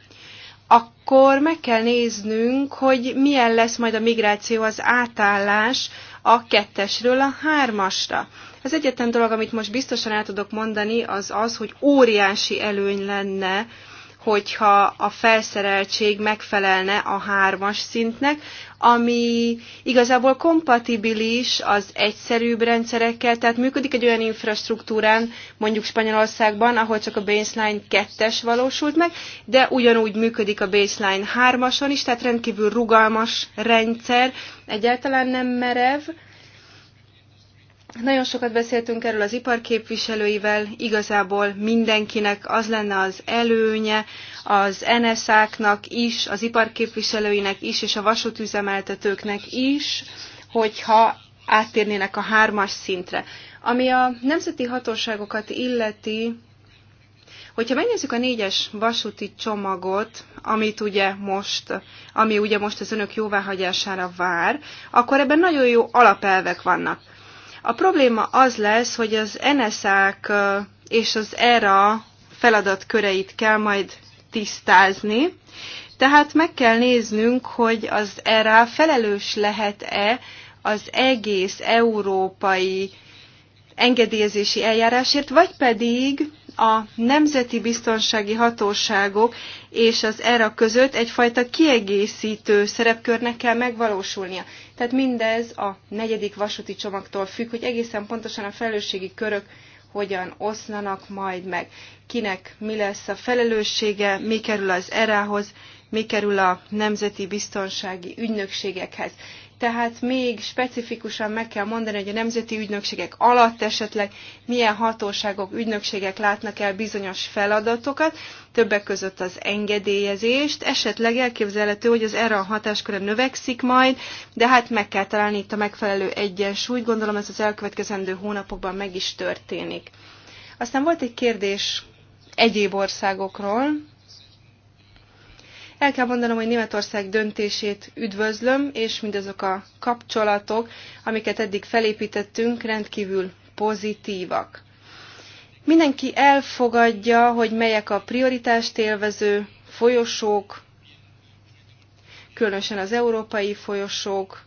akkor meg kell néznünk, hogy milyen lesz majd a migráció, az átállás a kettesről a hármasra. Az egyetlen dolog, amit most biztosan el tudok mondani, az az, hogy óriási előny lenne hogyha a felszereltség megfelelne a hármas szintnek, ami igazából kompatibilis az egyszerűbb rendszerekkel, tehát működik egy olyan infrastruktúrán, mondjuk Spanyolországban, ahol csak a baseline kettes valósult meg, de ugyanúgy működik a baseline hármason is, tehát rendkívül rugalmas rendszer, egyáltalán nem merev, nagyon sokat beszéltünk erről az iparképviselőivel, igazából mindenkinek az lenne az előnye, az NSZ-áknak is, az iparképviselőinek is, és a vasútüzemeltetőknek is, hogyha áttérnének a hármas szintre. Ami a nemzeti hatóságokat illeti, Hogyha megnézzük a négyes vasúti csomagot, amit ugye most, ami ugye most az önök jóváhagyására vár, akkor ebben nagyon jó alapelvek vannak. A probléma az lesz, hogy az nsa és az ERA feladatköreit kell majd tisztázni, tehát meg kell néznünk, hogy az ERA felelős lehet-e az egész európai engedélyezési eljárásért, vagy pedig a nemzeti biztonsági hatóságok és az ERA között egyfajta kiegészítő szerepkörnek kell megvalósulnia. Tehát mindez a negyedik vasúti csomagtól függ, hogy egészen pontosan a felelősségi körök hogyan oszlanak majd meg, kinek mi lesz a felelőssége, mi kerül az erához, mi kerül a nemzeti biztonsági ügynökségekhez tehát még specifikusan meg kell mondani, hogy a nemzeti ügynökségek alatt esetleg milyen hatóságok, ügynökségek látnak el bizonyos feladatokat, többek között az engedélyezést, esetleg elképzelhető, hogy az erre a hatásköre növekszik majd, de hát meg kell találni itt a megfelelő egyensúlyt, gondolom ez az elkövetkezendő hónapokban meg is történik. Aztán volt egy kérdés egyéb országokról, el kell mondanom, hogy Németország döntését üdvözlöm, és mindazok a kapcsolatok, amiket eddig felépítettünk, rendkívül pozitívak. Mindenki elfogadja, hogy melyek a prioritást élvező folyosók, különösen az európai folyosók,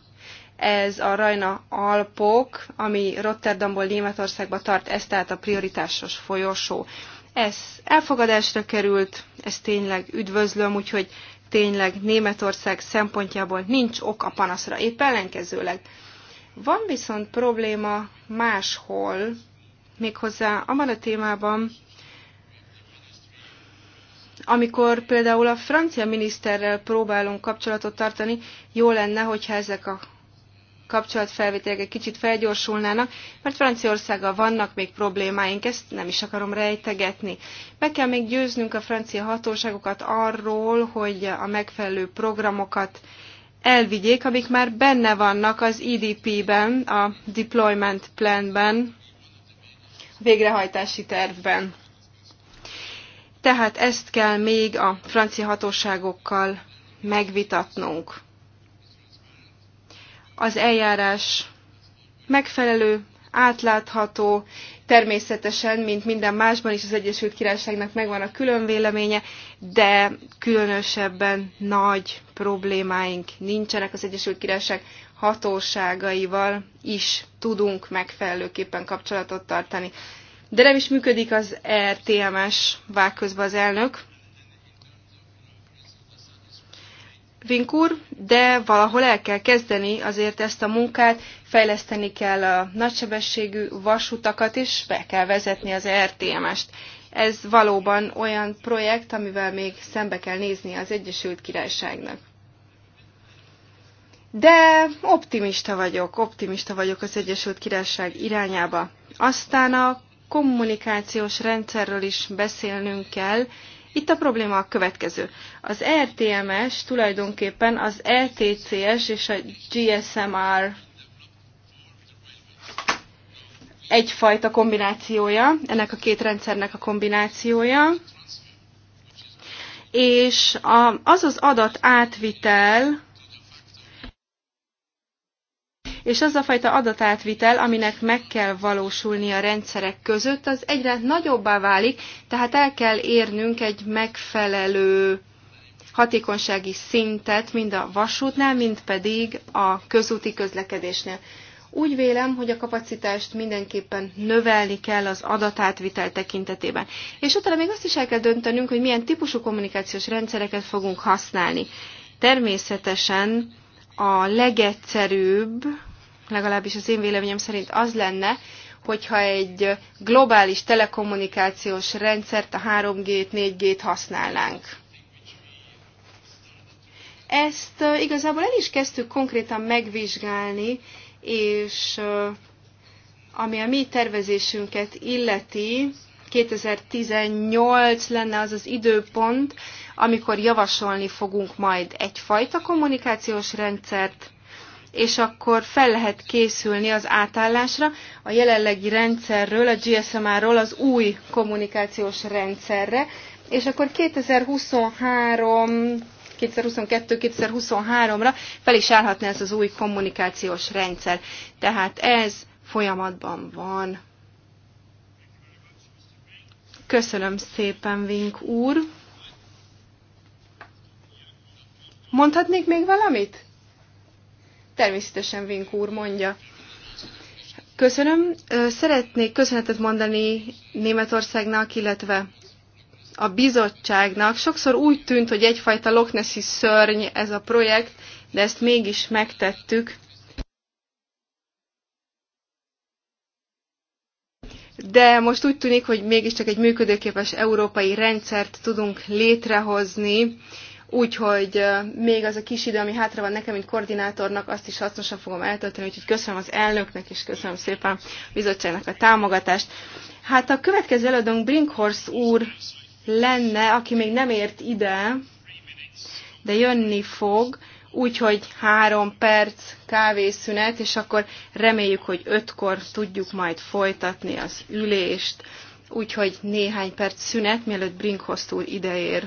ez a Rajna Alpok, ami Rotterdamból Németországba tart, ez tehát a prioritásos folyosó. Ez elfogadásra került, ez tényleg üdvözlöm, úgyhogy tényleg Németország szempontjából nincs ok a panaszra, épp ellenkezőleg. Van viszont probléma máshol, méghozzá abban a témában, amikor például a francia miniszterrel próbálunk kapcsolatot tartani, jó lenne, hogyha ezek a kapcsolatfelvételek egy kicsit felgyorsulnának, mert Franciaországgal vannak még problémáink, ezt nem is akarom rejtegetni. Be kell még győznünk a francia hatóságokat arról, hogy a megfelelő programokat elvigyék, amik már benne vannak az EDP-ben, a Deployment plan a végrehajtási tervben. Tehát ezt kell még a francia hatóságokkal megvitatnunk az eljárás megfelelő, átlátható, természetesen, mint minden másban is az Egyesült Királyságnak megvan a külön véleménye, de különösebben nagy problémáink nincsenek az Egyesült Királyság hatóságaival is tudunk megfelelőképpen kapcsolatot tartani. De nem is működik az RTMS, vág közben az elnök. Vink úr, de valahol el kell kezdeni azért ezt a munkát, fejleszteni kell a nagysebességű vasutakat, is, be kell vezetni az RTMS-t. Ez valóban olyan projekt, amivel még szembe kell nézni az Egyesült Királyságnak. De optimista vagyok, optimista vagyok az Egyesült Királyság irányába. Aztán a kommunikációs rendszerről is beszélnünk kell, itt a probléma a következő. Az RTMS tulajdonképpen az LTCS és a GSMR egyfajta kombinációja, ennek a két rendszernek a kombinációja, és az az adat átvitel, és az a fajta adatátvitel, aminek meg kell valósulni a rendszerek között, az egyre nagyobbá válik, tehát el kell érnünk egy megfelelő hatékonysági szintet, mind a vasútnál, mind pedig a közúti közlekedésnél. Úgy vélem, hogy a kapacitást mindenképpen növelni kell az adatátvitel tekintetében. És utána még azt is el kell döntenünk, hogy milyen típusú kommunikációs rendszereket fogunk használni. Természetesen a legegyszerűbb legalábbis az én véleményem szerint az lenne, hogyha egy globális telekommunikációs rendszert, a 3G-t, 4G-t használnánk. Ezt igazából el is kezdtük konkrétan megvizsgálni, és ami a mi tervezésünket illeti, 2018 lenne az az időpont, amikor javasolni fogunk majd egyfajta kommunikációs rendszert, és akkor fel lehet készülni az átállásra a jelenlegi rendszerről, a GSM-ról az új kommunikációs rendszerre, és akkor 2023 2022-2023-ra fel is állhatna ez az új kommunikációs rendszer. Tehát ez folyamatban van. Köszönöm szépen, Vink úr. Mondhatnék még valamit? Természetesen Vink úr mondja. Köszönöm. Szeretnék köszönetet mondani Németországnak, illetve a bizottságnak. Sokszor úgy tűnt, hogy egyfajta Loch Nessi szörny ez a projekt, de ezt mégis megtettük. De most úgy tűnik, hogy mégiscsak egy működőképes európai rendszert tudunk létrehozni, úgyhogy még az a kis idő, ami hátra van nekem, mint koordinátornak, azt is hasznosan fogom eltölteni, úgyhogy köszönöm az elnöknek, és köszönöm szépen a bizottságnak a támogatást. Hát a következő előadónk Brinkhorst úr lenne, aki még nem ért ide, de jönni fog, úgyhogy három perc kávészünet, és akkor reméljük, hogy ötkor tudjuk majd folytatni az ülést, úgyhogy néhány perc szünet, mielőtt Brinkhorst úr ideér.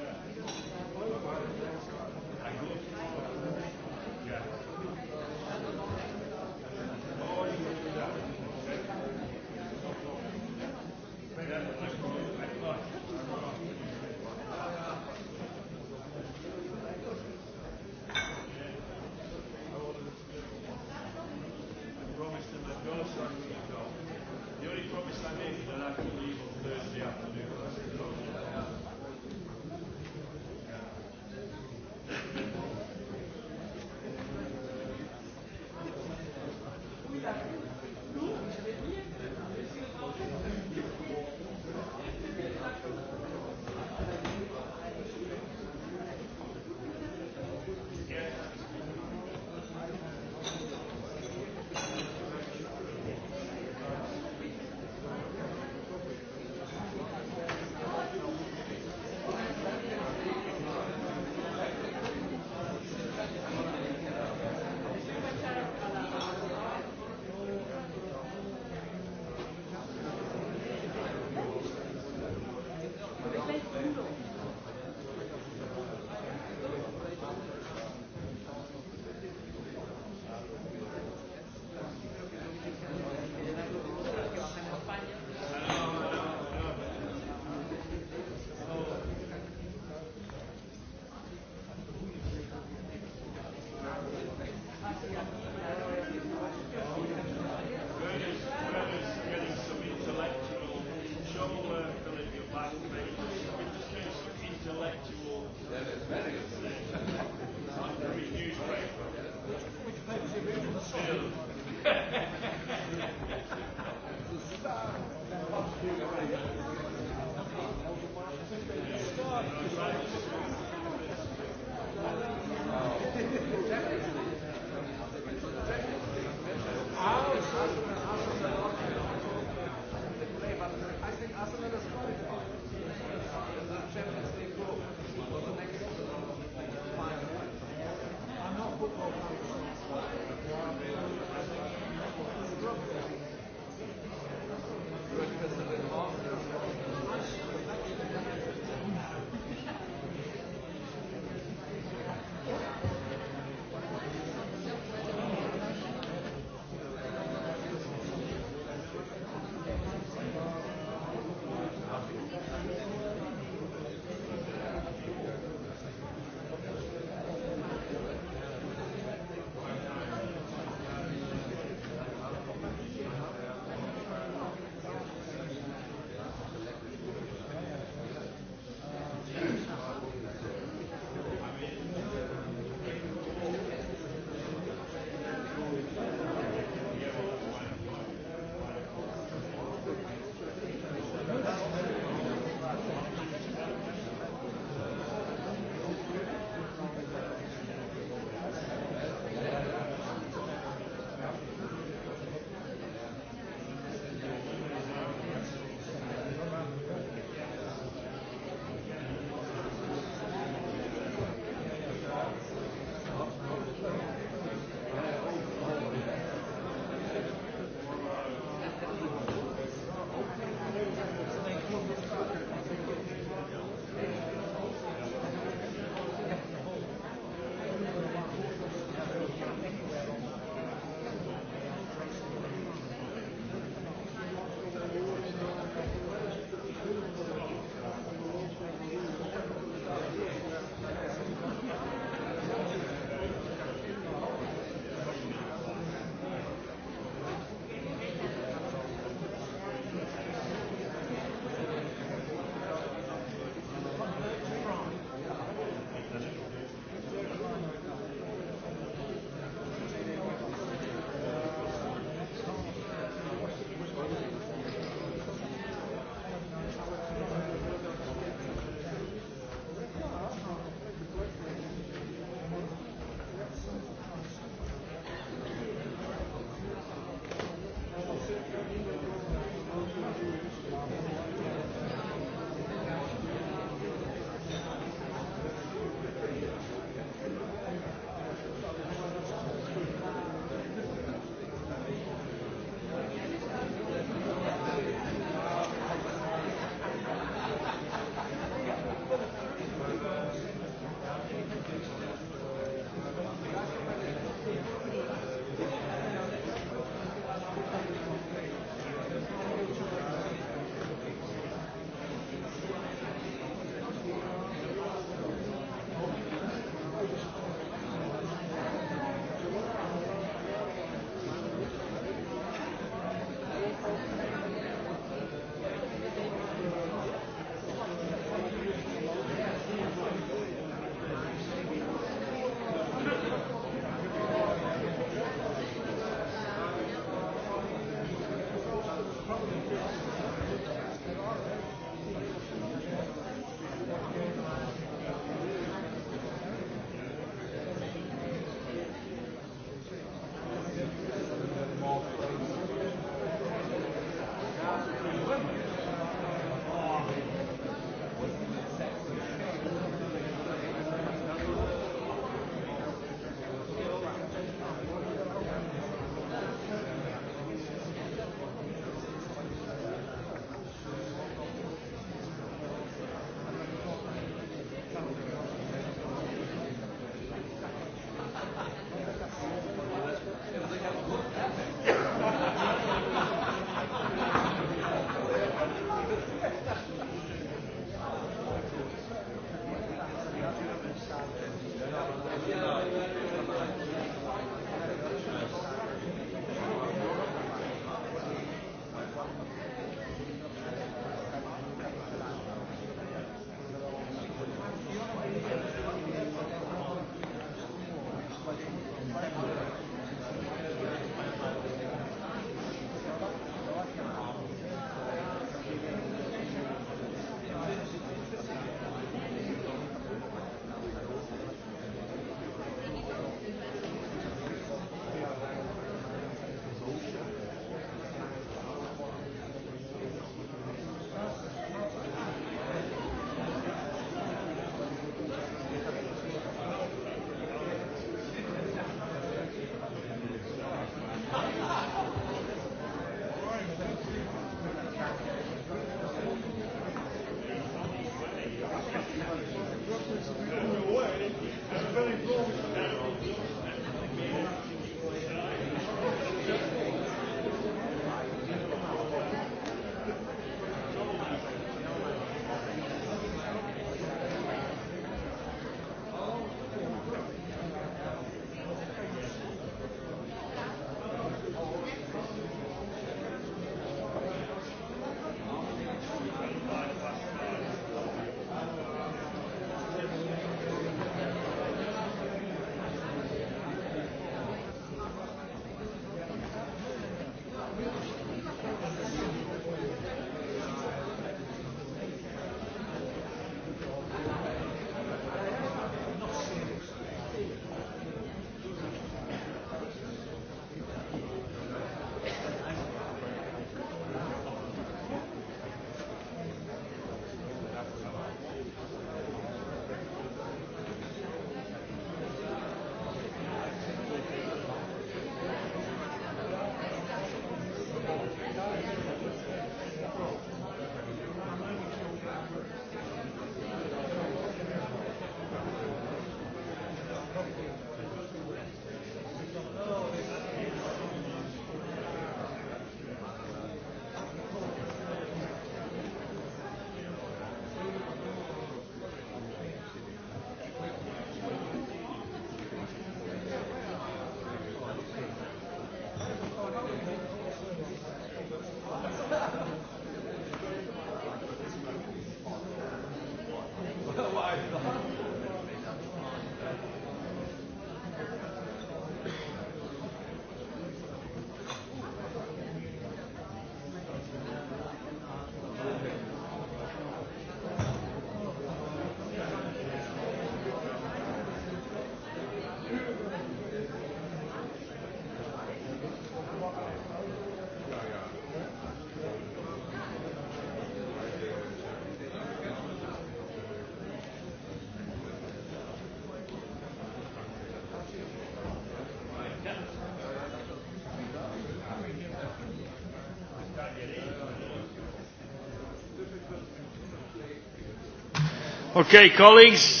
Okay, colleagues.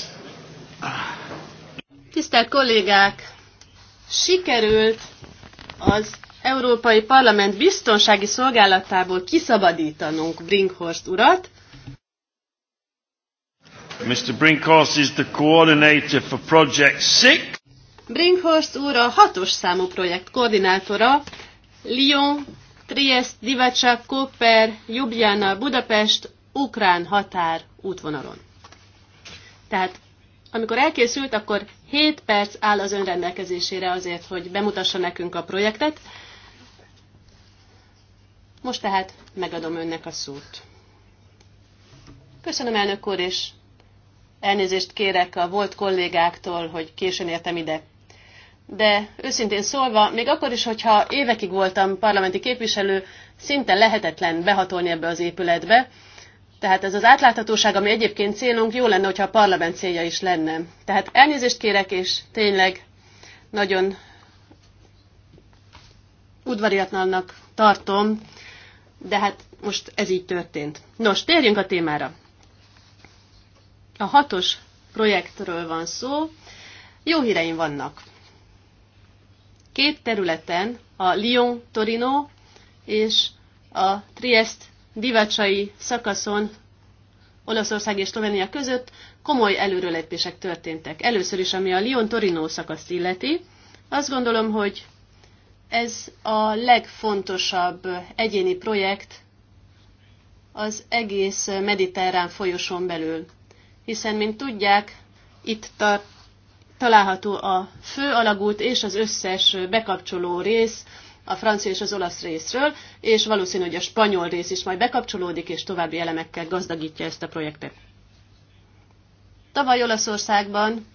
Tisztelt kollégák! Sikerült az Európai Parlament biztonsági szolgálatából kiszabadítanunk Brinkhorst urat. Mr. Brinkhorst is the coordinator for Project 6. Brinkhorst úr a hatos számú projekt koordinátora, Lyon, Triest, Divacsa, Koper, Ljubljana, Budapest, Ukrán határ útvonalon. Tehát amikor elkészült, akkor 7 perc áll az önrendelkezésére azért, hogy bemutassa nekünk a projektet. Most tehát megadom önnek a szót. Köszönöm, elnök úr, és elnézést kérek a volt kollégáktól, hogy későn értem ide. De őszintén szólva, még akkor is, hogyha évekig voltam parlamenti képviselő, szinte lehetetlen behatolni ebbe az épületbe, tehát ez az átláthatóság, ami egyébként célunk, jó lenne, hogyha a parlament célja is lenne. Tehát elnézést kérek, és tényleg nagyon udvariatlannak tartom, de hát most ez így történt. Nos, térjünk a témára. A hatos projektről van szó. Jó híreim vannak. Két területen, a Lyon-Torino és a Triest divacsai szakaszon Olaszország és Szlovénia között komoly előrelépések történtek. Először is, ami a Lyon-Torino szakaszt illeti, azt gondolom, hogy ez a legfontosabb egyéni projekt az egész mediterrán folyosón belül. Hiszen, mint tudják, itt ta, található a fő alagút és az összes bekapcsoló rész, a francia és az olasz részről, és valószínű, hogy a spanyol rész is majd bekapcsolódik, és további elemekkel gazdagítja ezt a projektet. Tavaly Olaszországban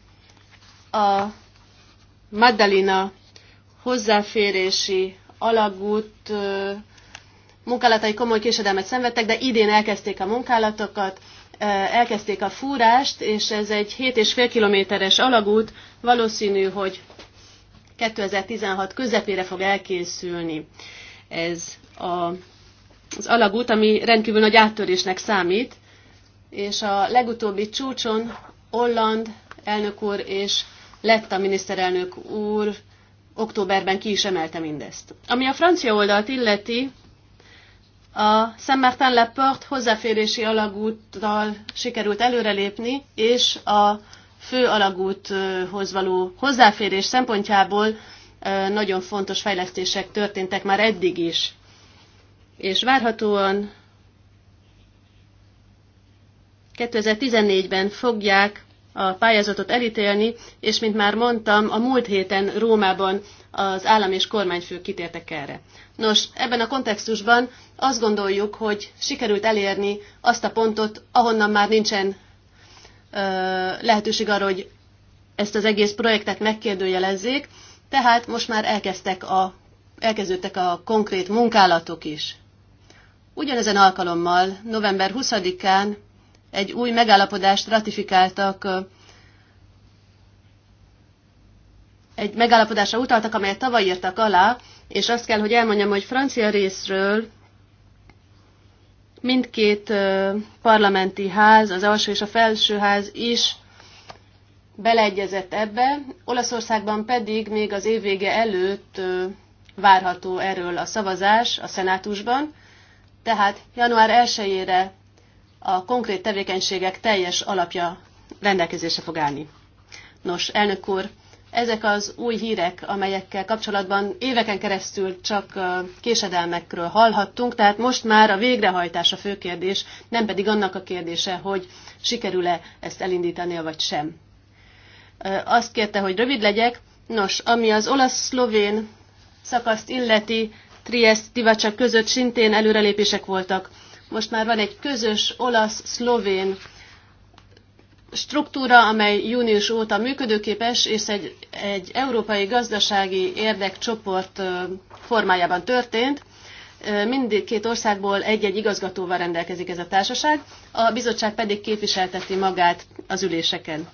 a Maddalena hozzáférési alagút munkálatai komoly késedelmet szenvedtek, de idén elkezdték a munkálatokat, elkezdték a fúrást, és ez egy 7,5 kilométeres alagút, valószínű, hogy 2016 közepére fog elkészülni ez a, az alagút, ami rendkívül nagy áttörésnek számít, és a legutóbbi csúcson Holland elnök úr és lett a miniszterelnök úr októberben ki is emelte mindezt. Ami a francia oldalt illeti, a saint martin le port hozzáférési alagúttal sikerült előrelépni, és a fő alagúthoz való hozzáférés szempontjából nagyon fontos fejlesztések történtek már eddig is. És várhatóan 2014-ben fogják a pályázatot elítélni, és mint már mondtam, a múlt héten Rómában az állam és kormányfő kitértek erre. Nos, ebben a kontextusban azt gondoljuk, hogy sikerült elérni azt a pontot, ahonnan már nincsen lehetőség arra, hogy ezt az egész projektet megkérdőjelezzék, tehát most már elkezdtek a, elkezdődtek a konkrét munkálatok is. Ugyanezen alkalommal, november 20-án egy új megállapodást ratifikáltak, egy megállapodásra utaltak, amelyet tavaly írtak alá, és azt kell, hogy elmondjam, hogy francia részről mindkét parlamenti ház, az alsó és a felső ház is beleegyezett ebbe, Olaszországban pedig még az évvége előtt várható erről a szavazás a szenátusban, tehát január 1-ére a konkrét tevékenységek teljes alapja rendelkezésre fog állni. Nos, elnök úr, ezek az új hírek, amelyekkel kapcsolatban éveken keresztül csak késedelmekről hallhattunk, tehát most már a végrehajtás a fő kérdés, nem pedig annak a kérdése, hogy sikerül-e ezt elindítani, vagy sem. Azt kérte, hogy rövid legyek. Nos, ami az olasz-szlovén szakaszt illeti, Triest-Divacsak között szintén előrelépések voltak. Most már van egy közös olasz-szlovén struktúra, amely június óta működőképes, és egy, egy európai gazdasági érdekcsoport formájában történt. Mindig két országból egy-egy igazgatóval rendelkezik ez a társaság, a bizottság pedig képviselteti magát az üléseken.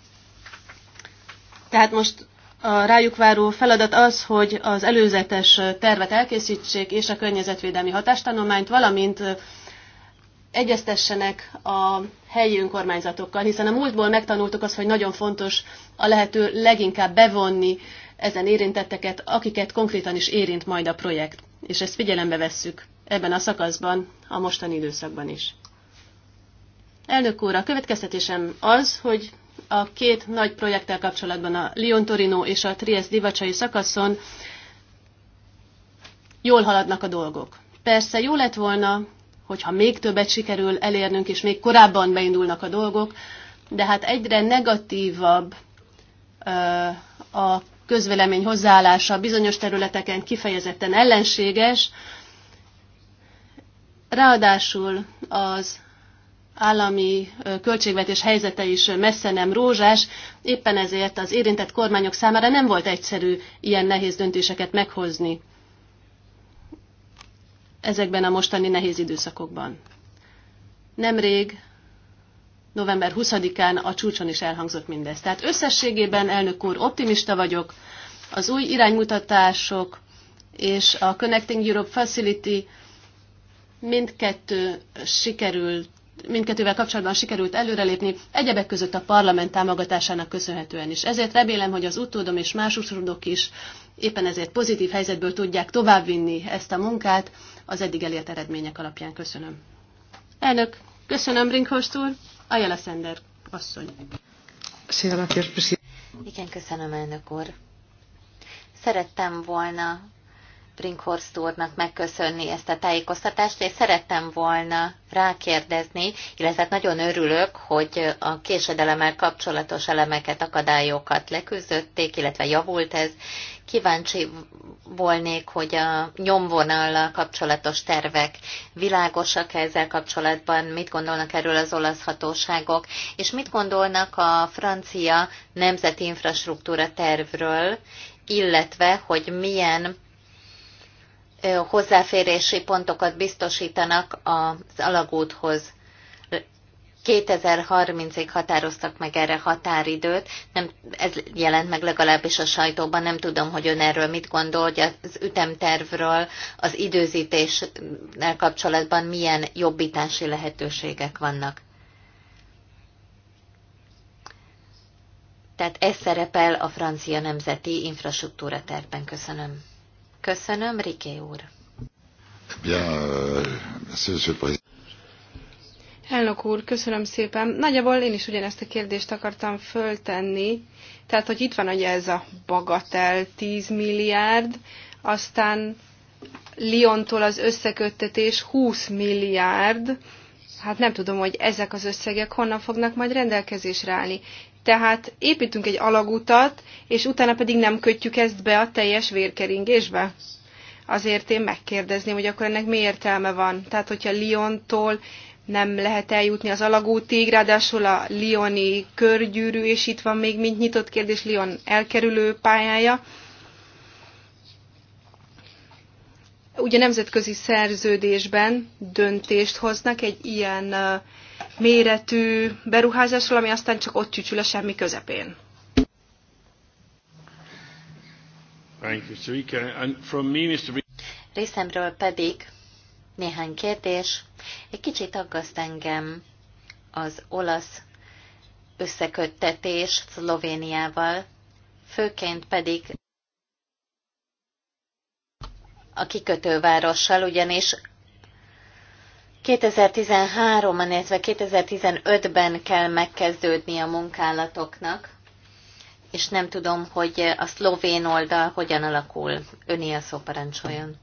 Tehát most a rájuk váró feladat az, hogy az előzetes tervet elkészítsék, és a környezetvédelmi hatástanulmányt, valamint egyeztessenek a helyi önkormányzatokkal, hiszen a múltból megtanultuk azt, hogy nagyon fontos a lehető leginkább bevonni ezen érintetteket, akiket konkrétan is érint majd a projekt. És ezt figyelembe vesszük ebben a szakaszban, a mostani időszakban is. Elnök úr, a következtetésem az, hogy a két nagy projekttel kapcsolatban a Lyon-Torino és a Trieste-Divacsai szakaszon jól haladnak a dolgok. Persze jó lett volna, hogyha még többet sikerül elérnünk, és még korábban beindulnak a dolgok, de hát egyre negatívabb a közvélemény hozzáállása bizonyos területeken kifejezetten ellenséges, ráadásul az állami költségvetés helyzete is messze nem rózsás, éppen ezért az érintett kormányok számára nem volt egyszerű ilyen nehéz döntéseket meghozni ezekben a mostani nehéz időszakokban. Nemrég, november 20-án a csúcson is elhangzott mindez. Tehát összességében, elnök úr, optimista vagyok, az új iránymutatások és a Connecting Europe Facility mindkettő sikerült mindkettővel kapcsolatban sikerült előrelépni, egyebek között a parlament támogatásának köszönhetően is. Ezért remélem, hogy az utódom és más utódok is éppen ezért pozitív helyzetből tudják továbbvinni ezt a munkát, az eddig elért eredmények alapján. Köszönöm. Elnök, köszönöm Brinkhorst úr. Ajala Szender asszony. Igen, köszönöm, elnök úr. Szerettem volna Brinkhorst úrnak megköszönni ezt a tájékoztatást, és szerettem volna rákérdezni, illetve hát nagyon örülök, hogy a késedelemmel kapcsolatos elemeket, akadályokat leküzdötték, illetve javult ez, Kíváncsi volnék, hogy a nyomvonallal kapcsolatos tervek világosak -e ezzel kapcsolatban, mit gondolnak erről az olasz hatóságok, és mit gondolnak a francia nemzeti infrastruktúra tervről, illetve, hogy milyen hozzáférési pontokat biztosítanak az alagúthoz. 2030-ig határoztak meg erre határidőt, nem, ez jelent meg legalábbis a sajtóban, nem tudom, hogy ön erről mit gondol, hogy az ütemtervről, az időzítéssel kapcsolatban milyen jobbítási lehetőségek vannak. Tehát ez szerepel a francia nemzeti infrastruktúra tervben. Köszönöm. Köszönöm, Riké úr. Bien, euh, monsieur le président. Elnök úr, köszönöm szépen. Nagyjából én is ugyanezt a kérdést akartam föltenni. Tehát, hogy itt van ugye ez a bagatel 10 milliárd, aztán Liontól az összeköttetés 20 milliárd. Hát nem tudom, hogy ezek az összegek honnan fognak majd rendelkezésre állni. Tehát építünk egy alagutat, és utána pedig nem kötjük ezt be a teljes vérkeringésbe azért én megkérdezném, hogy akkor ennek mi értelme van. Tehát, hogyha Liontól nem lehet eljutni az alagútig, ráadásul a Lioni körgyűrű, és itt van még mint nyitott kérdés Lion elkerülő pályája. Ugye nemzetközi szerződésben döntést hoznak egy ilyen méretű beruházásról, ami aztán csak ott csücsül a semmi közepén. Thank you, Mr. Részemről pedig néhány kérdés. Egy kicsit aggaszt engem az olasz összeköttetés Szlovéniával, főként pedig a kikötővárossal, ugyanis 2013-ban, illetve 2015-ben kell megkezdődni a munkálatoknak, és nem tudom, hogy a szlovén oldal hogyan alakul. Öni a szó parancsoljon.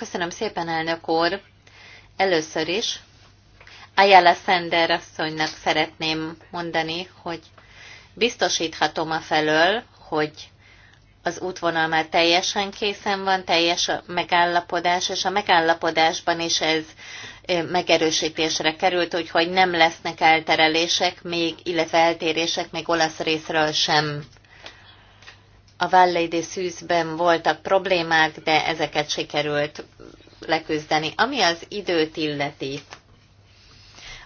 Köszönöm szépen, elnök úr. Először is Ayala Sender asszonynak szeretném mondani, hogy biztosíthatom a felől, hogy az útvonal már teljesen készen van, teljes a megállapodás, és a megállapodásban is ez megerősítésre került, úgyhogy nem lesznek elterelések, még, illetve eltérések még olasz részről sem. A Valley de Szűzben voltak problémák, de ezeket sikerült leküzdeni. Ami az időt illeti,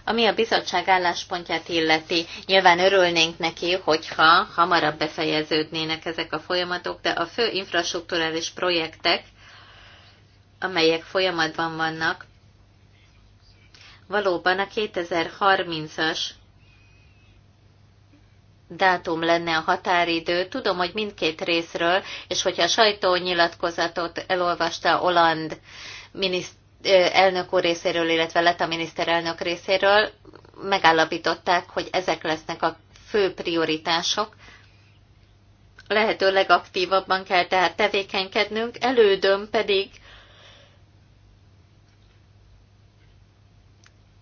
ami a bizottság álláspontját illeti, nyilván örülnénk neki, hogyha hamarabb befejeződnének ezek a folyamatok, de a fő infrastruktúrális projektek, amelyek folyamatban vannak, valóban a 2030-as dátum lenne a határidő. Tudom, hogy mindkét részről, és hogyha a sajtónyilatkozatot elolvasta Oland miniszter, eh, elnök úr részéről, illetve a miniszterelnök részéről, megállapították, hogy ezek lesznek a fő prioritások. Lehető legaktívabban kell tehát tevékenykednünk, elődöm pedig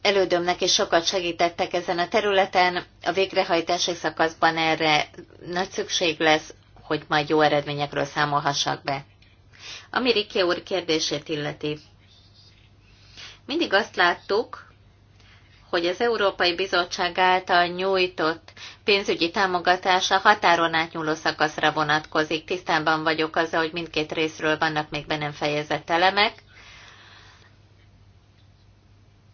elődömnek is sokat segítettek ezen a területen. A végrehajtási szakaszban erre nagy szükség lesz, hogy majd jó eredményekről számolhassak be. Ami Riké úr kérdését illeti. Mindig azt láttuk, hogy az Európai Bizottság által nyújtott pénzügyi támogatása határon átnyúló szakaszra vonatkozik. Tisztában vagyok azzal, hogy mindkét részről vannak még be nem fejezett elemek,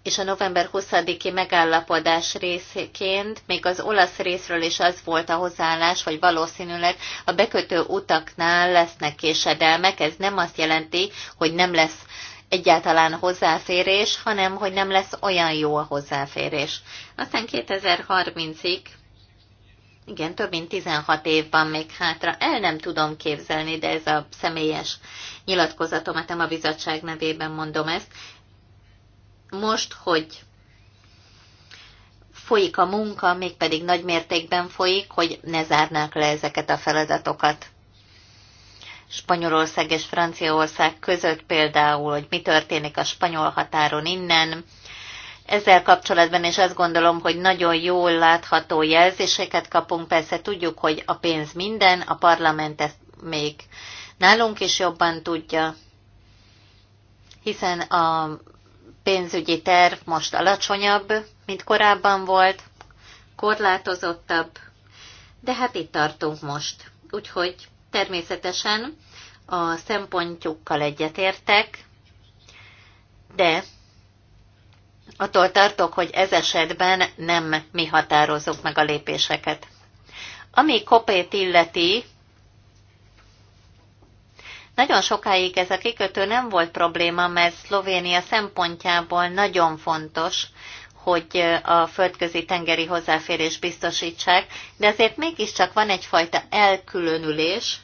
és a november 20-i megállapodás részként még az olasz részről is az volt a hozzáállás, hogy valószínűleg a bekötő utaknál lesznek késedelmek. Ez nem azt jelenti, hogy nem lesz egyáltalán hozzáférés, hanem hogy nem lesz olyan jó a hozzáférés. Aztán 2030-ig, igen, több mint 16 év van még hátra, el nem tudom képzelni, de ez a személyes nyilatkozatom, nem a bizottság nevében mondom ezt, most, hogy folyik a munka, mégpedig nagy mértékben folyik, hogy ne zárnák le ezeket a feladatokat. Spanyolország és Franciaország között például, hogy mi történik a spanyol határon innen. Ezzel kapcsolatban is azt gondolom, hogy nagyon jól látható jelzéseket kapunk. Persze tudjuk, hogy a pénz minden, a parlament ezt még nálunk is jobban tudja, hiszen a pénzügyi terv most alacsonyabb, mint korábban volt, korlátozottabb, de hát itt tartunk most. Úgyhogy természetesen a szempontjukkal egyetértek, de attól tartok, hogy ez esetben nem mi határozzuk meg a lépéseket. Ami kopét illeti, nagyon sokáig ez a kikötő nem volt probléma, mert Szlovénia szempontjából nagyon fontos, hogy a földközi tengeri hozzáférés biztosítsák, de azért mégiscsak van egyfajta elkülönülés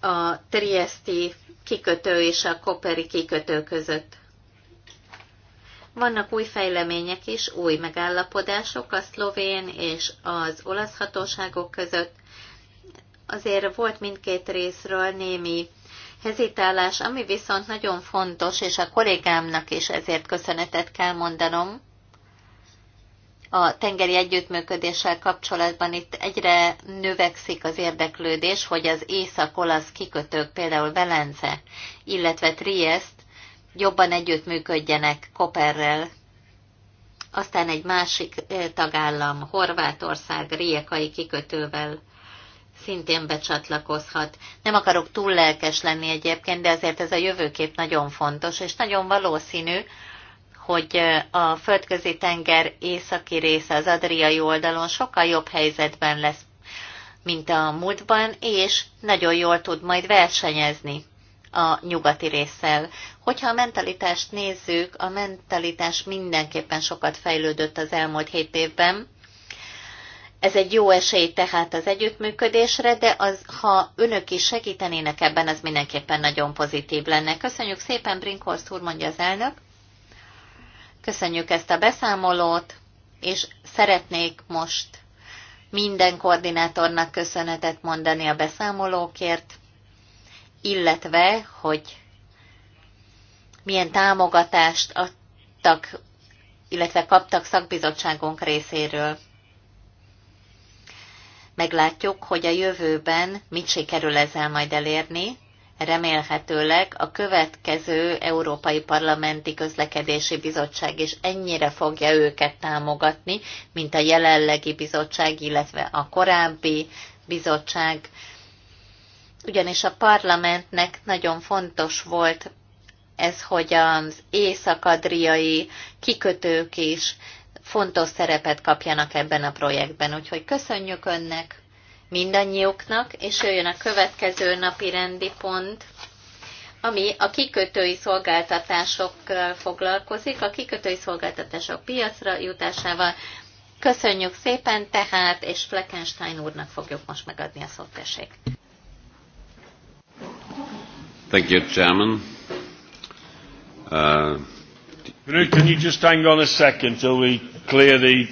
a Triesti kikötő és a Koperi kikötő között. Vannak új fejlemények is, új megállapodások a szlovén és az olasz hatóságok között, azért volt mindkét részről némi hezitálás, ami viszont nagyon fontos, és a kollégámnak is ezért köszönetet kell mondanom. A tengeri együttműködéssel kapcsolatban itt egyre növekszik az érdeklődés, hogy az észak-olasz kikötők, például Velence, illetve Triest jobban együttműködjenek Koperrel. Aztán egy másik eh, tagállam, Horvátország, Riekai kikötővel szintén becsatlakozhat. Nem akarok túl lelkes lenni egyébként, de azért ez a jövőkép nagyon fontos, és nagyon valószínű, hogy a földközi tenger északi része az adriai oldalon sokkal jobb helyzetben lesz, mint a múltban, és nagyon jól tud majd versenyezni a nyugati résszel. Hogyha a mentalitást nézzük, a mentalitás mindenképpen sokat fejlődött az elmúlt hét évben, ez egy jó esély tehát az együttműködésre, de az, ha önök is segítenének ebben, az mindenképpen nagyon pozitív lenne. Köszönjük szépen, Brinkhorst úr, mondja az elnök. Köszönjük ezt a beszámolót, és szeretnék most minden koordinátornak köszönetet mondani a beszámolókért, illetve, hogy milyen támogatást adtak, illetve kaptak szakbizottságunk részéről. Meglátjuk, hogy a jövőben mit sikerül ezzel majd elérni. Remélhetőleg a következő Európai Parlamenti Közlekedési Bizottság is ennyire fogja őket támogatni, mint a jelenlegi bizottság, illetve a korábbi bizottság. Ugyanis a parlamentnek nagyon fontos volt ez, hogy az észak-adriai kikötők is fontos szerepet kapjanak ebben a projektben. Úgyhogy köszönjük önnek, mindannyiuknak, és jöjjön a következő napi rendi pont, ami a kikötői szolgáltatásokkal foglalkozik, a kikötői szolgáltatások piacra jutásával. Köszönjük szépen tehát, és Fleckenstein úrnak fogjuk most megadni a szót, tessék. Thank you, Chairman. Uh, Can you just hang on a second till we clearly...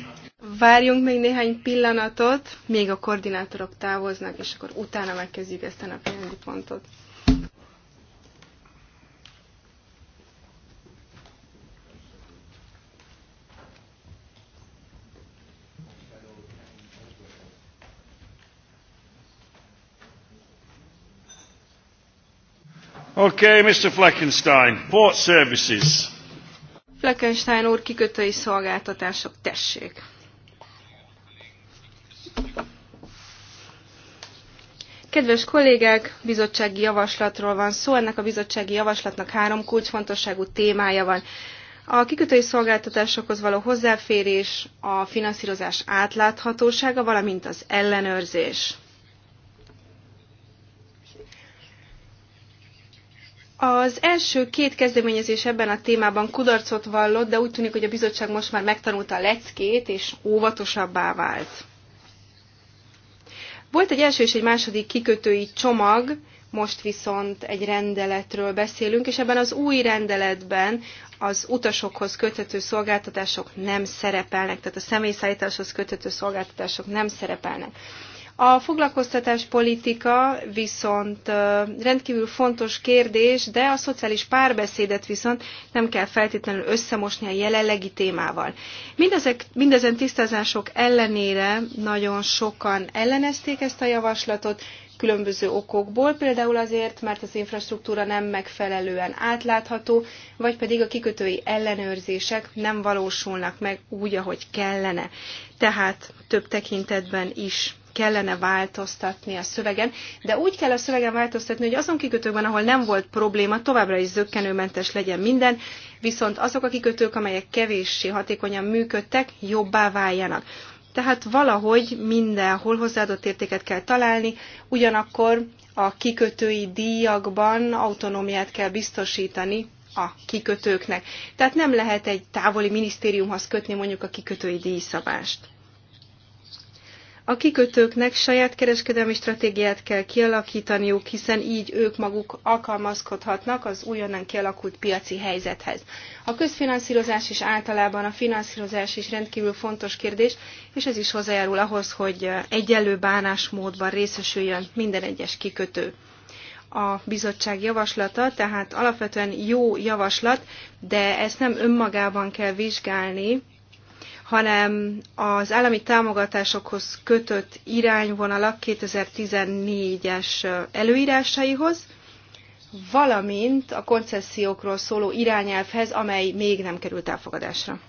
Várjunk még néhány pillanatot, még a koordinátorok távoznak, és akkor utána megkezdjük ezt a napi pontot. Okay, Mr. Fleckenstein, Port Services. Fleckenstein úr, kikötői szolgáltatások, tessék! Kedves kollégák, bizottsági javaslatról van szó. Ennek a bizottsági javaslatnak három kulcsfontosságú témája van. A kikötői szolgáltatásokhoz való hozzáférés, a finanszírozás átláthatósága, valamint az ellenőrzés. Az első két kezdeményezés ebben a témában kudarcot vallott, de úgy tűnik, hogy a bizottság most már megtanulta a leckét, és óvatosabbá vált. Volt egy első és egy második kikötői csomag, most viszont egy rendeletről beszélünk, és ebben az új rendeletben az utasokhoz köthető szolgáltatások nem szerepelnek, tehát a személyszállításhoz köthető szolgáltatások nem szerepelnek. A foglalkoztatás politika viszont rendkívül fontos kérdés, de a szociális párbeszédet viszont nem kell feltétlenül összemosni a jelenlegi témával. Mindezek, mindezen tisztázások ellenére nagyon sokan ellenezték ezt a javaslatot, különböző okokból, például azért, mert az infrastruktúra nem megfelelően átlátható, vagy pedig a kikötői ellenőrzések nem valósulnak meg úgy, ahogy kellene. Tehát több tekintetben is kellene változtatni a szövegen, de úgy kell a szövegen változtatni, hogy azon kikötőkben, ahol nem volt probléma, továbbra is zöggenőmentes legyen minden, viszont azok a kikötők, amelyek kevéssé hatékonyan működtek, jobbá váljanak. Tehát valahogy mindenhol hozzáadott értéket kell találni, ugyanakkor a kikötői díjakban autonómiát kell biztosítani a kikötőknek. Tehát nem lehet egy távoli minisztériumhoz kötni mondjuk a kikötői díjszabást. A kikötőknek saját kereskedelmi stratégiát kell kialakítaniuk, hiszen így ők maguk alkalmazkodhatnak az újonnan kialakult piaci helyzethez. A közfinanszírozás is általában a finanszírozás is rendkívül fontos kérdés, és ez is hozzájárul ahhoz, hogy egyenlő bánásmódban részesüljön minden egyes kikötő a bizottság javaslata, tehát alapvetően jó javaslat, de ezt nem önmagában kell vizsgálni, hanem az állami támogatásokhoz kötött irányvonalak 2014-es előírásaihoz, valamint a koncesziókról szóló irányelvhez, amely még nem került elfogadásra.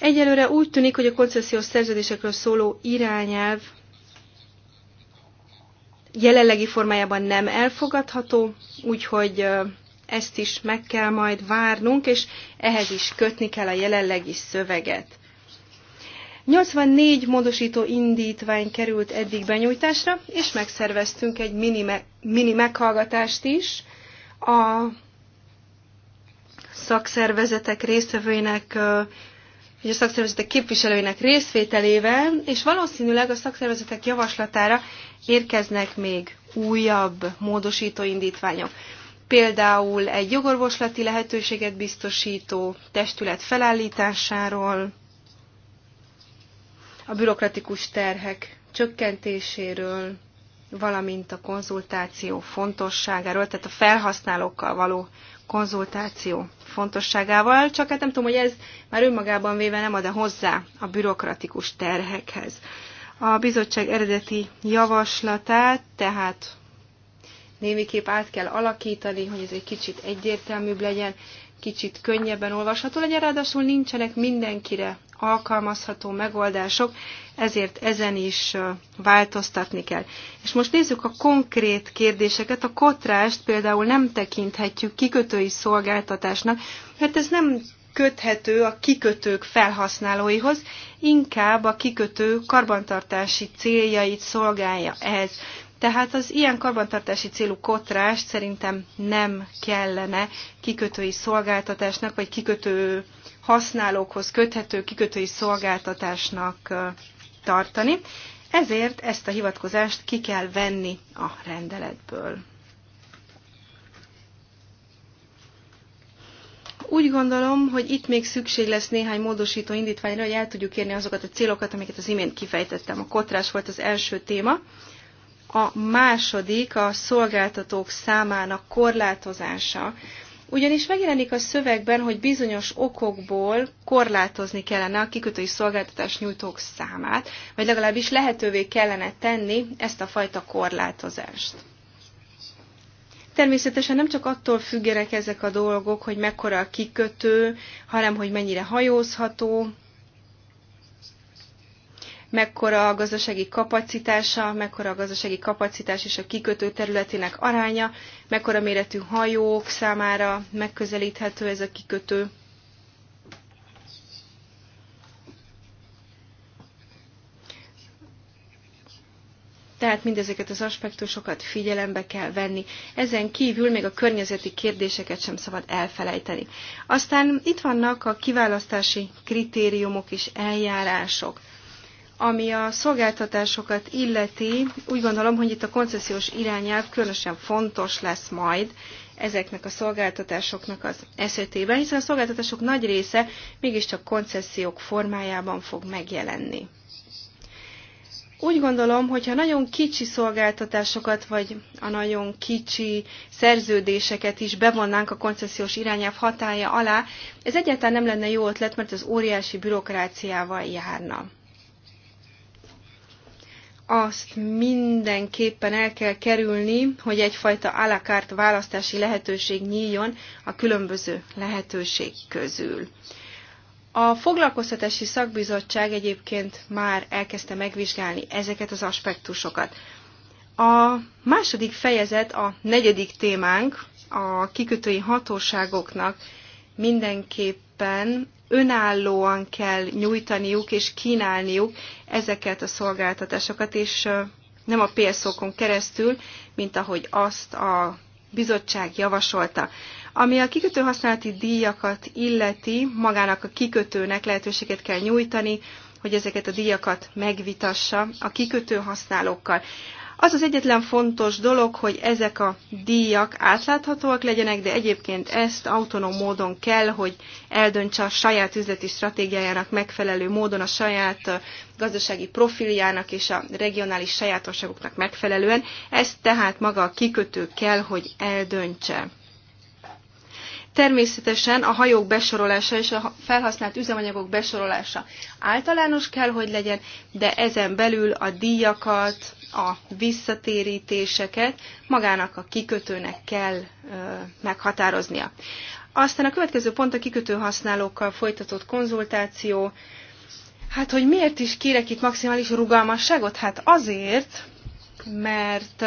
Egyelőre úgy tűnik, hogy a koncesziós szerződésekről szóló irányelv jelenlegi formájában nem elfogadható, úgyhogy ezt is meg kell majd várnunk, és ehhez is kötni kell a jelenlegi szöveget. 84 módosító indítvány került eddig benyújtásra, és megszerveztünk egy mini, me mini meghallgatást is a szakszervezetek résztvevőinek a szakszervezetek képviselőinek részvételével, és valószínűleg a szakszervezetek javaslatára érkeznek még újabb módosító indítványok például egy jogorvoslati lehetőséget biztosító testület felállításáról, a bürokratikus terhek csökkentéséről, valamint a konzultáció fontosságáról, tehát a felhasználókkal való konzultáció fontosságával, csak hát nem tudom, hogy ez már önmagában véve nem ad -e hozzá a bürokratikus terhekhez. A bizottság eredeti javaslatát tehát némiképp át kell alakítani, hogy ez egy kicsit egyértelműbb legyen, kicsit könnyebben olvasható legyen, ráadásul nincsenek mindenkire alkalmazható megoldások, ezért ezen is változtatni kell. És most nézzük a konkrét kérdéseket. A kotrást például nem tekinthetjük kikötői szolgáltatásnak, mert ez nem köthető a kikötők felhasználóihoz, inkább a kikötő karbantartási céljait szolgálja ez. Tehát az ilyen karbantartási célú kotrást szerintem nem kellene kikötői szolgáltatásnak, vagy kikötő használókhoz köthető kikötői szolgáltatásnak tartani. Ezért ezt a hivatkozást ki kell venni a rendeletből. Úgy gondolom, hogy itt még szükség lesz néhány módosító indítványra, hogy el tudjuk érni azokat a célokat, amiket az imént kifejtettem. A kotrás volt az első téma a második a szolgáltatók számának korlátozása. Ugyanis megjelenik a szövegben, hogy bizonyos okokból korlátozni kellene a kikötői szolgáltatás nyújtók számát, vagy legalábbis lehetővé kellene tenni ezt a fajta korlátozást. Természetesen nem csak attól függenek ezek a dolgok, hogy mekkora a kikötő, hanem hogy mennyire hajózható, mekkora a gazdasági kapacitása, mekkora a gazdasági kapacitás és a kikötő területének aránya, mekkora méretű hajók számára megközelíthető ez a kikötő. Tehát mindezeket az aspektusokat figyelembe kell venni. Ezen kívül még a környezeti kérdéseket sem szabad elfelejteni. Aztán itt vannak a kiválasztási kritériumok és eljárások. Ami a szolgáltatásokat illeti, úgy gondolom, hogy itt a koncesziós irányelv különösen fontos lesz majd ezeknek a szolgáltatásoknak az esetében, hiszen a szolgáltatások nagy része mégiscsak koncesziók formájában fog megjelenni. Úgy gondolom, hogy ha nagyon kicsi szolgáltatásokat, vagy a nagyon kicsi szerződéseket is bevonnánk a koncesziós irányelv hatája alá, ez egyáltalán nem lenne jó ötlet, mert az óriási bürokráciával járna azt mindenképpen el kell kerülni, hogy egyfajta alakárt választási lehetőség nyíljon a különböző lehetőség közül. A foglalkoztatási szakbizottság egyébként már elkezdte megvizsgálni ezeket az aspektusokat. A második fejezet, a negyedik témánk a kikötői hatóságoknak mindenképpen önállóan kell nyújtaniuk és kínálniuk ezeket a szolgáltatásokat, és nem a PSZ-okon keresztül, mint ahogy azt a bizottság javasolta. Ami a kikötőhasználati díjakat illeti, magának a kikötőnek lehetőséget kell nyújtani, hogy ezeket a díjakat megvitassa a kikötő használókkal. Az az egyetlen fontos dolog, hogy ezek a díjak átláthatóak legyenek, de egyébként ezt autonóm módon kell, hogy eldöntse a saját üzleti stratégiájának megfelelő módon, a saját gazdasági profiljának és a regionális sajátosságoknak megfelelően. Ezt tehát maga a kikötő kell, hogy eldöntse. Természetesen a hajók besorolása és a felhasznált üzemanyagok besorolása általános kell, hogy legyen, de ezen belül a díjakat, a visszatérítéseket magának a kikötőnek kell meghatároznia. Aztán a következő pont a kikötő használókkal folytatott konzultáció. Hát, hogy miért is kérek itt maximális rugalmasságot? Hát azért, mert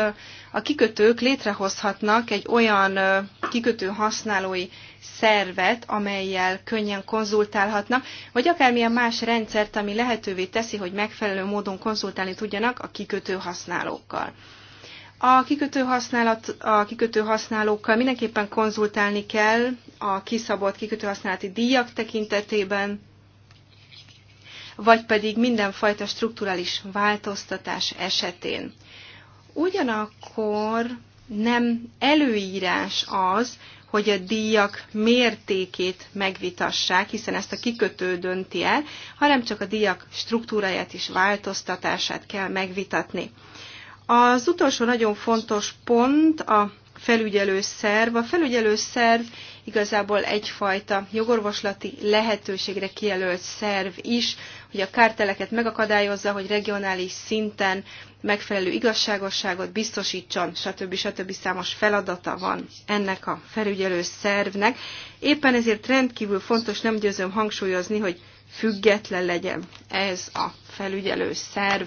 a kikötők létrehozhatnak egy olyan kikötő használói szervet, amelyel könnyen konzultálhatnak, vagy akármilyen más rendszert, ami lehetővé teszi, hogy megfelelő módon konzultálni tudjanak a kikötő használókkal. A kikötő, használat, a kikötő használókkal mindenképpen konzultálni kell a kiszabott kikötőhasználati díjak tekintetében, vagy pedig mindenfajta strukturális változtatás esetén. Ugyanakkor nem előírás az, hogy a díjak mértékét megvitassák, hiszen ezt a kikötő dönti el, hanem csak a díjak struktúráját és változtatását kell megvitatni. Az utolsó nagyon fontos pont a felügyelő szerv. A felügyelő szerv igazából egyfajta jogorvoslati lehetőségre kijelölt szerv is, hogy a kárteleket megakadályozza, hogy regionális szinten megfelelő igazságosságot biztosítson, stb. stb. számos feladata van ennek a felügyelő szervnek. Éppen ezért rendkívül fontos, nem győzöm hangsúlyozni, hogy független legyen ez a felügyelő szerv.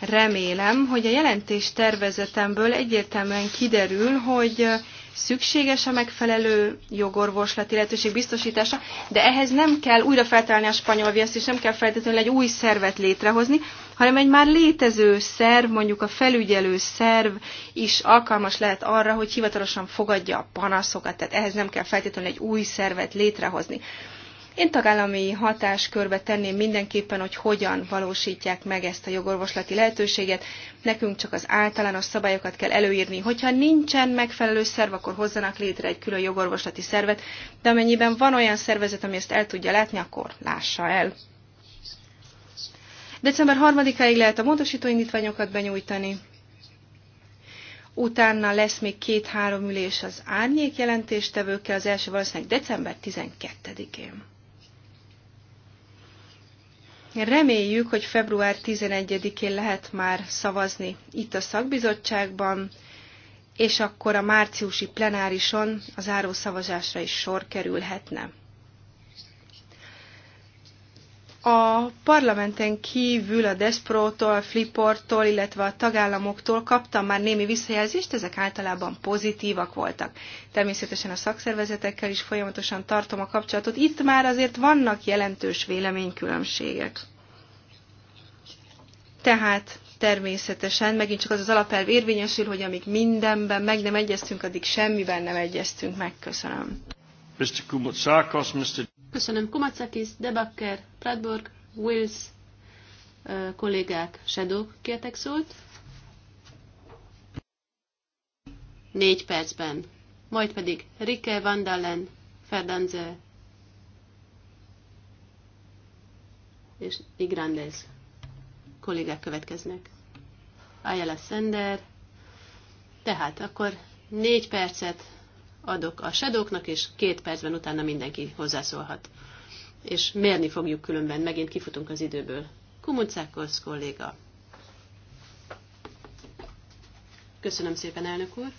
Remélem, hogy a jelentés tervezetemből egyértelműen kiderül, hogy szükséges a megfelelő jogorvoslati lehetőség biztosítása, de ehhez nem kell újra feltalálni a spanyol viaszt, és nem kell feltétlenül egy új szervet létrehozni, hanem egy már létező szerv, mondjuk a felügyelő szerv is alkalmas lehet arra, hogy hivatalosan fogadja a panaszokat, tehát ehhez nem kell feltétlenül egy új szervet létrehozni. Én tagállami hatáskörbe tenném mindenképpen, hogy hogyan valósítják meg ezt a jogorvoslati lehetőséget. Nekünk csak az általános szabályokat kell előírni. Hogyha nincsen megfelelő szerv, akkor hozzanak létre egy külön jogorvoslati szervet, de amennyiben van olyan szervezet, ami ezt el tudja látni, akkor lássa el. December 3-áig lehet a módosító indítványokat benyújtani. Utána lesz még két-három ülés az árnyék jelentéstevőkkel, az első valószínűleg december 12-én. Reméljük, hogy február 11-én lehet már szavazni itt a szakbizottságban, és akkor a márciusi plenárison az záró szavazásra is sor kerülhetne a parlamenten kívül a Desprótól, a Fliportól, illetve a tagállamoktól kaptam már némi visszajelzést, ezek általában pozitívak voltak. Természetesen a szakszervezetekkel is folyamatosan tartom a kapcsolatot. Itt már azért vannak jelentős véleménykülönbségek. Tehát természetesen megint csak az az alapelv érvényesül, hogy amíg mindenben meg nem egyeztünk, addig semmiben nem egyeztünk meg. Köszönöm. Mr. Mr. Köszönöm Kumacakis, Debakker, Pradborg, Wills kollégák, Shadow kértek szót. Négy percben. Majd pedig Rike Vandalen, Ferdanze és Igrandez kollégák következnek. Ayala Sender. Tehát akkor négy percet adok a sedóknak, és két percben utána mindenki hozzászólhat. És mérni fogjuk különben, megint kifutunk az időből. Kumuncákos kolléga. Köszönöm szépen, elnök úr.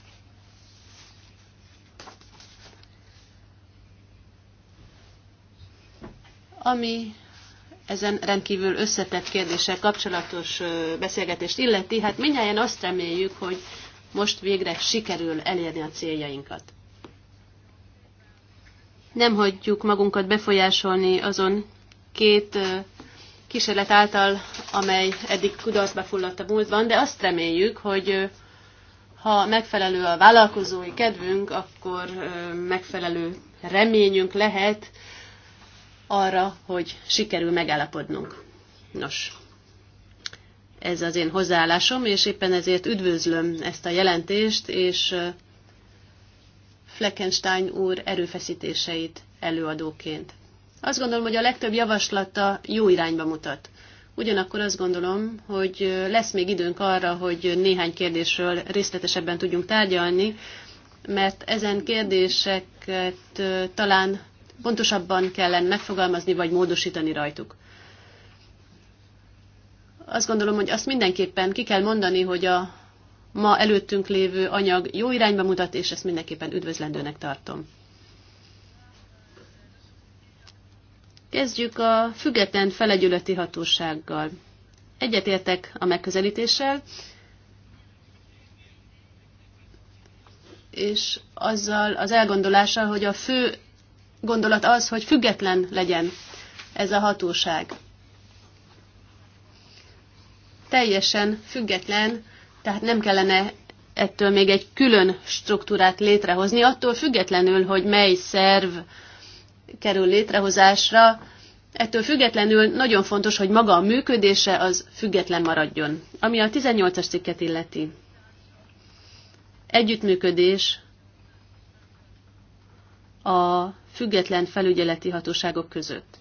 Ami ezen rendkívül összetett kérdéssel kapcsolatos beszélgetést illeti, hát mindjárt azt reméljük, hogy most végre sikerül elérni a céljainkat nem hagyjuk magunkat befolyásolni azon két kísérlet által, amely eddig kudarcba fulladt a múltban, de azt reméljük, hogy ha megfelelő a vállalkozói kedvünk, akkor megfelelő reményünk lehet arra, hogy sikerül megállapodnunk. Nos, ez az én hozzáállásom, és éppen ezért üdvözlöm ezt a jelentést, és Fleckenstein úr erőfeszítéseit előadóként. Azt gondolom, hogy a legtöbb javaslata jó irányba mutat. Ugyanakkor azt gondolom, hogy lesz még időnk arra, hogy néhány kérdésről részletesebben tudjunk tárgyalni, mert ezen kérdéseket talán pontosabban kellene megfogalmazni, vagy módosítani rajtuk. Azt gondolom, hogy azt mindenképpen ki kell mondani, hogy a ma előttünk lévő anyag jó irányba mutat, és ezt mindenképpen üdvözlendőnek tartom. Kezdjük a független felegyületi hatósággal. Egyetértek a megközelítéssel, és azzal az elgondolással, hogy a fő gondolat az, hogy független legyen ez a hatóság. Teljesen független tehát nem kellene ettől még egy külön struktúrát létrehozni, attól függetlenül, hogy mely szerv kerül létrehozásra, ettől függetlenül nagyon fontos, hogy maga a működése az független maradjon. Ami a 18-as cikket illeti. Együttműködés a független felügyeleti hatóságok között.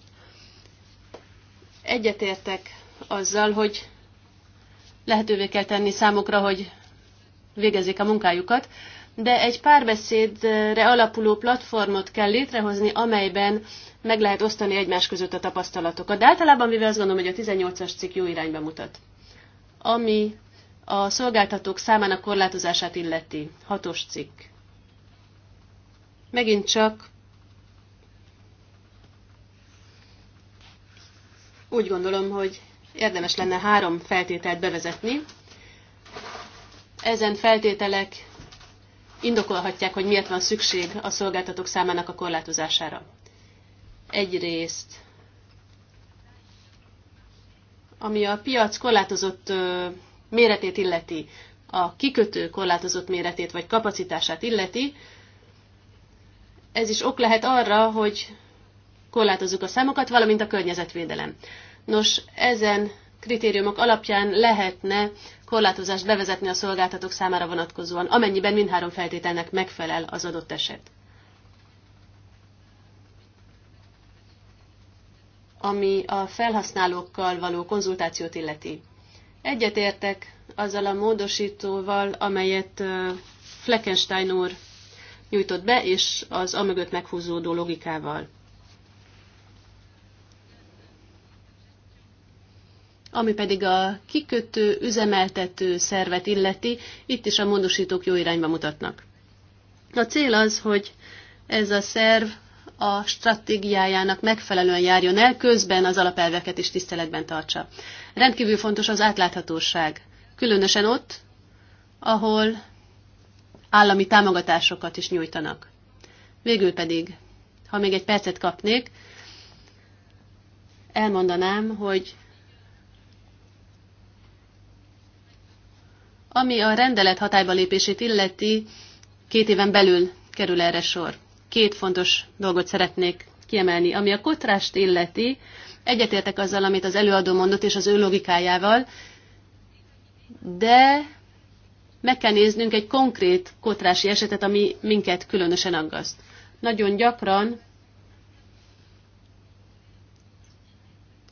Egyetértek azzal, hogy lehetővé kell tenni számukra, hogy végezzék a munkájukat, de egy párbeszédre alapuló platformot kell létrehozni, amelyben meg lehet osztani egymás között a tapasztalatokat. De általában mivel azt gondolom, hogy a 18-as cikk jó irányba mutat. Ami a szolgáltatók számának korlátozását illeti. Hatos cikk. Megint csak úgy gondolom, hogy érdemes lenne három feltételt bevezetni. Ezen feltételek indokolhatják, hogy miért van szükség a szolgáltatók számának a korlátozására. Egyrészt, ami a piac korlátozott méretét illeti, a kikötő korlátozott méretét vagy kapacitását illeti, ez is ok lehet arra, hogy korlátozzuk a számokat, valamint a környezetvédelem. Nos, ezen kritériumok alapján lehetne korlátozást bevezetni a szolgáltatók számára vonatkozóan, amennyiben mindhárom feltételnek megfelel az adott eset. Ami a felhasználókkal való konzultációt illeti. Egyetértek azzal a módosítóval, amelyet Fleckenstein úr nyújtott be, és az amögött meghúzódó logikával. Ami pedig a kikötő, üzemeltető szervet illeti, itt is a módosítók jó irányba mutatnak. A cél az, hogy ez a szerv a stratégiájának megfelelően járjon el, közben az alapelveket is tiszteletben tartsa. Rendkívül fontos az átláthatóság, különösen ott, ahol állami támogatásokat is nyújtanak. Végül pedig, ha még egy percet kapnék, elmondanám, hogy Ami a rendelet hatályba lépését illeti, két éven belül kerül erre sor. Két fontos dolgot szeretnék kiemelni. Ami a kotrást illeti, egyetértek azzal, amit az előadó mondott, és az ő logikájával, de meg kell néznünk egy konkrét kotrási esetet, ami minket különösen aggaszt. Nagyon gyakran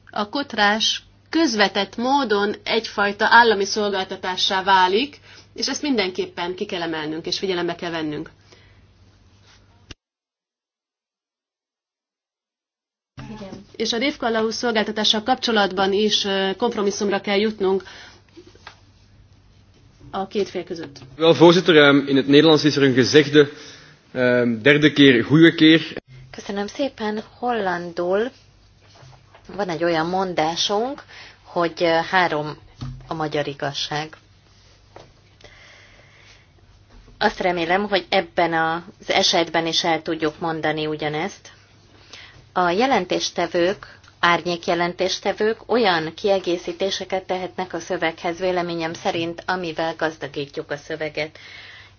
a kotrás közvetett módon egyfajta állami szolgáltatássá válik, és ezt mindenképpen ki kell emelnünk, és figyelembe kell vennünk. Igen. És a Révkallahú szolgáltatással kapcsolatban is kompromisszumra kell jutnunk a két fél között. Wel, voorzitter, ehm, in het Nederlands is er een gezegde, ehm, derde keer, goede keer. Köszönöm szépen, hollandul van egy olyan mondásunk, hogy három a magyar igazság. Azt remélem, hogy ebben az esetben is el tudjuk mondani ugyanezt. A jelentéstevők árnyékjelentéstevők olyan kiegészítéseket tehetnek a szöveghez véleményem szerint, amivel gazdagítjuk a szöveget.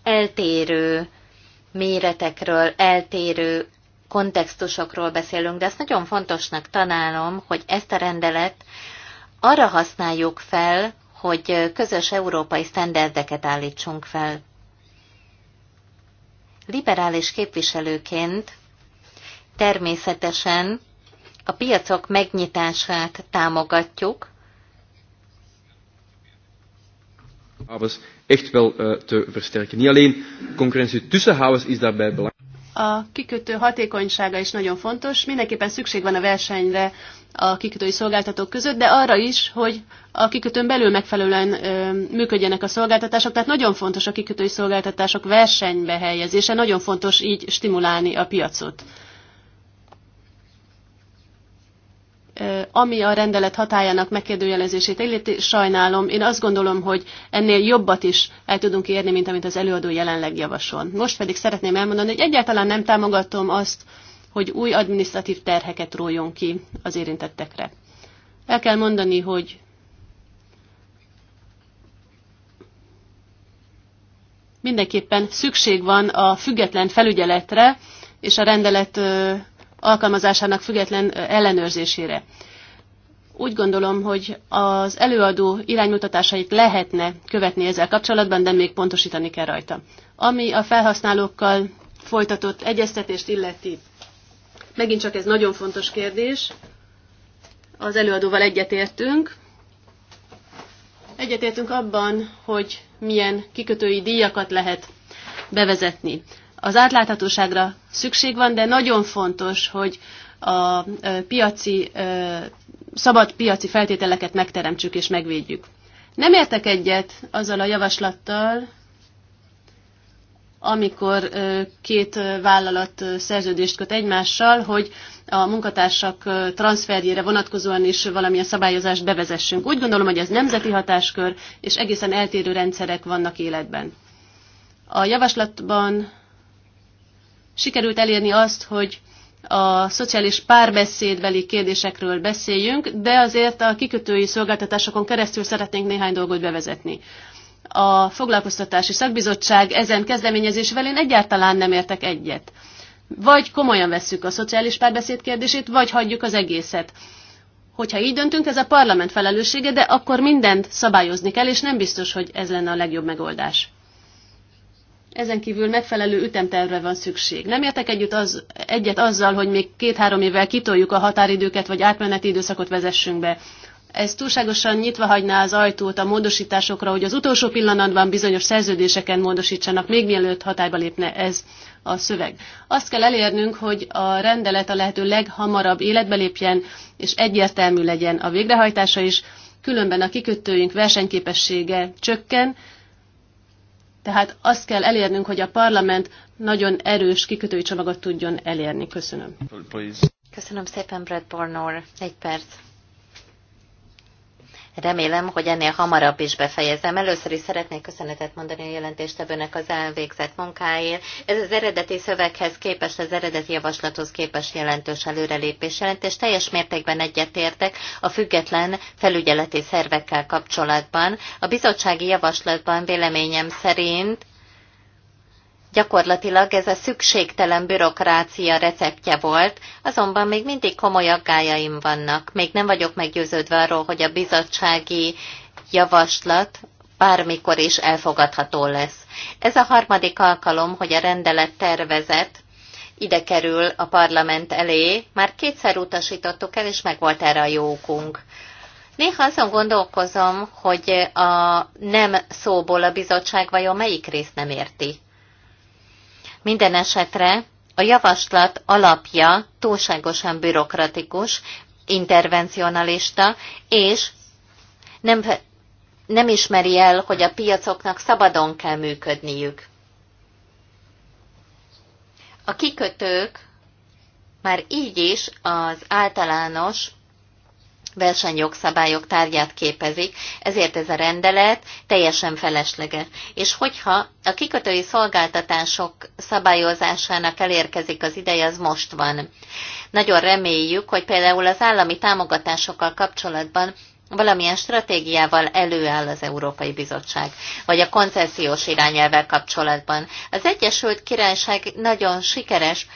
Eltérő méretekről, eltérő kontextusokról beszélünk, de ezt nagyon fontosnak tanálom, hogy ezt a rendelet arra használjuk fel, hogy közös európai sztenderdeket állítsunk fel. Liberális képviselőként természetesen a piacok megnyitását támogatjuk, havens echt wel uh, te versterken. Niet alleen concurrentie tussen havens is daarbij belangrijk. A kikötő hatékonysága is nagyon fontos. Mindenképpen szükség van a versenyre a kikötői szolgáltatók között, de arra is, hogy a kikötőn belül megfelelően ö, működjenek a szolgáltatások. Tehát nagyon fontos a kikötői szolgáltatások versenybe helyezése, nagyon fontos így stimulálni a piacot. ami a rendelet hatájának megkérdőjelezését illeti, sajnálom, én azt gondolom, hogy ennél jobbat is el tudunk érni, mint amit az előadó jelenleg javasol. Most pedig szeretném elmondani, hogy egyáltalán nem támogatom azt, hogy új administratív terheket róljon ki az érintettekre. El kell mondani, hogy mindenképpen szükség van a független felügyeletre, és a rendelet alkalmazásának független ellenőrzésére. Úgy gondolom, hogy az előadó iránymutatásait lehetne követni ezzel kapcsolatban, de még pontosítani kell rajta. Ami a felhasználókkal folytatott egyeztetést illeti. Megint csak ez nagyon fontos kérdés. Az előadóval egyetértünk. Egyetértünk abban, hogy milyen kikötői díjakat lehet bevezetni. Az átláthatóságra szükség van, de nagyon fontos, hogy a piaci, szabad piaci feltételeket megteremtsük és megvédjük. Nem értek egyet azzal a javaslattal, amikor két vállalat szerződést köt egymással, hogy a munkatársak transferjére vonatkozóan is valamilyen szabályozást bevezessünk. Úgy gondolom, hogy ez nemzeti hatáskör, és egészen eltérő rendszerek vannak életben. A javaslatban sikerült elérni azt, hogy a szociális párbeszédbeli kérdésekről beszéljünk, de azért a kikötői szolgáltatásokon keresztül szeretnénk néhány dolgot bevezetni. A foglalkoztatási szakbizottság ezen kezdeményezésvel én egyáltalán nem értek egyet. Vagy komolyan vesszük a szociális párbeszéd kérdését, vagy hagyjuk az egészet. Hogyha így döntünk, ez a parlament felelőssége, de akkor mindent szabályozni kell, és nem biztos, hogy ez lenne a legjobb megoldás. Ezen kívül megfelelő ütemtervre van szükség. Nem értek együtt az, egyet azzal, hogy még két-három évvel kitoljuk a határidőket, vagy átmeneti időszakot vezessünk be. Ez túlságosan nyitva hagyná az ajtót a módosításokra, hogy az utolsó pillanatban bizonyos szerződéseken módosítsanak, még mielőtt hatályba lépne ez a szöveg. Azt kell elérnünk, hogy a rendelet a lehető leghamarabb életbe lépjen, és egyértelmű legyen a végrehajtása is, különben a kikötőink versenyképessége csökken, tehát azt kell elérnünk, hogy a parlament nagyon erős kikötői csomagot tudjon elérni. Köszönöm. Köszönöm szépen, Brad Barnor. Egy perc. Remélem, hogy ennél hamarabb is befejezem. Először is szeretnék köszönetet mondani a jelentéstevőnek az elvégzett munkáért. Ez az eredeti szöveghez képest, az eredeti javaslathoz képest jelentős előrelépés jelent, és teljes mértékben egyetértek a független felügyeleti szervekkel kapcsolatban. A bizottsági javaslatban véleményem szerint Gyakorlatilag ez a szükségtelen bürokrácia receptje volt, azonban még mindig komoly aggájaim vannak. Még nem vagyok meggyőződve arról, hogy a bizottsági javaslat bármikor is elfogadható lesz. Ez a harmadik alkalom, hogy a rendelet tervezet ide kerül a parlament elé, már kétszer utasítottuk el, és meg volt erre a jókunk. Néha azon gondolkozom, hogy a nem szóból a bizottság vajon melyik részt nem érti. Minden esetre a javaslat alapja túlságosan bürokratikus, intervencionalista, és nem, nem ismeri el, hogy a piacoknak szabadon kell működniük. A kikötők már így is az általános versenyjogszabályok tárgyát képezik, ezért ez a rendelet teljesen felesleges. És hogyha a kikötői szolgáltatások szabályozásának elérkezik az ideje, az most van. Nagyon reméljük, hogy például az állami támogatásokkal kapcsolatban valamilyen stratégiával előáll az Európai Bizottság, vagy a koncesziós irányelvel kapcsolatban. Az Egyesült Királyság nagyon sikeres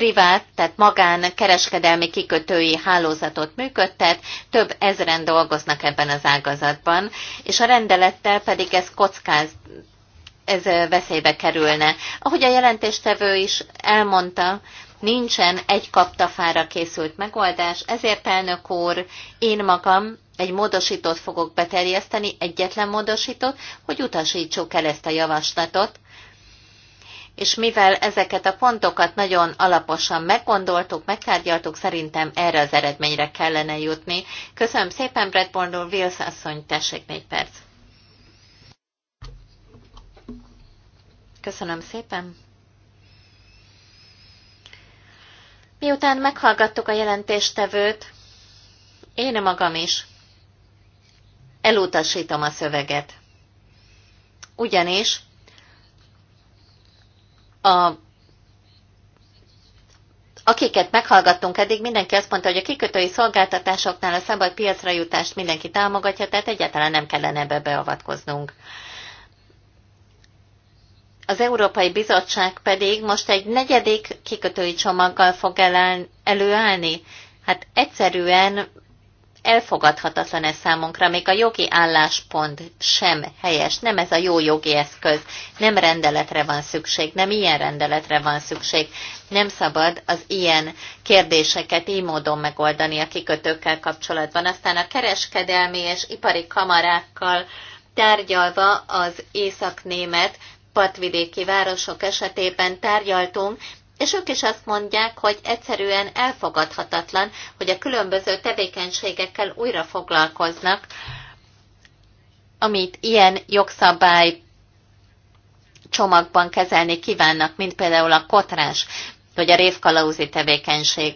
privát, tehát magán kereskedelmi kikötői hálózatot működtet, több ezeren dolgoznak ebben az ágazatban, és a rendelettel pedig ez kockáz, ez veszélybe kerülne. Ahogy a jelentéstevő is elmondta, nincsen egy kaptafára készült megoldás, ezért elnök úr, én magam egy módosítót fogok beterjeszteni, egyetlen módosítót, hogy utasítsuk el ezt a javaslatot, és mivel ezeket a pontokat nagyon alaposan meggondoltuk, megtárgyaltuk, szerintem erre az eredményre kellene jutni. Köszönöm szépen, Brett Bondol, Wills asszony, tessék négy perc. Köszönöm szépen. Miután meghallgattuk a jelentéstevőt, én magam is elutasítom a szöveget. Ugyanis a akiket meghallgattunk eddig, mindenki azt mondta, hogy a kikötői szolgáltatásoknál a szabad piacra jutást mindenki támogatja, tehát egyáltalán nem kellene ebbe beavatkoznunk. Az Európai Bizottság pedig most egy negyedik kikötői csomaggal fog előállni. Hát egyszerűen elfogadhatatlan ez számunkra, még a jogi álláspont sem helyes, nem ez a jó jogi eszköz, nem rendeletre van szükség, nem ilyen rendeletre van szükség, nem szabad az ilyen kérdéseket így módon megoldani a kikötőkkel kapcsolatban. Aztán a kereskedelmi és ipari kamarákkal tárgyalva az Észak-Német patvidéki városok esetében tárgyaltunk, és ők is azt mondják, hogy egyszerűen elfogadhatatlan, hogy a különböző tevékenységekkel újra foglalkoznak, amit ilyen jogszabály csomagban kezelni kívánnak, mint például a kotrás vagy a révkalauzi tevékenység.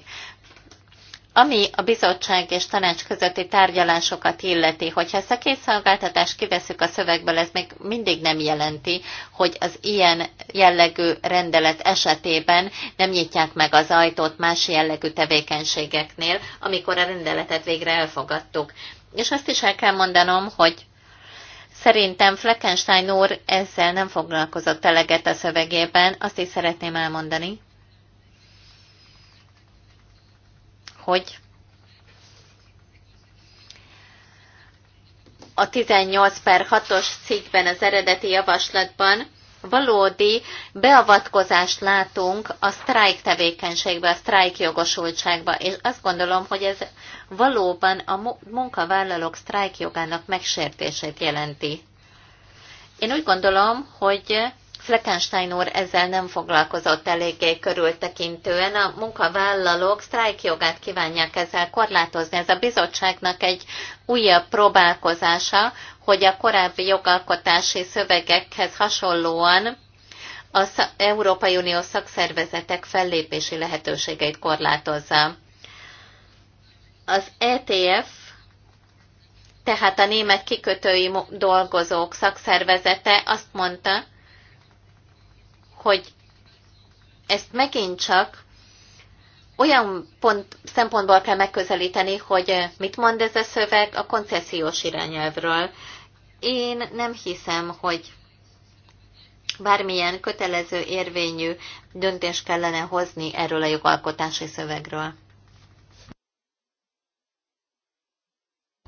Ami a bizottság és tanács közötti tárgyalásokat illeti, hogyha ezt a két szolgáltatást kiveszük a szövegből, ez még mindig nem jelenti, hogy az ilyen jellegű rendelet esetében nem nyitják meg az ajtót más jellegű tevékenységeknél, amikor a rendeletet végre elfogadtuk. És azt is el kell mondanom, hogy Szerintem Fleckenstein úr ezzel nem foglalkozott eleget a szövegében, azt is szeretném elmondani, hogy a 18 per 6-os cikkben az eredeti javaslatban valódi beavatkozást látunk a sztrájk tevékenységbe, a sztrájk jogosultságba, és azt gondolom, hogy ez valóban a munkavállalók sztrájk jogának megsértését jelenti. Én úgy gondolom, hogy Fleckenstein úr ezzel nem foglalkozott eléggé körültekintően. A munkavállalók sztrájkjogát kívánják ezzel korlátozni. Ez a bizottságnak egy újabb próbálkozása, hogy a korábbi jogalkotási szövegekhez hasonlóan az Európai Unió szakszervezetek fellépési lehetőségeit korlátozza. Az ETF tehát a német kikötői dolgozók szakszervezete azt mondta, hogy ezt megint csak olyan pont, szempontból kell megközelíteni, hogy eh, mit mond ez a szöveg a koncesziós irányelvről. Én nem hiszem, hogy bármilyen kötelező érvényű döntés kellene hozni erről a jogalkotási szövegről.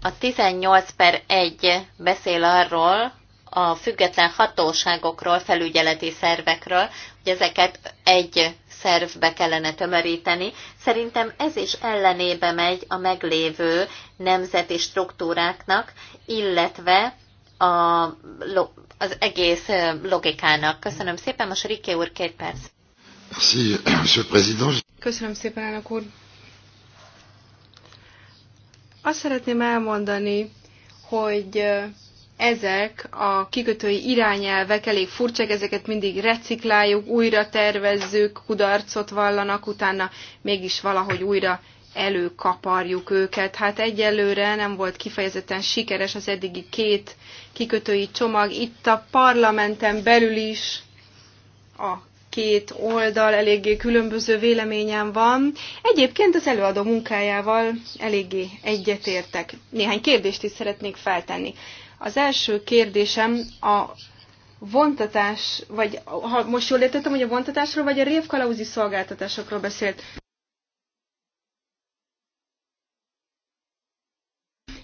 A 18 per 1 beszél arról, a független hatóságokról, felügyeleti szervekről, hogy ezeket egy szervbe kellene tömöríteni. Szerintem ez is ellenébe megy a meglévő nemzeti struktúráknak, illetve a, az egész logikának. Köszönöm szépen, most Riké úr két perc. Köszönöm szépen, elnök úr. Azt szeretném elmondani, hogy ezek a kikötői irányelvek elég furcsák, ezeket mindig recikláljuk, újra tervezzük, kudarcot vallanak, utána mégis valahogy újra előkaparjuk őket. Hát egyelőre nem volt kifejezetten sikeres az eddigi két kikötői csomag. Itt a parlamenten belül is a két oldal eléggé különböző véleményen van. Egyébként az előadó munkájával eléggé egyetértek. Néhány kérdést is szeretnék feltenni. Az első kérdésem a vontatás, vagy ha most jól értettem, hogy a vontatásról, vagy a révkalauzi szolgáltatásokról beszélt.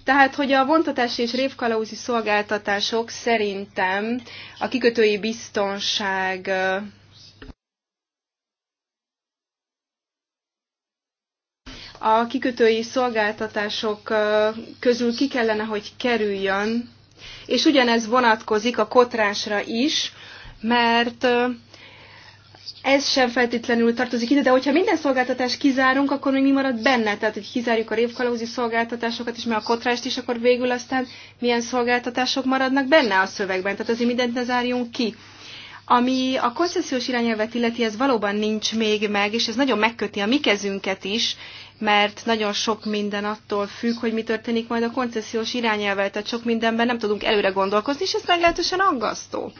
Tehát, hogy a vontatási és révkalauzi szolgáltatások szerintem a kikötői biztonság a kikötői szolgáltatások közül ki kellene, hogy kerüljön és ugyanez vonatkozik a kotrásra is, mert ez sem feltétlenül tartozik ide, de hogyha minden szolgáltatást kizárunk, akkor még mi marad benne? Tehát, hogy kizárjuk a révkalózi szolgáltatásokat, és meg a kotrást is, akkor végül aztán milyen szolgáltatások maradnak benne a szövegben? Tehát azért mindent ne zárjunk ki. Ami a koncesziós irányelvet illeti, ez valóban nincs még meg, és ez nagyon megköti a mi kezünket is, mert nagyon sok minden attól függ, hogy mi történik majd a koncesziós irányelvel, tehát sok mindenben nem tudunk előre gondolkozni, és ez meglehetősen aggasztó.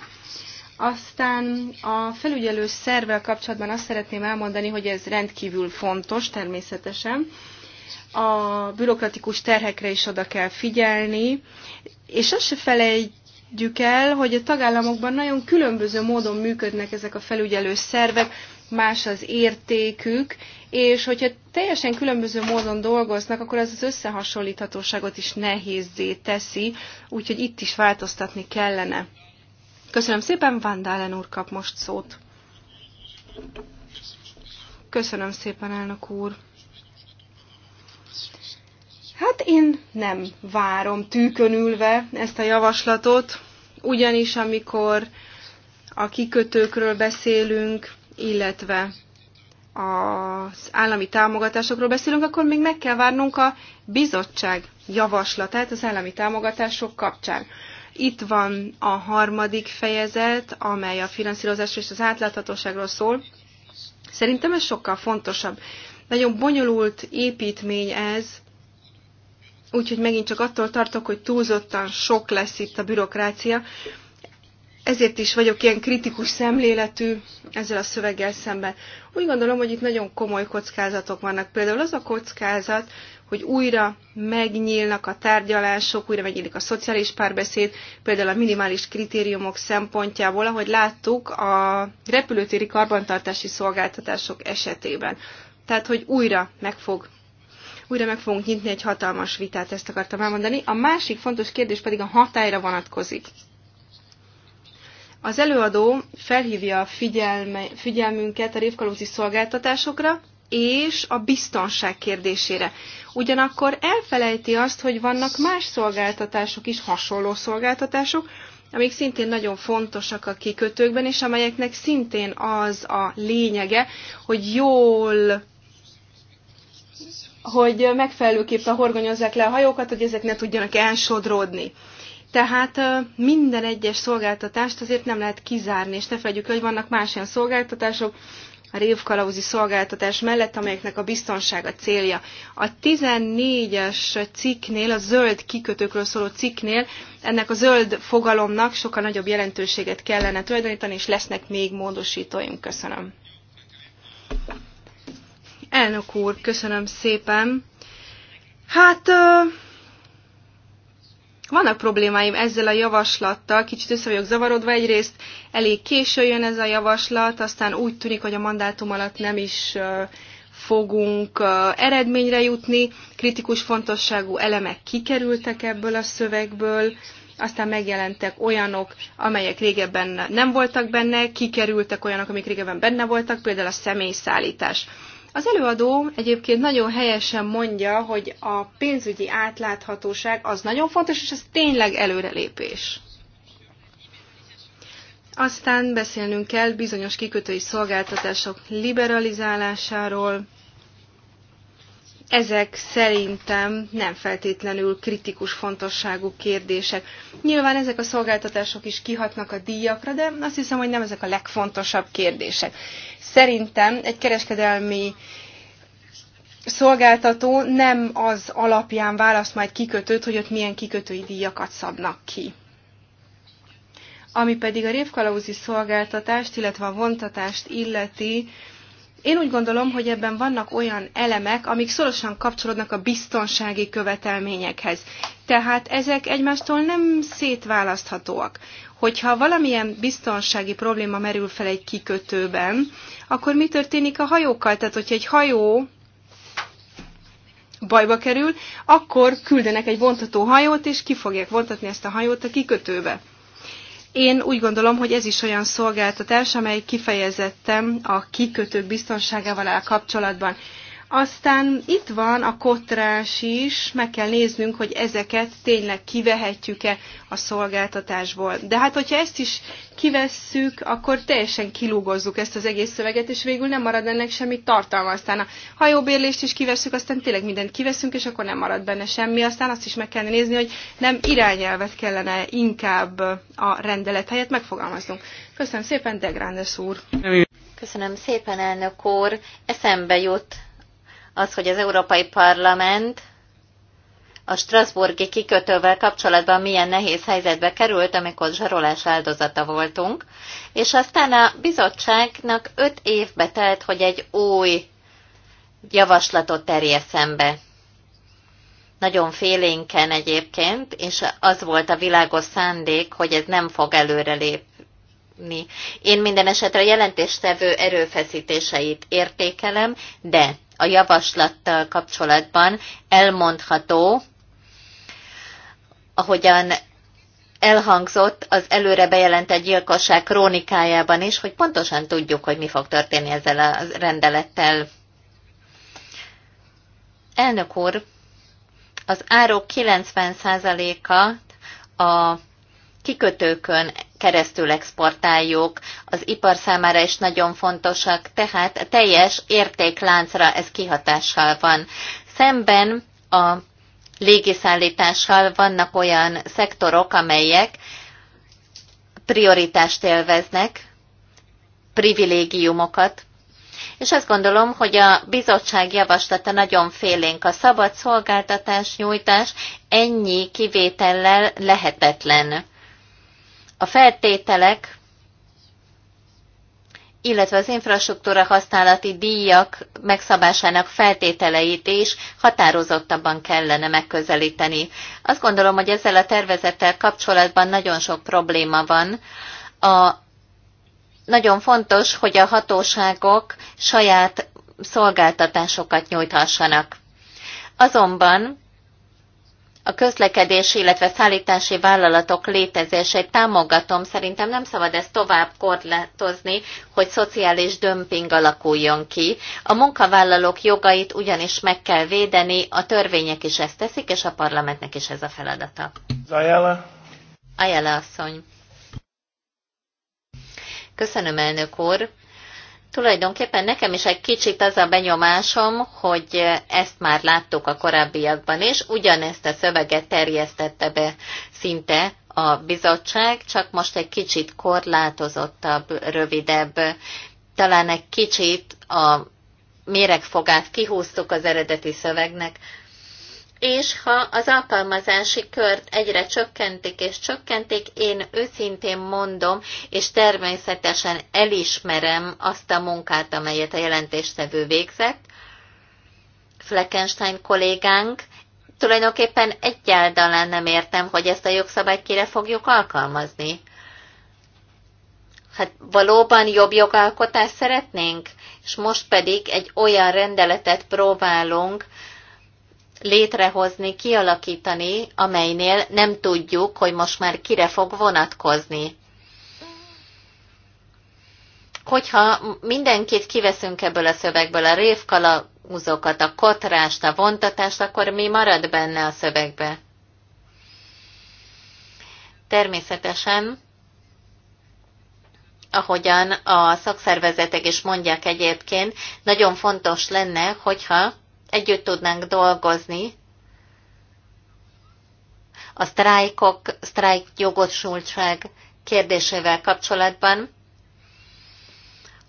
Aztán a felügyelő szervvel kapcsolatban azt szeretném elmondani, hogy ez rendkívül fontos természetesen. A bürokratikus terhekre is oda kell figyelni, és azt se felejt, felejtjük el, hogy a tagállamokban nagyon különböző módon működnek ezek a felügyelő szervek, más az értékük, és hogyha teljesen különböző módon dolgoznak, akkor az az összehasonlíthatóságot is nehézé teszi, úgyhogy itt is változtatni kellene. Köszönöm szépen, Van úr kap most szót. Köszönöm szépen, elnök úr. Hát én nem várom tűkönülve ezt a javaslatot, ugyanis amikor a kikötőkről beszélünk, illetve az állami támogatásokról beszélünk, akkor még meg kell várnunk a bizottság javaslatát az állami támogatások kapcsán. Itt van a harmadik fejezet, amely a finanszírozásról és az átláthatóságról szól. Szerintem ez sokkal fontosabb. Nagyon bonyolult építmény ez, Úgyhogy megint csak attól tartok, hogy túlzottan sok lesz itt a bürokrácia. Ezért is vagyok ilyen kritikus szemléletű ezzel a szöveggel szemben. Úgy gondolom, hogy itt nagyon komoly kockázatok vannak. Például az a kockázat, hogy újra megnyílnak a tárgyalások, újra megnyílik a szociális párbeszéd, például a minimális kritériumok szempontjából, ahogy láttuk a repülőtéri karbantartási szolgáltatások esetében. Tehát, hogy újra meg fog újra meg fogunk nyitni egy hatalmas vitát, ezt akartam elmondani. A másik fontos kérdés pedig a hatályra vonatkozik. Az előadó felhívja a figyelme, figyelmünket a révkalózi szolgáltatásokra, és a biztonság kérdésére. Ugyanakkor elfelejti azt, hogy vannak más szolgáltatások is, hasonló szolgáltatások, amik szintén nagyon fontosak a kikötőkben, és amelyeknek szintén az a lényege, hogy jól hogy megfelelőképpen horgonyozzák le a hajókat, hogy ezek ne tudjanak elsodródni. Tehát minden egyes szolgáltatást azért nem lehet kizárni, és ne fedjük, hogy vannak más ilyen szolgáltatások, a révkalauzi szolgáltatás mellett, amelyeknek a biztonsága célja. A 14-es cikknél, a zöld kikötőkről szóló cikknél ennek a zöld fogalomnak sokkal nagyobb jelentőséget kellene tulajdonítani, és lesznek még módosítóim. Köszönöm. Elnök úr, köszönöm szépen. Hát vannak problémáim ezzel a javaslattal, kicsit össze vagyok zavarodva egyrészt, elég késő jön ez a javaslat, aztán úgy tűnik, hogy a mandátum alatt nem is fogunk eredményre jutni, kritikus fontosságú elemek kikerültek ebből a szövegből, aztán megjelentek olyanok, amelyek régebben nem voltak benne, kikerültek olyanok, amik régebben benne voltak, például a személyszállítás. Az előadó egyébként nagyon helyesen mondja, hogy a pénzügyi átláthatóság az nagyon fontos, és ez tényleg előrelépés. Aztán beszélnünk kell bizonyos kikötői szolgáltatások liberalizálásáról, ezek szerintem nem feltétlenül kritikus fontosságú kérdések. Nyilván ezek a szolgáltatások is kihatnak a díjakra, de azt hiszem, hogy nem ezek a legfontosabb kérdések. Szerintem egy kereskedelmi szolgáltató nem az alapján választ majd kikötőt, hogy ott milyen kikötői díjakat szabnak ki. Ami pedig a révkalauzi szolgáltatást, illetve a vontatást illeti, én úgy gondolom, hogy ebben vannak olyan elemek, amik szorosan kapcsolódnak a biztonsági követelményekhez. Tehát ezek egymástól nem szétválaszthatóak. Hogyha valamilyen biztonsági probléma merül fel egy kikötőben, akkor mi történik a hajókkal? Tehát, hogyha egy hajó bajba kerül, akkor küldenek egy vontató hajót, és ki fogják vontatni ezt a hajót a kikötőbe. Én úgy gondolom, hogy ez is olyan szolgáltatás, amely kifejezetten a kikötők biztonságával áll kapcsolatban. Aztán itt van a kotrás is, meg kell néznünk, hogy ezeket tényleg kivehetjük-e a szolgáltatásból. De hát, hogyha ezt is kivesszük, akkor teljesen kilúgozzuk ezt az egész szöveget, és végül nem marad ennek semmi tartalma. Aztán a hajóbérlést is kivesszük, aztán tényleg mindent kiveszünk, és akkor nem marad benne semmi. Aztán azt is meg kell nézni, hogy nem irányelvet kellene inkább a rendelet helyett megfogalmaznunk. Köszönöm szépen, Degrandes úr! Köszönöm szépen, elnök úr! Eszembe jut az, hogy az Európai Parlament a Strasburgi kikötővel kapcsolatban milyen nehéz helyzetbe került, amikor zsarolás áldozata voltunk, és aztán a bizottságnak öt évbe telt, hogy egy új javaslatot terje szembe. Nagyon félénken egyébként, és az volt a világos szándék, hogy ez nem fog előrelépni. Én minden esetre a jelentéstevő erőfeszítéseit értékelem, de a javaslattal kapcsolatban elmondható, ahogyan elhangzott az előre bejelentett gyilkosság krónikájában is, hogy pontosan tudjuk, hogy mi fog történni ezzel a rendelettel. Elnök úr, az árok 90%-a a kikötőkön keresztül exportáljuk, az ipar számára is nagyon fontosak, tehát a teljes értékláncra ez kihatással van. Szemben a légiszállítással vannak olyan szektorok, amelyek prioritást élveznek, privilégiumokat, és azt gondolom, hogy a bizottság javaslata nagyon félénk. A szabad szolgáltatás nyújtás ennyi kivétellel lehetetlen a feltételek, illetve az infrastruktúra használati díjak megszabásának feltételeit is határozottabban kellene megközelíteni. Azt gondolom, hogy ezzel a tervezettel kapcsolatban nagyon sok probléma van. A, nagyon fontos, hogy a hatóságok saját szolgáltatásokat nyújthassanak. Azonban a közlekedési, illetve szállítási vállalatok létezését támogatom, szerintem nem szabad ezt tovább korlátozni, hogy szociális dömping alakuljon ki. A munkavállalók jogait ugyanis meg kell védeni, a törvények is ezt teszik, és a parlamentnek is ez a feladata. Ajala. Ajala asszony. Köszönöm, elnök úr. Tulajdonképpen nekem is egy kicsit az a benyomásom, hogy ezt már láttuk a korábbiakban is, ugyanezt a szöveget terjesztette be szinte a bizottság, csak most egy kicsit korlátozottabb, rövidebb, talán egy kicsit a méregfogát kihúztuk az eredeti szövegnek, és ha az alkalmazási kört egyre csökkentik és csökkentik, én őszintén mondom, és természetesen elismerem azt a munkát, amelyet a jelentéstevő végzett, Fleckenstein kollégánk, tulajdonképpen egyáltalán nem értem, hogy ezt a jogszabályt kire fogjuk alkalmazni. Hát valóban jobb jogalkotást szeretnénk, és most pedig egy olyan rendeletet próbálunk létrehozni, kialakítani, amelynél nem tudjuk, hogy most már kire fog vonatkozni. Hogyha mindenkit kiveszünk ebből a szövegből, a révkalauzokat, a kotrást, a vontatást, akkor mi marad benne a szövegbe? Természetesen ahogyan a szakszervezetek is mondják egyébként, nagyon fontos lenne, hogyha együtt tudnánk dolgozni, a sztrájkok, sztrájk jogosultság kérdésével kapcsolatban,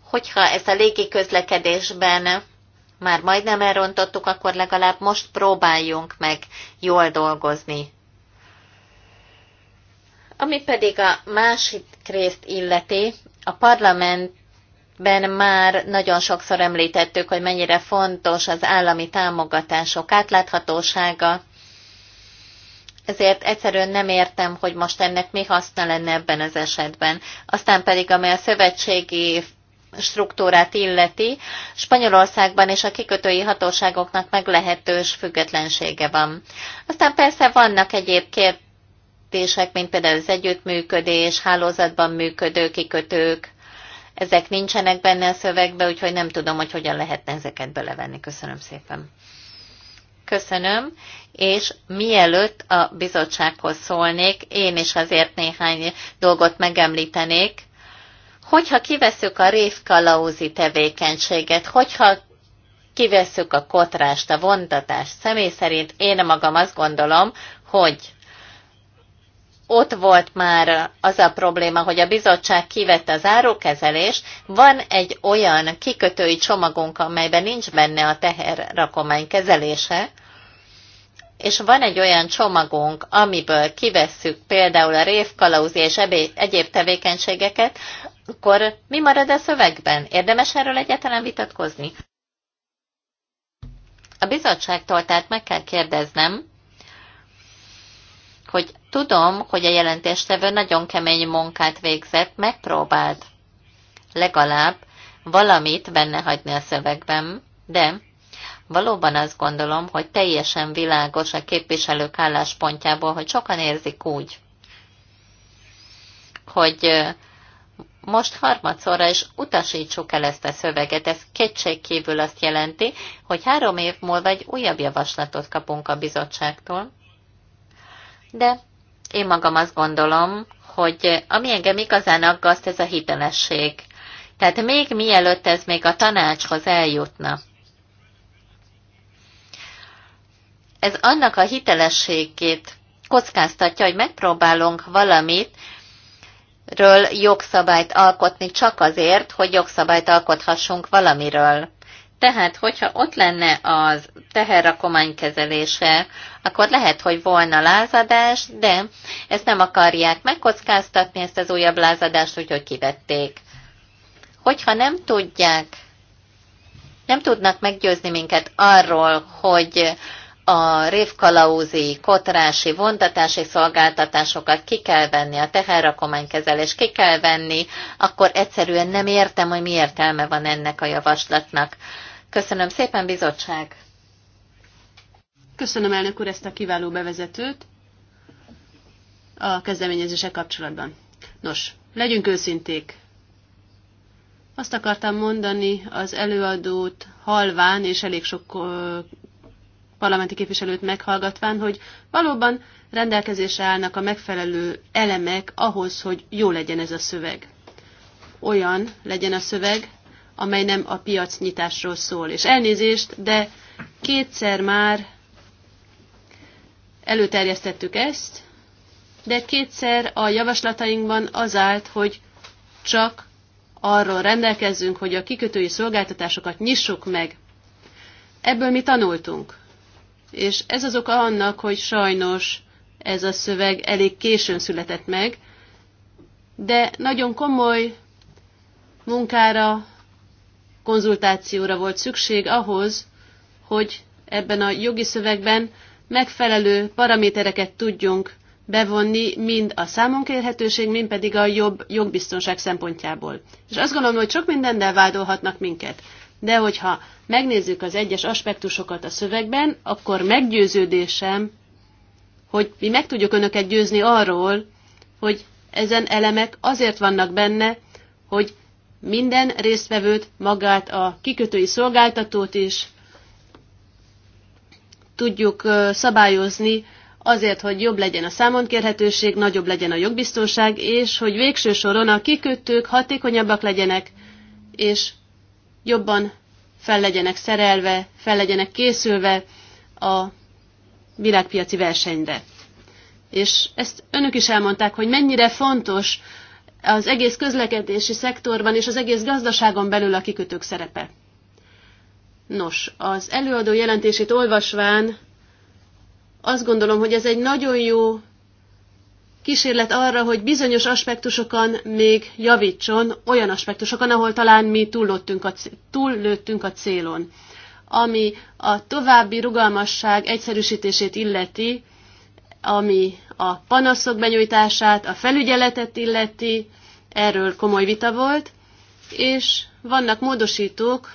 hogyha ezt a légi közlekedésben már majdnem elrontottuk, akkor legalább most próbáljunk meg jól dolgozni. Ami pedig a másik részt illeti, a parlament Ben már nagyon sokszor említettük, hogy mennyire fontos az állami támogatások átláthatósága, ezért egyszerűen nem értem, hogy most ennek mi haszna lenne ebben az esetben. Aztán pedig, ami a szövetségi struktúrát illeti, Spanyolországban és a kikötői hatóságoknak meglehetős függetlensége van. Aztán persze vannak egyéb kérdések, mint például az együttműködés, hálózatban működő kikötők, ezek nincsenek benne a szövegbe, úgyhogy nem tudom, hogy hogyan lehetne ezeket belevenni. Köszönöm szépen. Köszönöm, és mielőtt a bizottsághoz szólnék, én is azért néhány dolgot megemlítenék. Hogyha kiveszük a révkalauzi tevékenységet, hogyha kivesszük a kotrást, a vontatást, személy szerint én magam azt gondolom, hogy ott volt már az a probléma, hogy a bizottság kivette az árukezelést, van egy olyan kikötői csomagunk, amelyben nincs benne a teherrakomány kezelése, és van egy olyan csomagunk, amiből kivesszük például a révkalauzi és egyéb tevékenységeket, akkor mi marad a szövegben? Érdemes erről egyáltalán vitatkozni? A bizottságtól tehát meg kell kérdeznem, hogy tudom, hogy a jelentéstevő nagyon kemény munkát végzett, megpróbált legalább valamit benne hagyni a szövegben, de valóban azt gondolom, hogy teljesen világos a képviselők álláspontjából, hogy sokan érzik úgy, hogy most harmadszorra is utasítsuk el ezt a szöveget. Ez kétségkívül azt jelenti, hogy három év múlva egy újabb javaslatot kapunk a bizottságtól, de én magam azt gondolom, hogy ami engem igazán aggaszt, ez a hitelesség. Tehát még mielőtt ez még a tanácshoz eljutna. Ez annak a hitelességét kockáztatja, hogy megpróbálunk valamit, ről jogszabályt alkotni csak azért, hogy jogszabályt alkothassunk valamiről. Tehát, hogyha ott lenne az teherrakomány kezelése, akkor lehet, hogy volna lázadás, de ezt nem akarják megkockáztatni, ezt az újabb lázadást, úgyhogy kivették. Hogyha nem tudják, nem tudnak meggyőzni minket arról, hogy a révkalauzi, kotrási, vontatási szolgáltatásokat ki kell venni, a teherrakománykezelést ki kell venni, akkor egyszerűen nem értem, hogy mi értelme van ennek a javaslatnak. Köszönöm szépen, bizottság! Köszönöm, elnök úr, ezt a kiváló bevezetőt a kezdeményezése kapcsolatban. Nos, legyünk őszinték. Azt akartam mondani az előadót halván, és elég sok parlamenti képviselőt meghallgatván, hogy valóban rendelkezésre állnak a megfelelő elemek ahhoz, hogy jó legyen ez a szöveg. Olyan legyen a szöveg, amely nem a piacnyitásról szól. És elnézést, de kétszer már előterjesztettük ezt, de kétszer a javaslatainkban az állt, hogy csak arról rendelkezzünk, hogy a kikötői szolgáltatásokat nyissuk meg. Ebből mi tanultunk. És ez az oka annak, hogy sajnos ez a szöveg elég későn született meg, de nagyon komoly munkára konzultációra volt szükség ahhoz, hogy ebben a jogi szövegben megfelelő paramétereket tudjunk bevonni, mind a számonkérhetőség, mind pedig a jobb jogbiztonság szempontjából. És azt gondolom, hogy sok mindennel vádolhatnak minket. De hogyha megnézzük az egyes aspektusokat a szövegben, akkor meggyőződésem, hogy mi meg tudjuk önöket győzni arról, hogy ezen elemek azért vannak benne, hogy minden résztvevőt, magát a kikötői szolgáltatót is tudjuk szabályozni, azért, hogy jobb legyen a számonkérhetőség, nagyobb legyen a jogbiztonság, és hogy végső soron a kikötők hatékonyabbak legyenek, és jobban fel legyenek szerelve, fel legyenek készülve a világpiaci versenyre. És ezt önök is elmondták, hogy mennyire fontos az egész közlekedési szektorban és az egész gazdaságon belül a kikötők szerepe. Nos, az előadó jelentését olvasván azt gondolom, hogy ez egy nagyon jó kísérlet arra, hogy bizonyos aspektusokon még javítson, olyan aspektusokon, ahol talán mi túllöttünk a, túllőttünk a célon. Ami a további rugalmasság egyszerűsítését illeti, ami a panaszok benyújtását, a felügyeletet illeti, erről komoly vita volt, és vannak módosítók,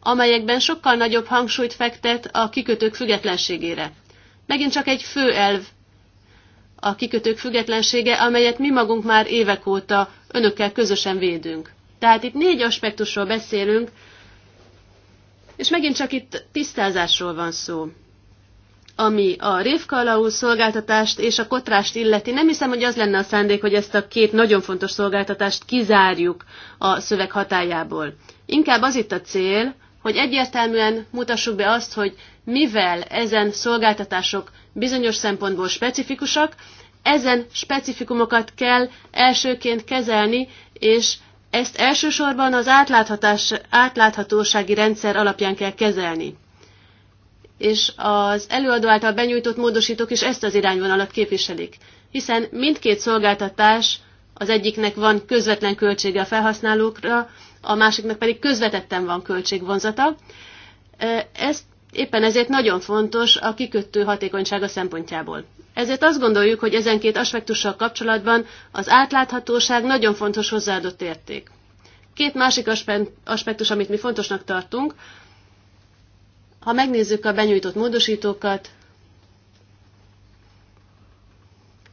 amelyekben sokkal nagyobb hangsúlyt fektet a kikötők függetlenségére. Megint csak egy fő elv a kikötők függetlensége, amelyet mi magunk már évek óta önökkel közösen védünk. Tehát itt négy aspektusról beszélünk, és megint csak itt tisztázásról van szó ami a révkalauz szolgáltatást és a kotrást illeti, nem hiszem, hogy az lenne a szándék, hogy ezt a két nagyon fontos szolgáltatást kizárjuk a szöveg hatájából. Inkább az itt a cél, hogy egyértelműen mutassuk be azt, hogy mivel ezen szolgáltatások bizonyos szempontból specifikusak, ezen specifikumokat kell elsőként kezelni, és ezt elsősorban az átláthatósági rendszer alapján kell kezelni és az előadó által benyújtott módosítók is ezt az irányvonalat képviselik, hiszen mindkét szolgáltatás az egyiknek van közvetlen költsége a felhasználókra, a másiknak pedig közvetetten van költségvonzata. Ezt éppen ezért nagyon fontos a kikötő hatékonysága szempontjából. Ezért azt gondoljuk, hogy ezen két aspektussal kapcsolatban az átláthatóság nagyon fontos hozzáadott érték. Két másik aspektus, amit mi fontosnak tartunk, ha megnézzük a benyújtott módosítókat,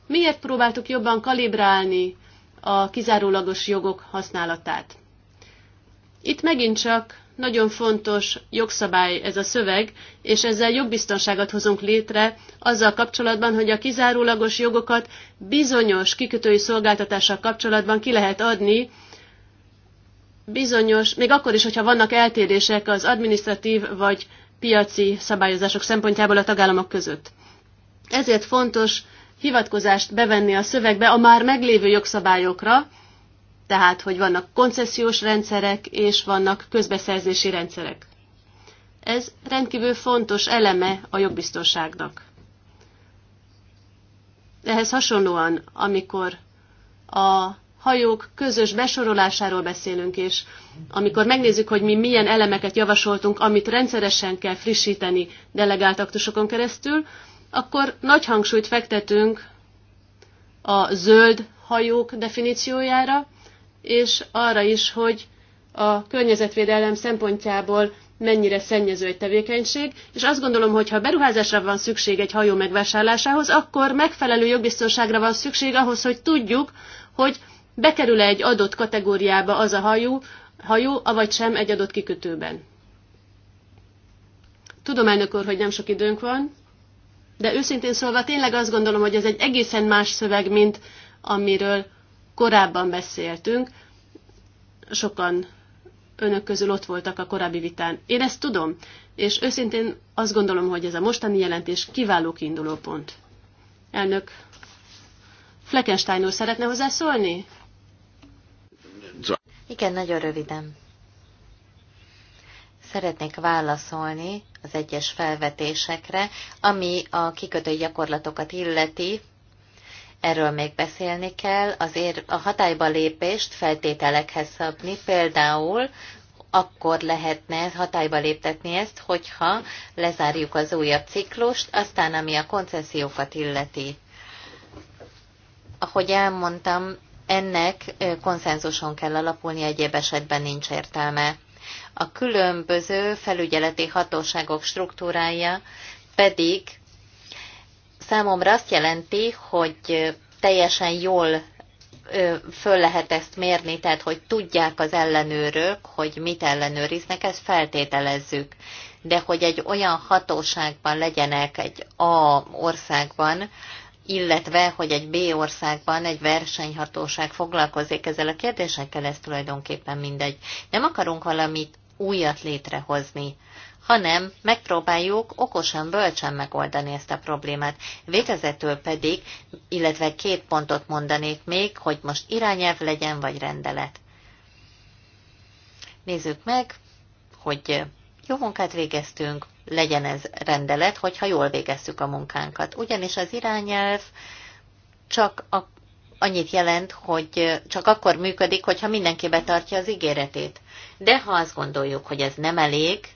miért próbáltuk jobban kalibrálni a kizárólagos jogok használatát? Itt megint csak nagyon fontos jogszabály ez a szöveg, és ezzel jogbiztonságot hozunk létre azzal kapcsolatban, hogy a kizárólagos jogokat bizonyos kikötői szolgáltatással kapcsolatban ki lehet adni, bizonyos, még akkor is, hogyha vannak eltérések az administratív vagy piaci szabályozások szempontjából a tagállamok között. Ezért fontos hivatkozást bevenni a szövegbe a már meglévő jogszabályokra, tehát hogy vannak koncesziós rendszerek és vannak közbeszerzési rendszerek. Ez rendkívül fontos eleme a jogbiztonságnak. Ehhez hasonlóan, amikor a hajók közös besorolásáról beszélünk, és amikor megnézzük, hogy mi milyen elemeket javasoltunk, amit rendszeresen kell frissíteni delegált aktusokon keresztül, akkor nagy hangsúlyt fektetünk a zöld hajók definíciójára, és arra is, hogy a környezetvédelem szempontjából mennyire szennyező egy tevékenység, és azt gondolom, hogy ha beruházásra van szükség egy hajó megvásárlásához, akkor megfelelő jogbiztonságra van szükség ahhoz, hogy tudjuk, hogy bekerül -e egy adott kategóriába az a hajó, hajó, avagy sem egy adott kikötőben. Tudom, elnök úr, hogy nem sok időnk van, de őszintén szólva tényleg azt gondolom, hogy ez egy egészen más szöveg, mint amiről korábban beszéltünk. Sokan önök közül ott voltak a korábbi vitán. Én ezt tudom, és őszintén azt gondolom, hogy ez a mostani jelentés kiváló kiinduló pont. Elnök, Fleckenstein úr szeretne hozzászólni? Igen, nagyon röviden. Szeretnék válaszolni az egyes felvetésekre, ami a kikötő gyakorlatokat illeti. Erről még beszélni kell, azért a hatályba lépést feltételekhez szabni, például akkor lehetne hatályba léptetni ezt, hogyha lezárjuk az újabb ciklust, aztán ami a koncesziókat illeti. Ahogy elmondtam, ennek konszenzuson kell alapulni, egyéb esetben nincs értelme. A különböző felügyeleti hatóságok struktúrája pedig számomra azt jelenti, hogy teljesen jól föl lehet ezt mérni, tehát hogy tudják az ellenőrök, hogy mit ellenőriznek, ezt feltételezzük. De hogy egy olyan hatóságban legyenek egy A országban, illetve, hogy egy B országban egy versenyhatóság foglalkozik ezzel a kérdésekkel, ez tulajdonképpen mindegy. Nem akarunk valamit újat létrehozni, hanem megpróbáljuk okosan, bölcsen megoldani ezt a problémát. Végezetül pedig, illetve két pontot mondanék még, hogy most irányelv legyen, vagy rendelet. Nézzük meg, hogy jó munkát végeztünk, legyen ez rendelet, hogyha jól végezzük a munkánkat. Ugyanis az irányelv csak a, annyit jelent, hogy csak akkor működik, hogyha mindenki betartja az ígéretét. De ha azt gondoljuk, hogy ez nem elég,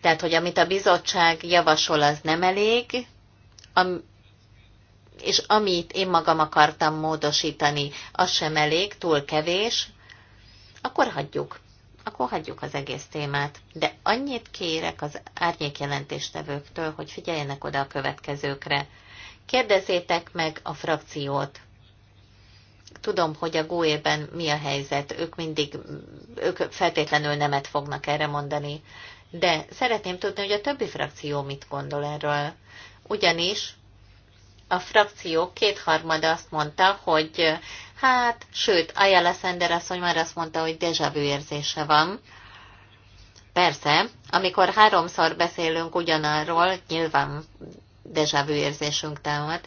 tehát, hogy amit a bizottság javasol, az nem elég, am, és amit én magam akartam módosítani, az sem elég, túl kevés, akkor hagyjuk akkor hagyjuk az egész témát. De annyit kérek az árnyékjelentéstevőktől, hogy figyeljenek oda a következőkre. Kérdezzétek meg a frakciót. Tudom, hogy a GUE-ben mi a helyzet, ők mindig, ők feltétlenül nemet fognak erre mondani, de szeretném tudni, hogy a többi frakció mit gondol erről. Ugyanis a frakció kétharmada azt mondta, hogy Hát, sőt, Ayala Sender asszony már azt mondta, hogy dejavű érzése van. Persze, amikor háromszor beszélünk ugyanarról, nyilván dejavű érzésünk támad.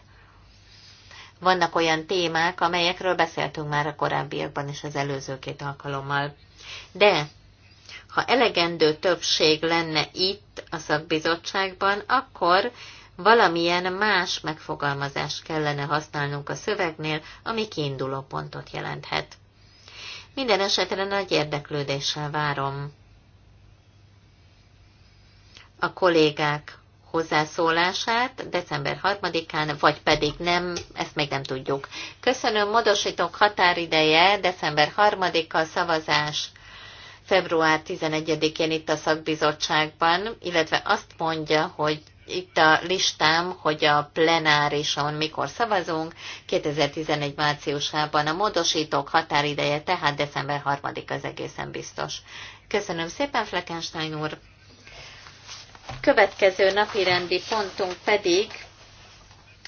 Vannak olyan témák, amelyekről beszéltünk már a korábbiakban is az előző két alkalommal. De ha elegendő többség lenne itt a szakbizottságban, akkor valamilyen más megfogalmazást kellene használnunk a szövegnél, ami kiinduló pontot jelenthet. Minden esetre nagy érdeklődéssel várom a kollégák hozzászólását december 3-án, vagy pedig nem, ezt még nem tudjuk. Köszönöm, módosítók határideje december 3-a szavazás február 11-én itt a szakbizottságban, illetve azt mondja, hogy itt a listám, hogy a plenárison mikor szavazunk, 2011 márciusában a módosítók határideje, tehát december 3-ig az egészen biztos. Köszönöm szépen, Fleckenstein úr! Következő napirendi pontunk pedig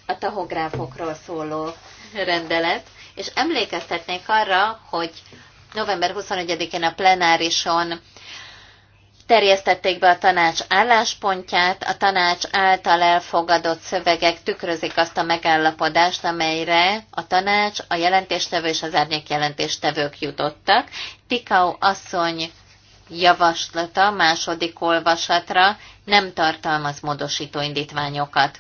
a tahográfokról szóló rendelet, és emlékeztetnék arra, hogy november 21-én a plenárison terjesztették be a tanács álláspontját, a tanács által elfogadott szövegek tükrözik azt a megállapodást, amelyre a tanács, a jelentéstevő és az árnyék jelentéstevők jutottak. Tikau asszony javaslata második olvasatra nem tartalmaz módosító indítványokat.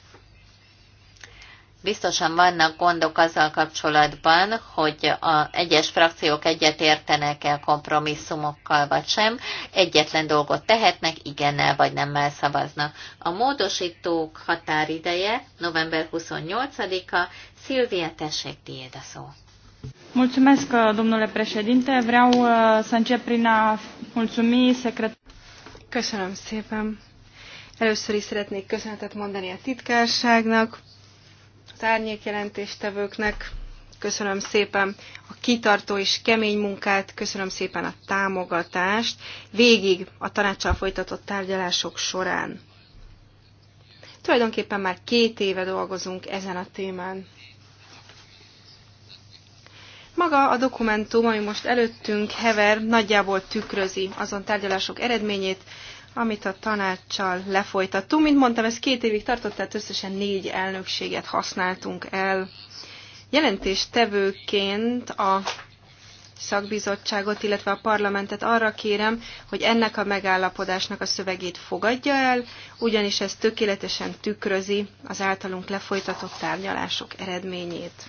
Biztosan vannak gondok azzal kapcsolatban, hogy a egyes frakciók értenek e a kompromisszumokkal vagy sem. Egyetlen dolgot tehetnek, igennel vagy nemmel szavaznak. A módosítók határideje november 28-a. Szilvia, tessék, tiéd a szó. Mulțumesc, domnule președinte. Vreau uh, să încep prin a mulțumi secret... Köszönöm szépen. Először is szeretnék köszönetet mondani a titkárságnak, az árnyékjelentéstevőknek, köszönöm szépen a kitartó és kemény munkát, köszönöm szépen a támogatást végig a tanácssal folytatott tárgyalások során. Tulajdonképpen már két éve dolgozunk ezen a témán. Maga a dokumentum, ami most előttünk hever, nagyjából tükrözi azon tárgyalások eredményét, amit a tanácssal lefolytattunk. Mint mondtam, ez két évig tartott, tehát összesen négy elnökséget használtunk el. Jelentéstevőként a szakbizottságot, illetve a parlamentet arra kérem, hogy ennek a megállapodásnak a szövegét fogadja el, ugyanis ez tökéletesen tükrözi az általunk lefolytatott tárgyalások eredményét.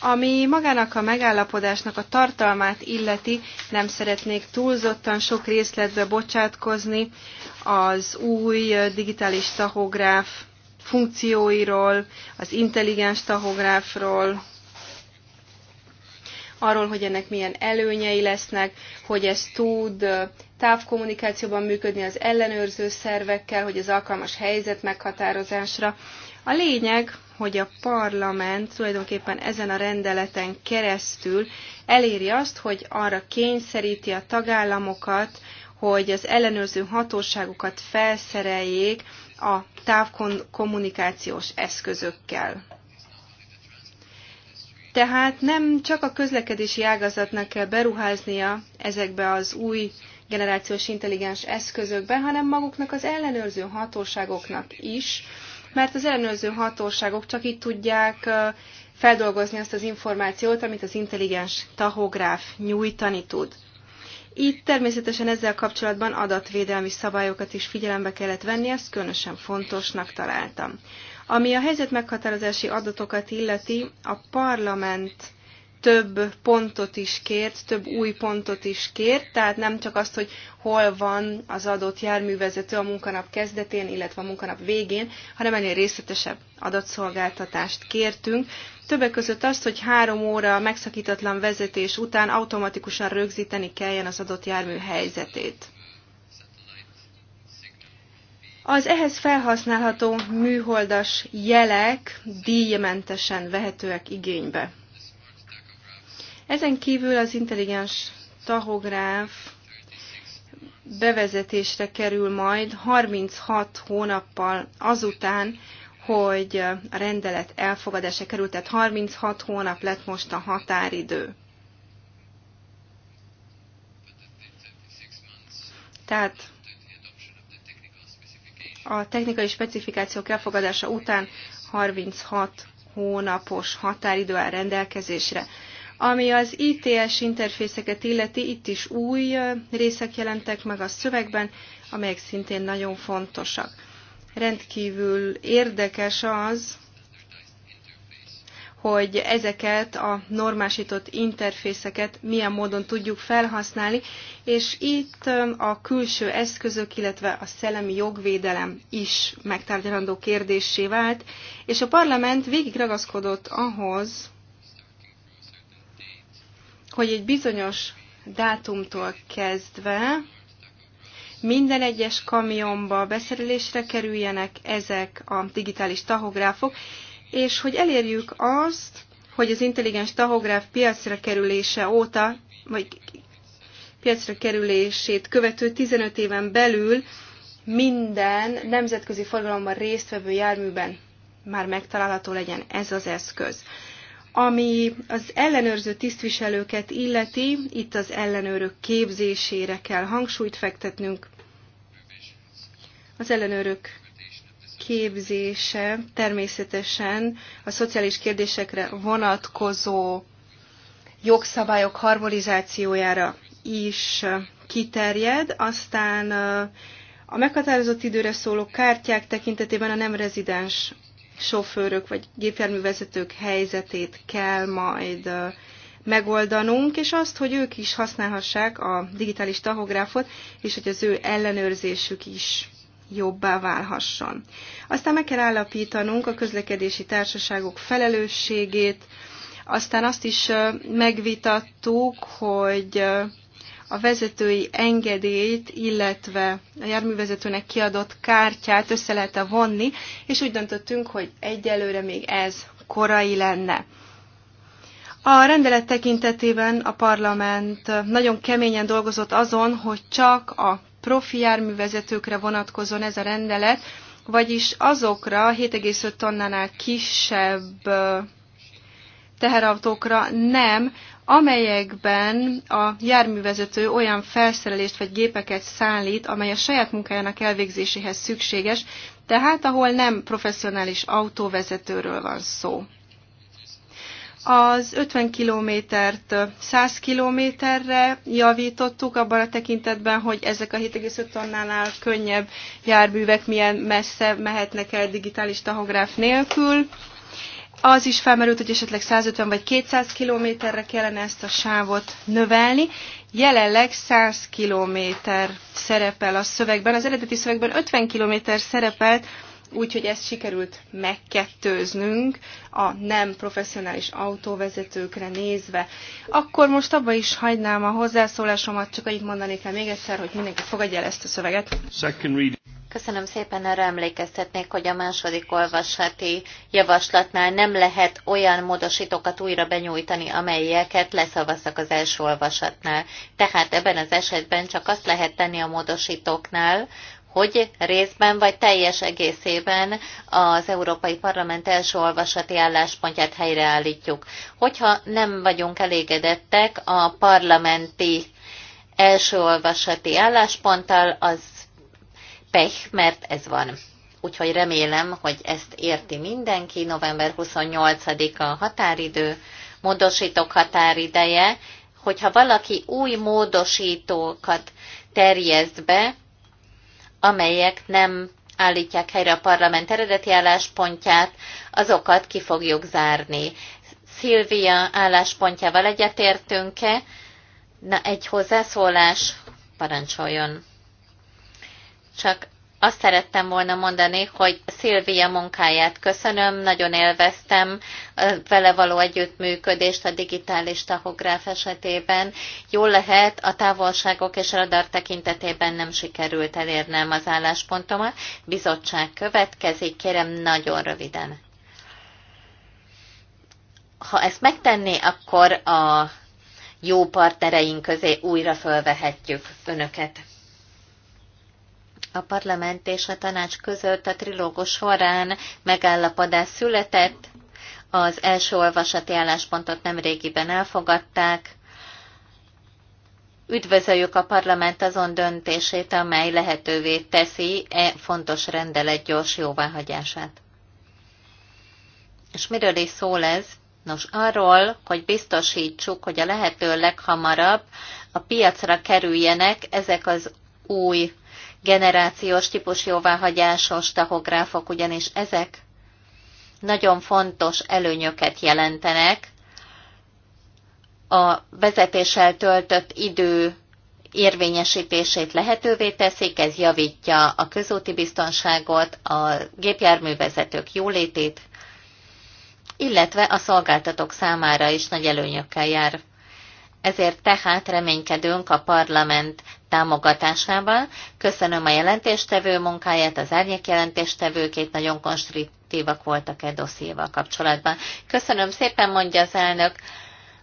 Ami magának a megállapodásnak a tartalmát illeti, nem szeretnék túlzottan sok részletbe bocsátkozni az új digitális tahográf funkcióiról, az intelligens tahográfról, arról, hogy ennek milyen előnyei lesznek, hogy ez tud távkommunikációban működni az ellenőrző szervekkel, hogy ez alkalmas helyzet meghatározásra. A lényeg, hogy a parlament tulajdonképpen ezen a rendeleten keresztül eléri azt, hogy arra kényszeríti a tagállamokat, hogy az ellenőrző hatóságukat felszereljék a távkommunikációs eszközökkel. Tehát nem csak a közlekedési ágazatnak kell beruháznia ezekbe az új generációs intelligens eszközökbe, hanem maguknak az ellenőrző hatóságoknak is, mert az ellenőrző hatóságok csak így tudják feldolgozni azt az információt, amit az intelligens tahográf nyújtani tud. Így természetesen ezzel kapcsolatban adatvédelmi szabályokat is figyelembe kellett venni, ezt különösen fontosnak találtam. Ami a helyzet meghatározási adatokat illeti, a parlament több pontot is kért, több új pontot is kért, tehát nem csak azt, hogy hol van az adott járművezető a munkanap kezdetén, illetve a munkanap végén, hanem ennél részletesebb adatszolgáltatást kértünk. Többek között azt, hogy három óra megszakítatlan vezetés után automatikusan rögzíteni kelljen az adott jármű helyzetét. Az ehhez felhasználható műholdas jelek díjmentesen vehetőek igénybe. Ezen kívül az intelligens tahográf bevezetésre kerül majd 36 hónappal azután, hogy a rendelet elfogadása került, tehát 36 hónap lett most a határidő. Tehát a technikai specifikációk elfogadása után 36 hónapos határidő áll rendelkezésre. Ami az ITS interfészeket illeti, itt is új részek jelentek meg a szövegben, amelyek szintén nagyon fontosak. Rendkívül érdekes az, hogy ezeket a normásított interfészeket milyen módon tudjuk felhasználni, és itt a külső eszközök, illetve a szellemi jogvédelem is megtárgyalandó kérdésé vált, és a parlament végig ragaszkodott ahhoz, hogy egy bizonyos dátumtól kezdve minden egyes kamionba beszerelésre kerüljenek ezek a digitális tahográfok, és hogy elérjük azt, hogy az intelligens tahográf piacra kerülése óta, vagy piacra kerülését követő 15 éven belül minden nemzetközi forgalomban résztvevő járműben már megtalálható legyen ez az eszköz. Ami az ellenőrző tisztviselőket illeti, itt az ellenőrök képzésére kell hangsúlyt fektetnünk. Az ellenőrök képzése természetesen a szociális kérdésekre vonatkozó jogszabályok harmonizációjára is kiterjed, aztán a meghatározott időre szóló kártyák tekintetében a nem rezidens sofőrök vagy gépjárművezetők helyzetét kell majd megoldanunk, és azt, hogy ők is használhassák a digitális tahográfot, és hogy az ő ellenőrzésük is jobbá válhasson. Aztán meg kell állapítanunk a közlekedési társaságok felelősségét, aztán azt is megvitattuk, hogy a vezetői engedélyt, illetve a járművezetőnek kiadott kártyát össze lehet -e vonni, és úgy döntöttünk, hogy egyelőre még ez korai lenne. A rendelet tekintetében a parlament nagyon keményen dolgozott azon, hogy csak a profi járművezetőkre vonatkozon ez a rendelet, vagyis azokra 7,5 tonnánál kisebb teherautókra nem, amelyekben a járművezető olyan felszerelést vagy gépeket szállít, amely a saját munkájának elvégzéséhez szükséges, tehát ahol nem professzionális autóvezetőről van szó. Az 50 kilométert 100 kilométerre javítottuk abban a tekintetben, hogy ezek a 7,5 tonnánál könnyebb járművek milyen messze mehetnek el digitális tahográf nélkül az is felmerült, hogy esetleg 150 vagy 200 kilométerre kellene ezt a sávot növelni. Jelenleg 100 kilométer szerepel a szövegben. Az eredeti szövegben 50 kilométer szerepelt, úgyhogy ezt sikerült megkettőznünk a nem professzionális autóvezetőkre nézve. Akkor most abba is hagynám a hozzászólásomat, csak annyit mondanék el még egyszer, hogy mindenki fogadja el ezt a szöveget. Köszönöm szépen, arra emlékeztetnék, hogy a második olvasati javaslatnál nem lehet olyan módosítókat újra benyújtani, amelyeket leszavaztak az első olvasatnál. Tehát ebben az esetben csak azt lehet tenni a módosítóknál, hogy részben vagy teljes egészében az Európai Parlament első olvasati álláspontját helyreállítjuk. Hogyha nem vagyunk elégedettek a parlamenti első olvasati állásponttal, az pech, mert ez van. Úgyhogy remélem, hogy ezt érti mindenki. November 28-a határidő, módosítók határideje. Hogyha valaki új módosítókat terjeszt be, amelyek nem állítják helyre a parlament eredeti álláspontját, azokat ki fogjuk zárni. Szilvia álláspontjával egyetértünk-e? Na, egy hozzászólás, parancsoljon. Csak azt szerettem volna mondani, hogy Szilvia munkáját köszönöm, nagyon élveztem vele való együttműködést a digitális tahográf esetében. Jól lehet, a távolságok és radar tekintetében nem sikerült elérnem az álláspontomat. Bizottság következik, kérem nagyon röviden. Ha ezt megtenné, akkor a jó partnereink közé újra fölvehetjük önöket a parlament és a tanács között a trilógus során megállapodás született. Az első olvasati álláspontot nemrégiben elfogadták. Üdvözöljük a parlament azon döntését, amely lehetővé teszi e fontos rendelet gyors jóváhagyását. És miről is szól ez? Nos, arról, hogy biztosítsuk, hogy a lehető leghamarabb a piacra kerüljenek ezek az új generációs típus jóváhagyásos tahográfok, ugyanis ezek nagyon fontos előnyöket jelentenek a vezetéssel töltött idő érvényesítését lehetővé teszik, ez javítja a közúti biztonságot, a gépjárművezetők jólétét, illetve a szolgáltatók számára is nagy előnyökkel jár. Ezért tehát reménykedünk a parlament támogatásában. Köszönöm a jelentéstevő munkáját, az árnyék jelentéstevőkét, nagyon konstruktívak voltak e dossziéval kapcsolatban. Köszönöm szépen, mondja az elnök.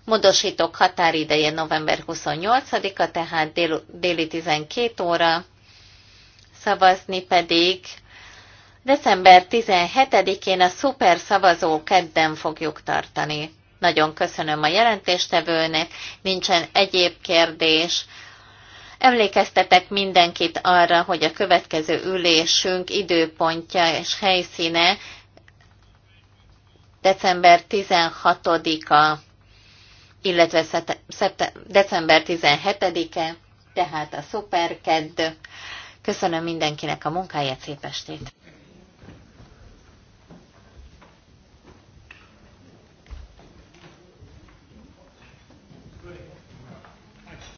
Módosítók határideje november 28-a, tehát dél, déli 12 óra, szavazni pedig december 17-én a szuper szavazó kedden fogjuk tartani. Nagyon köszönöm a jelentéstevőnek, nincsen egyéb kérdés. Emlékeztetek mindenkit arra, hogy a következő ülésünk időpontja és helyszíne december 16-a, illetve december 17-e, tehát a szuperkedd. Köszönöm mindenkinek a munkáját, szép estét!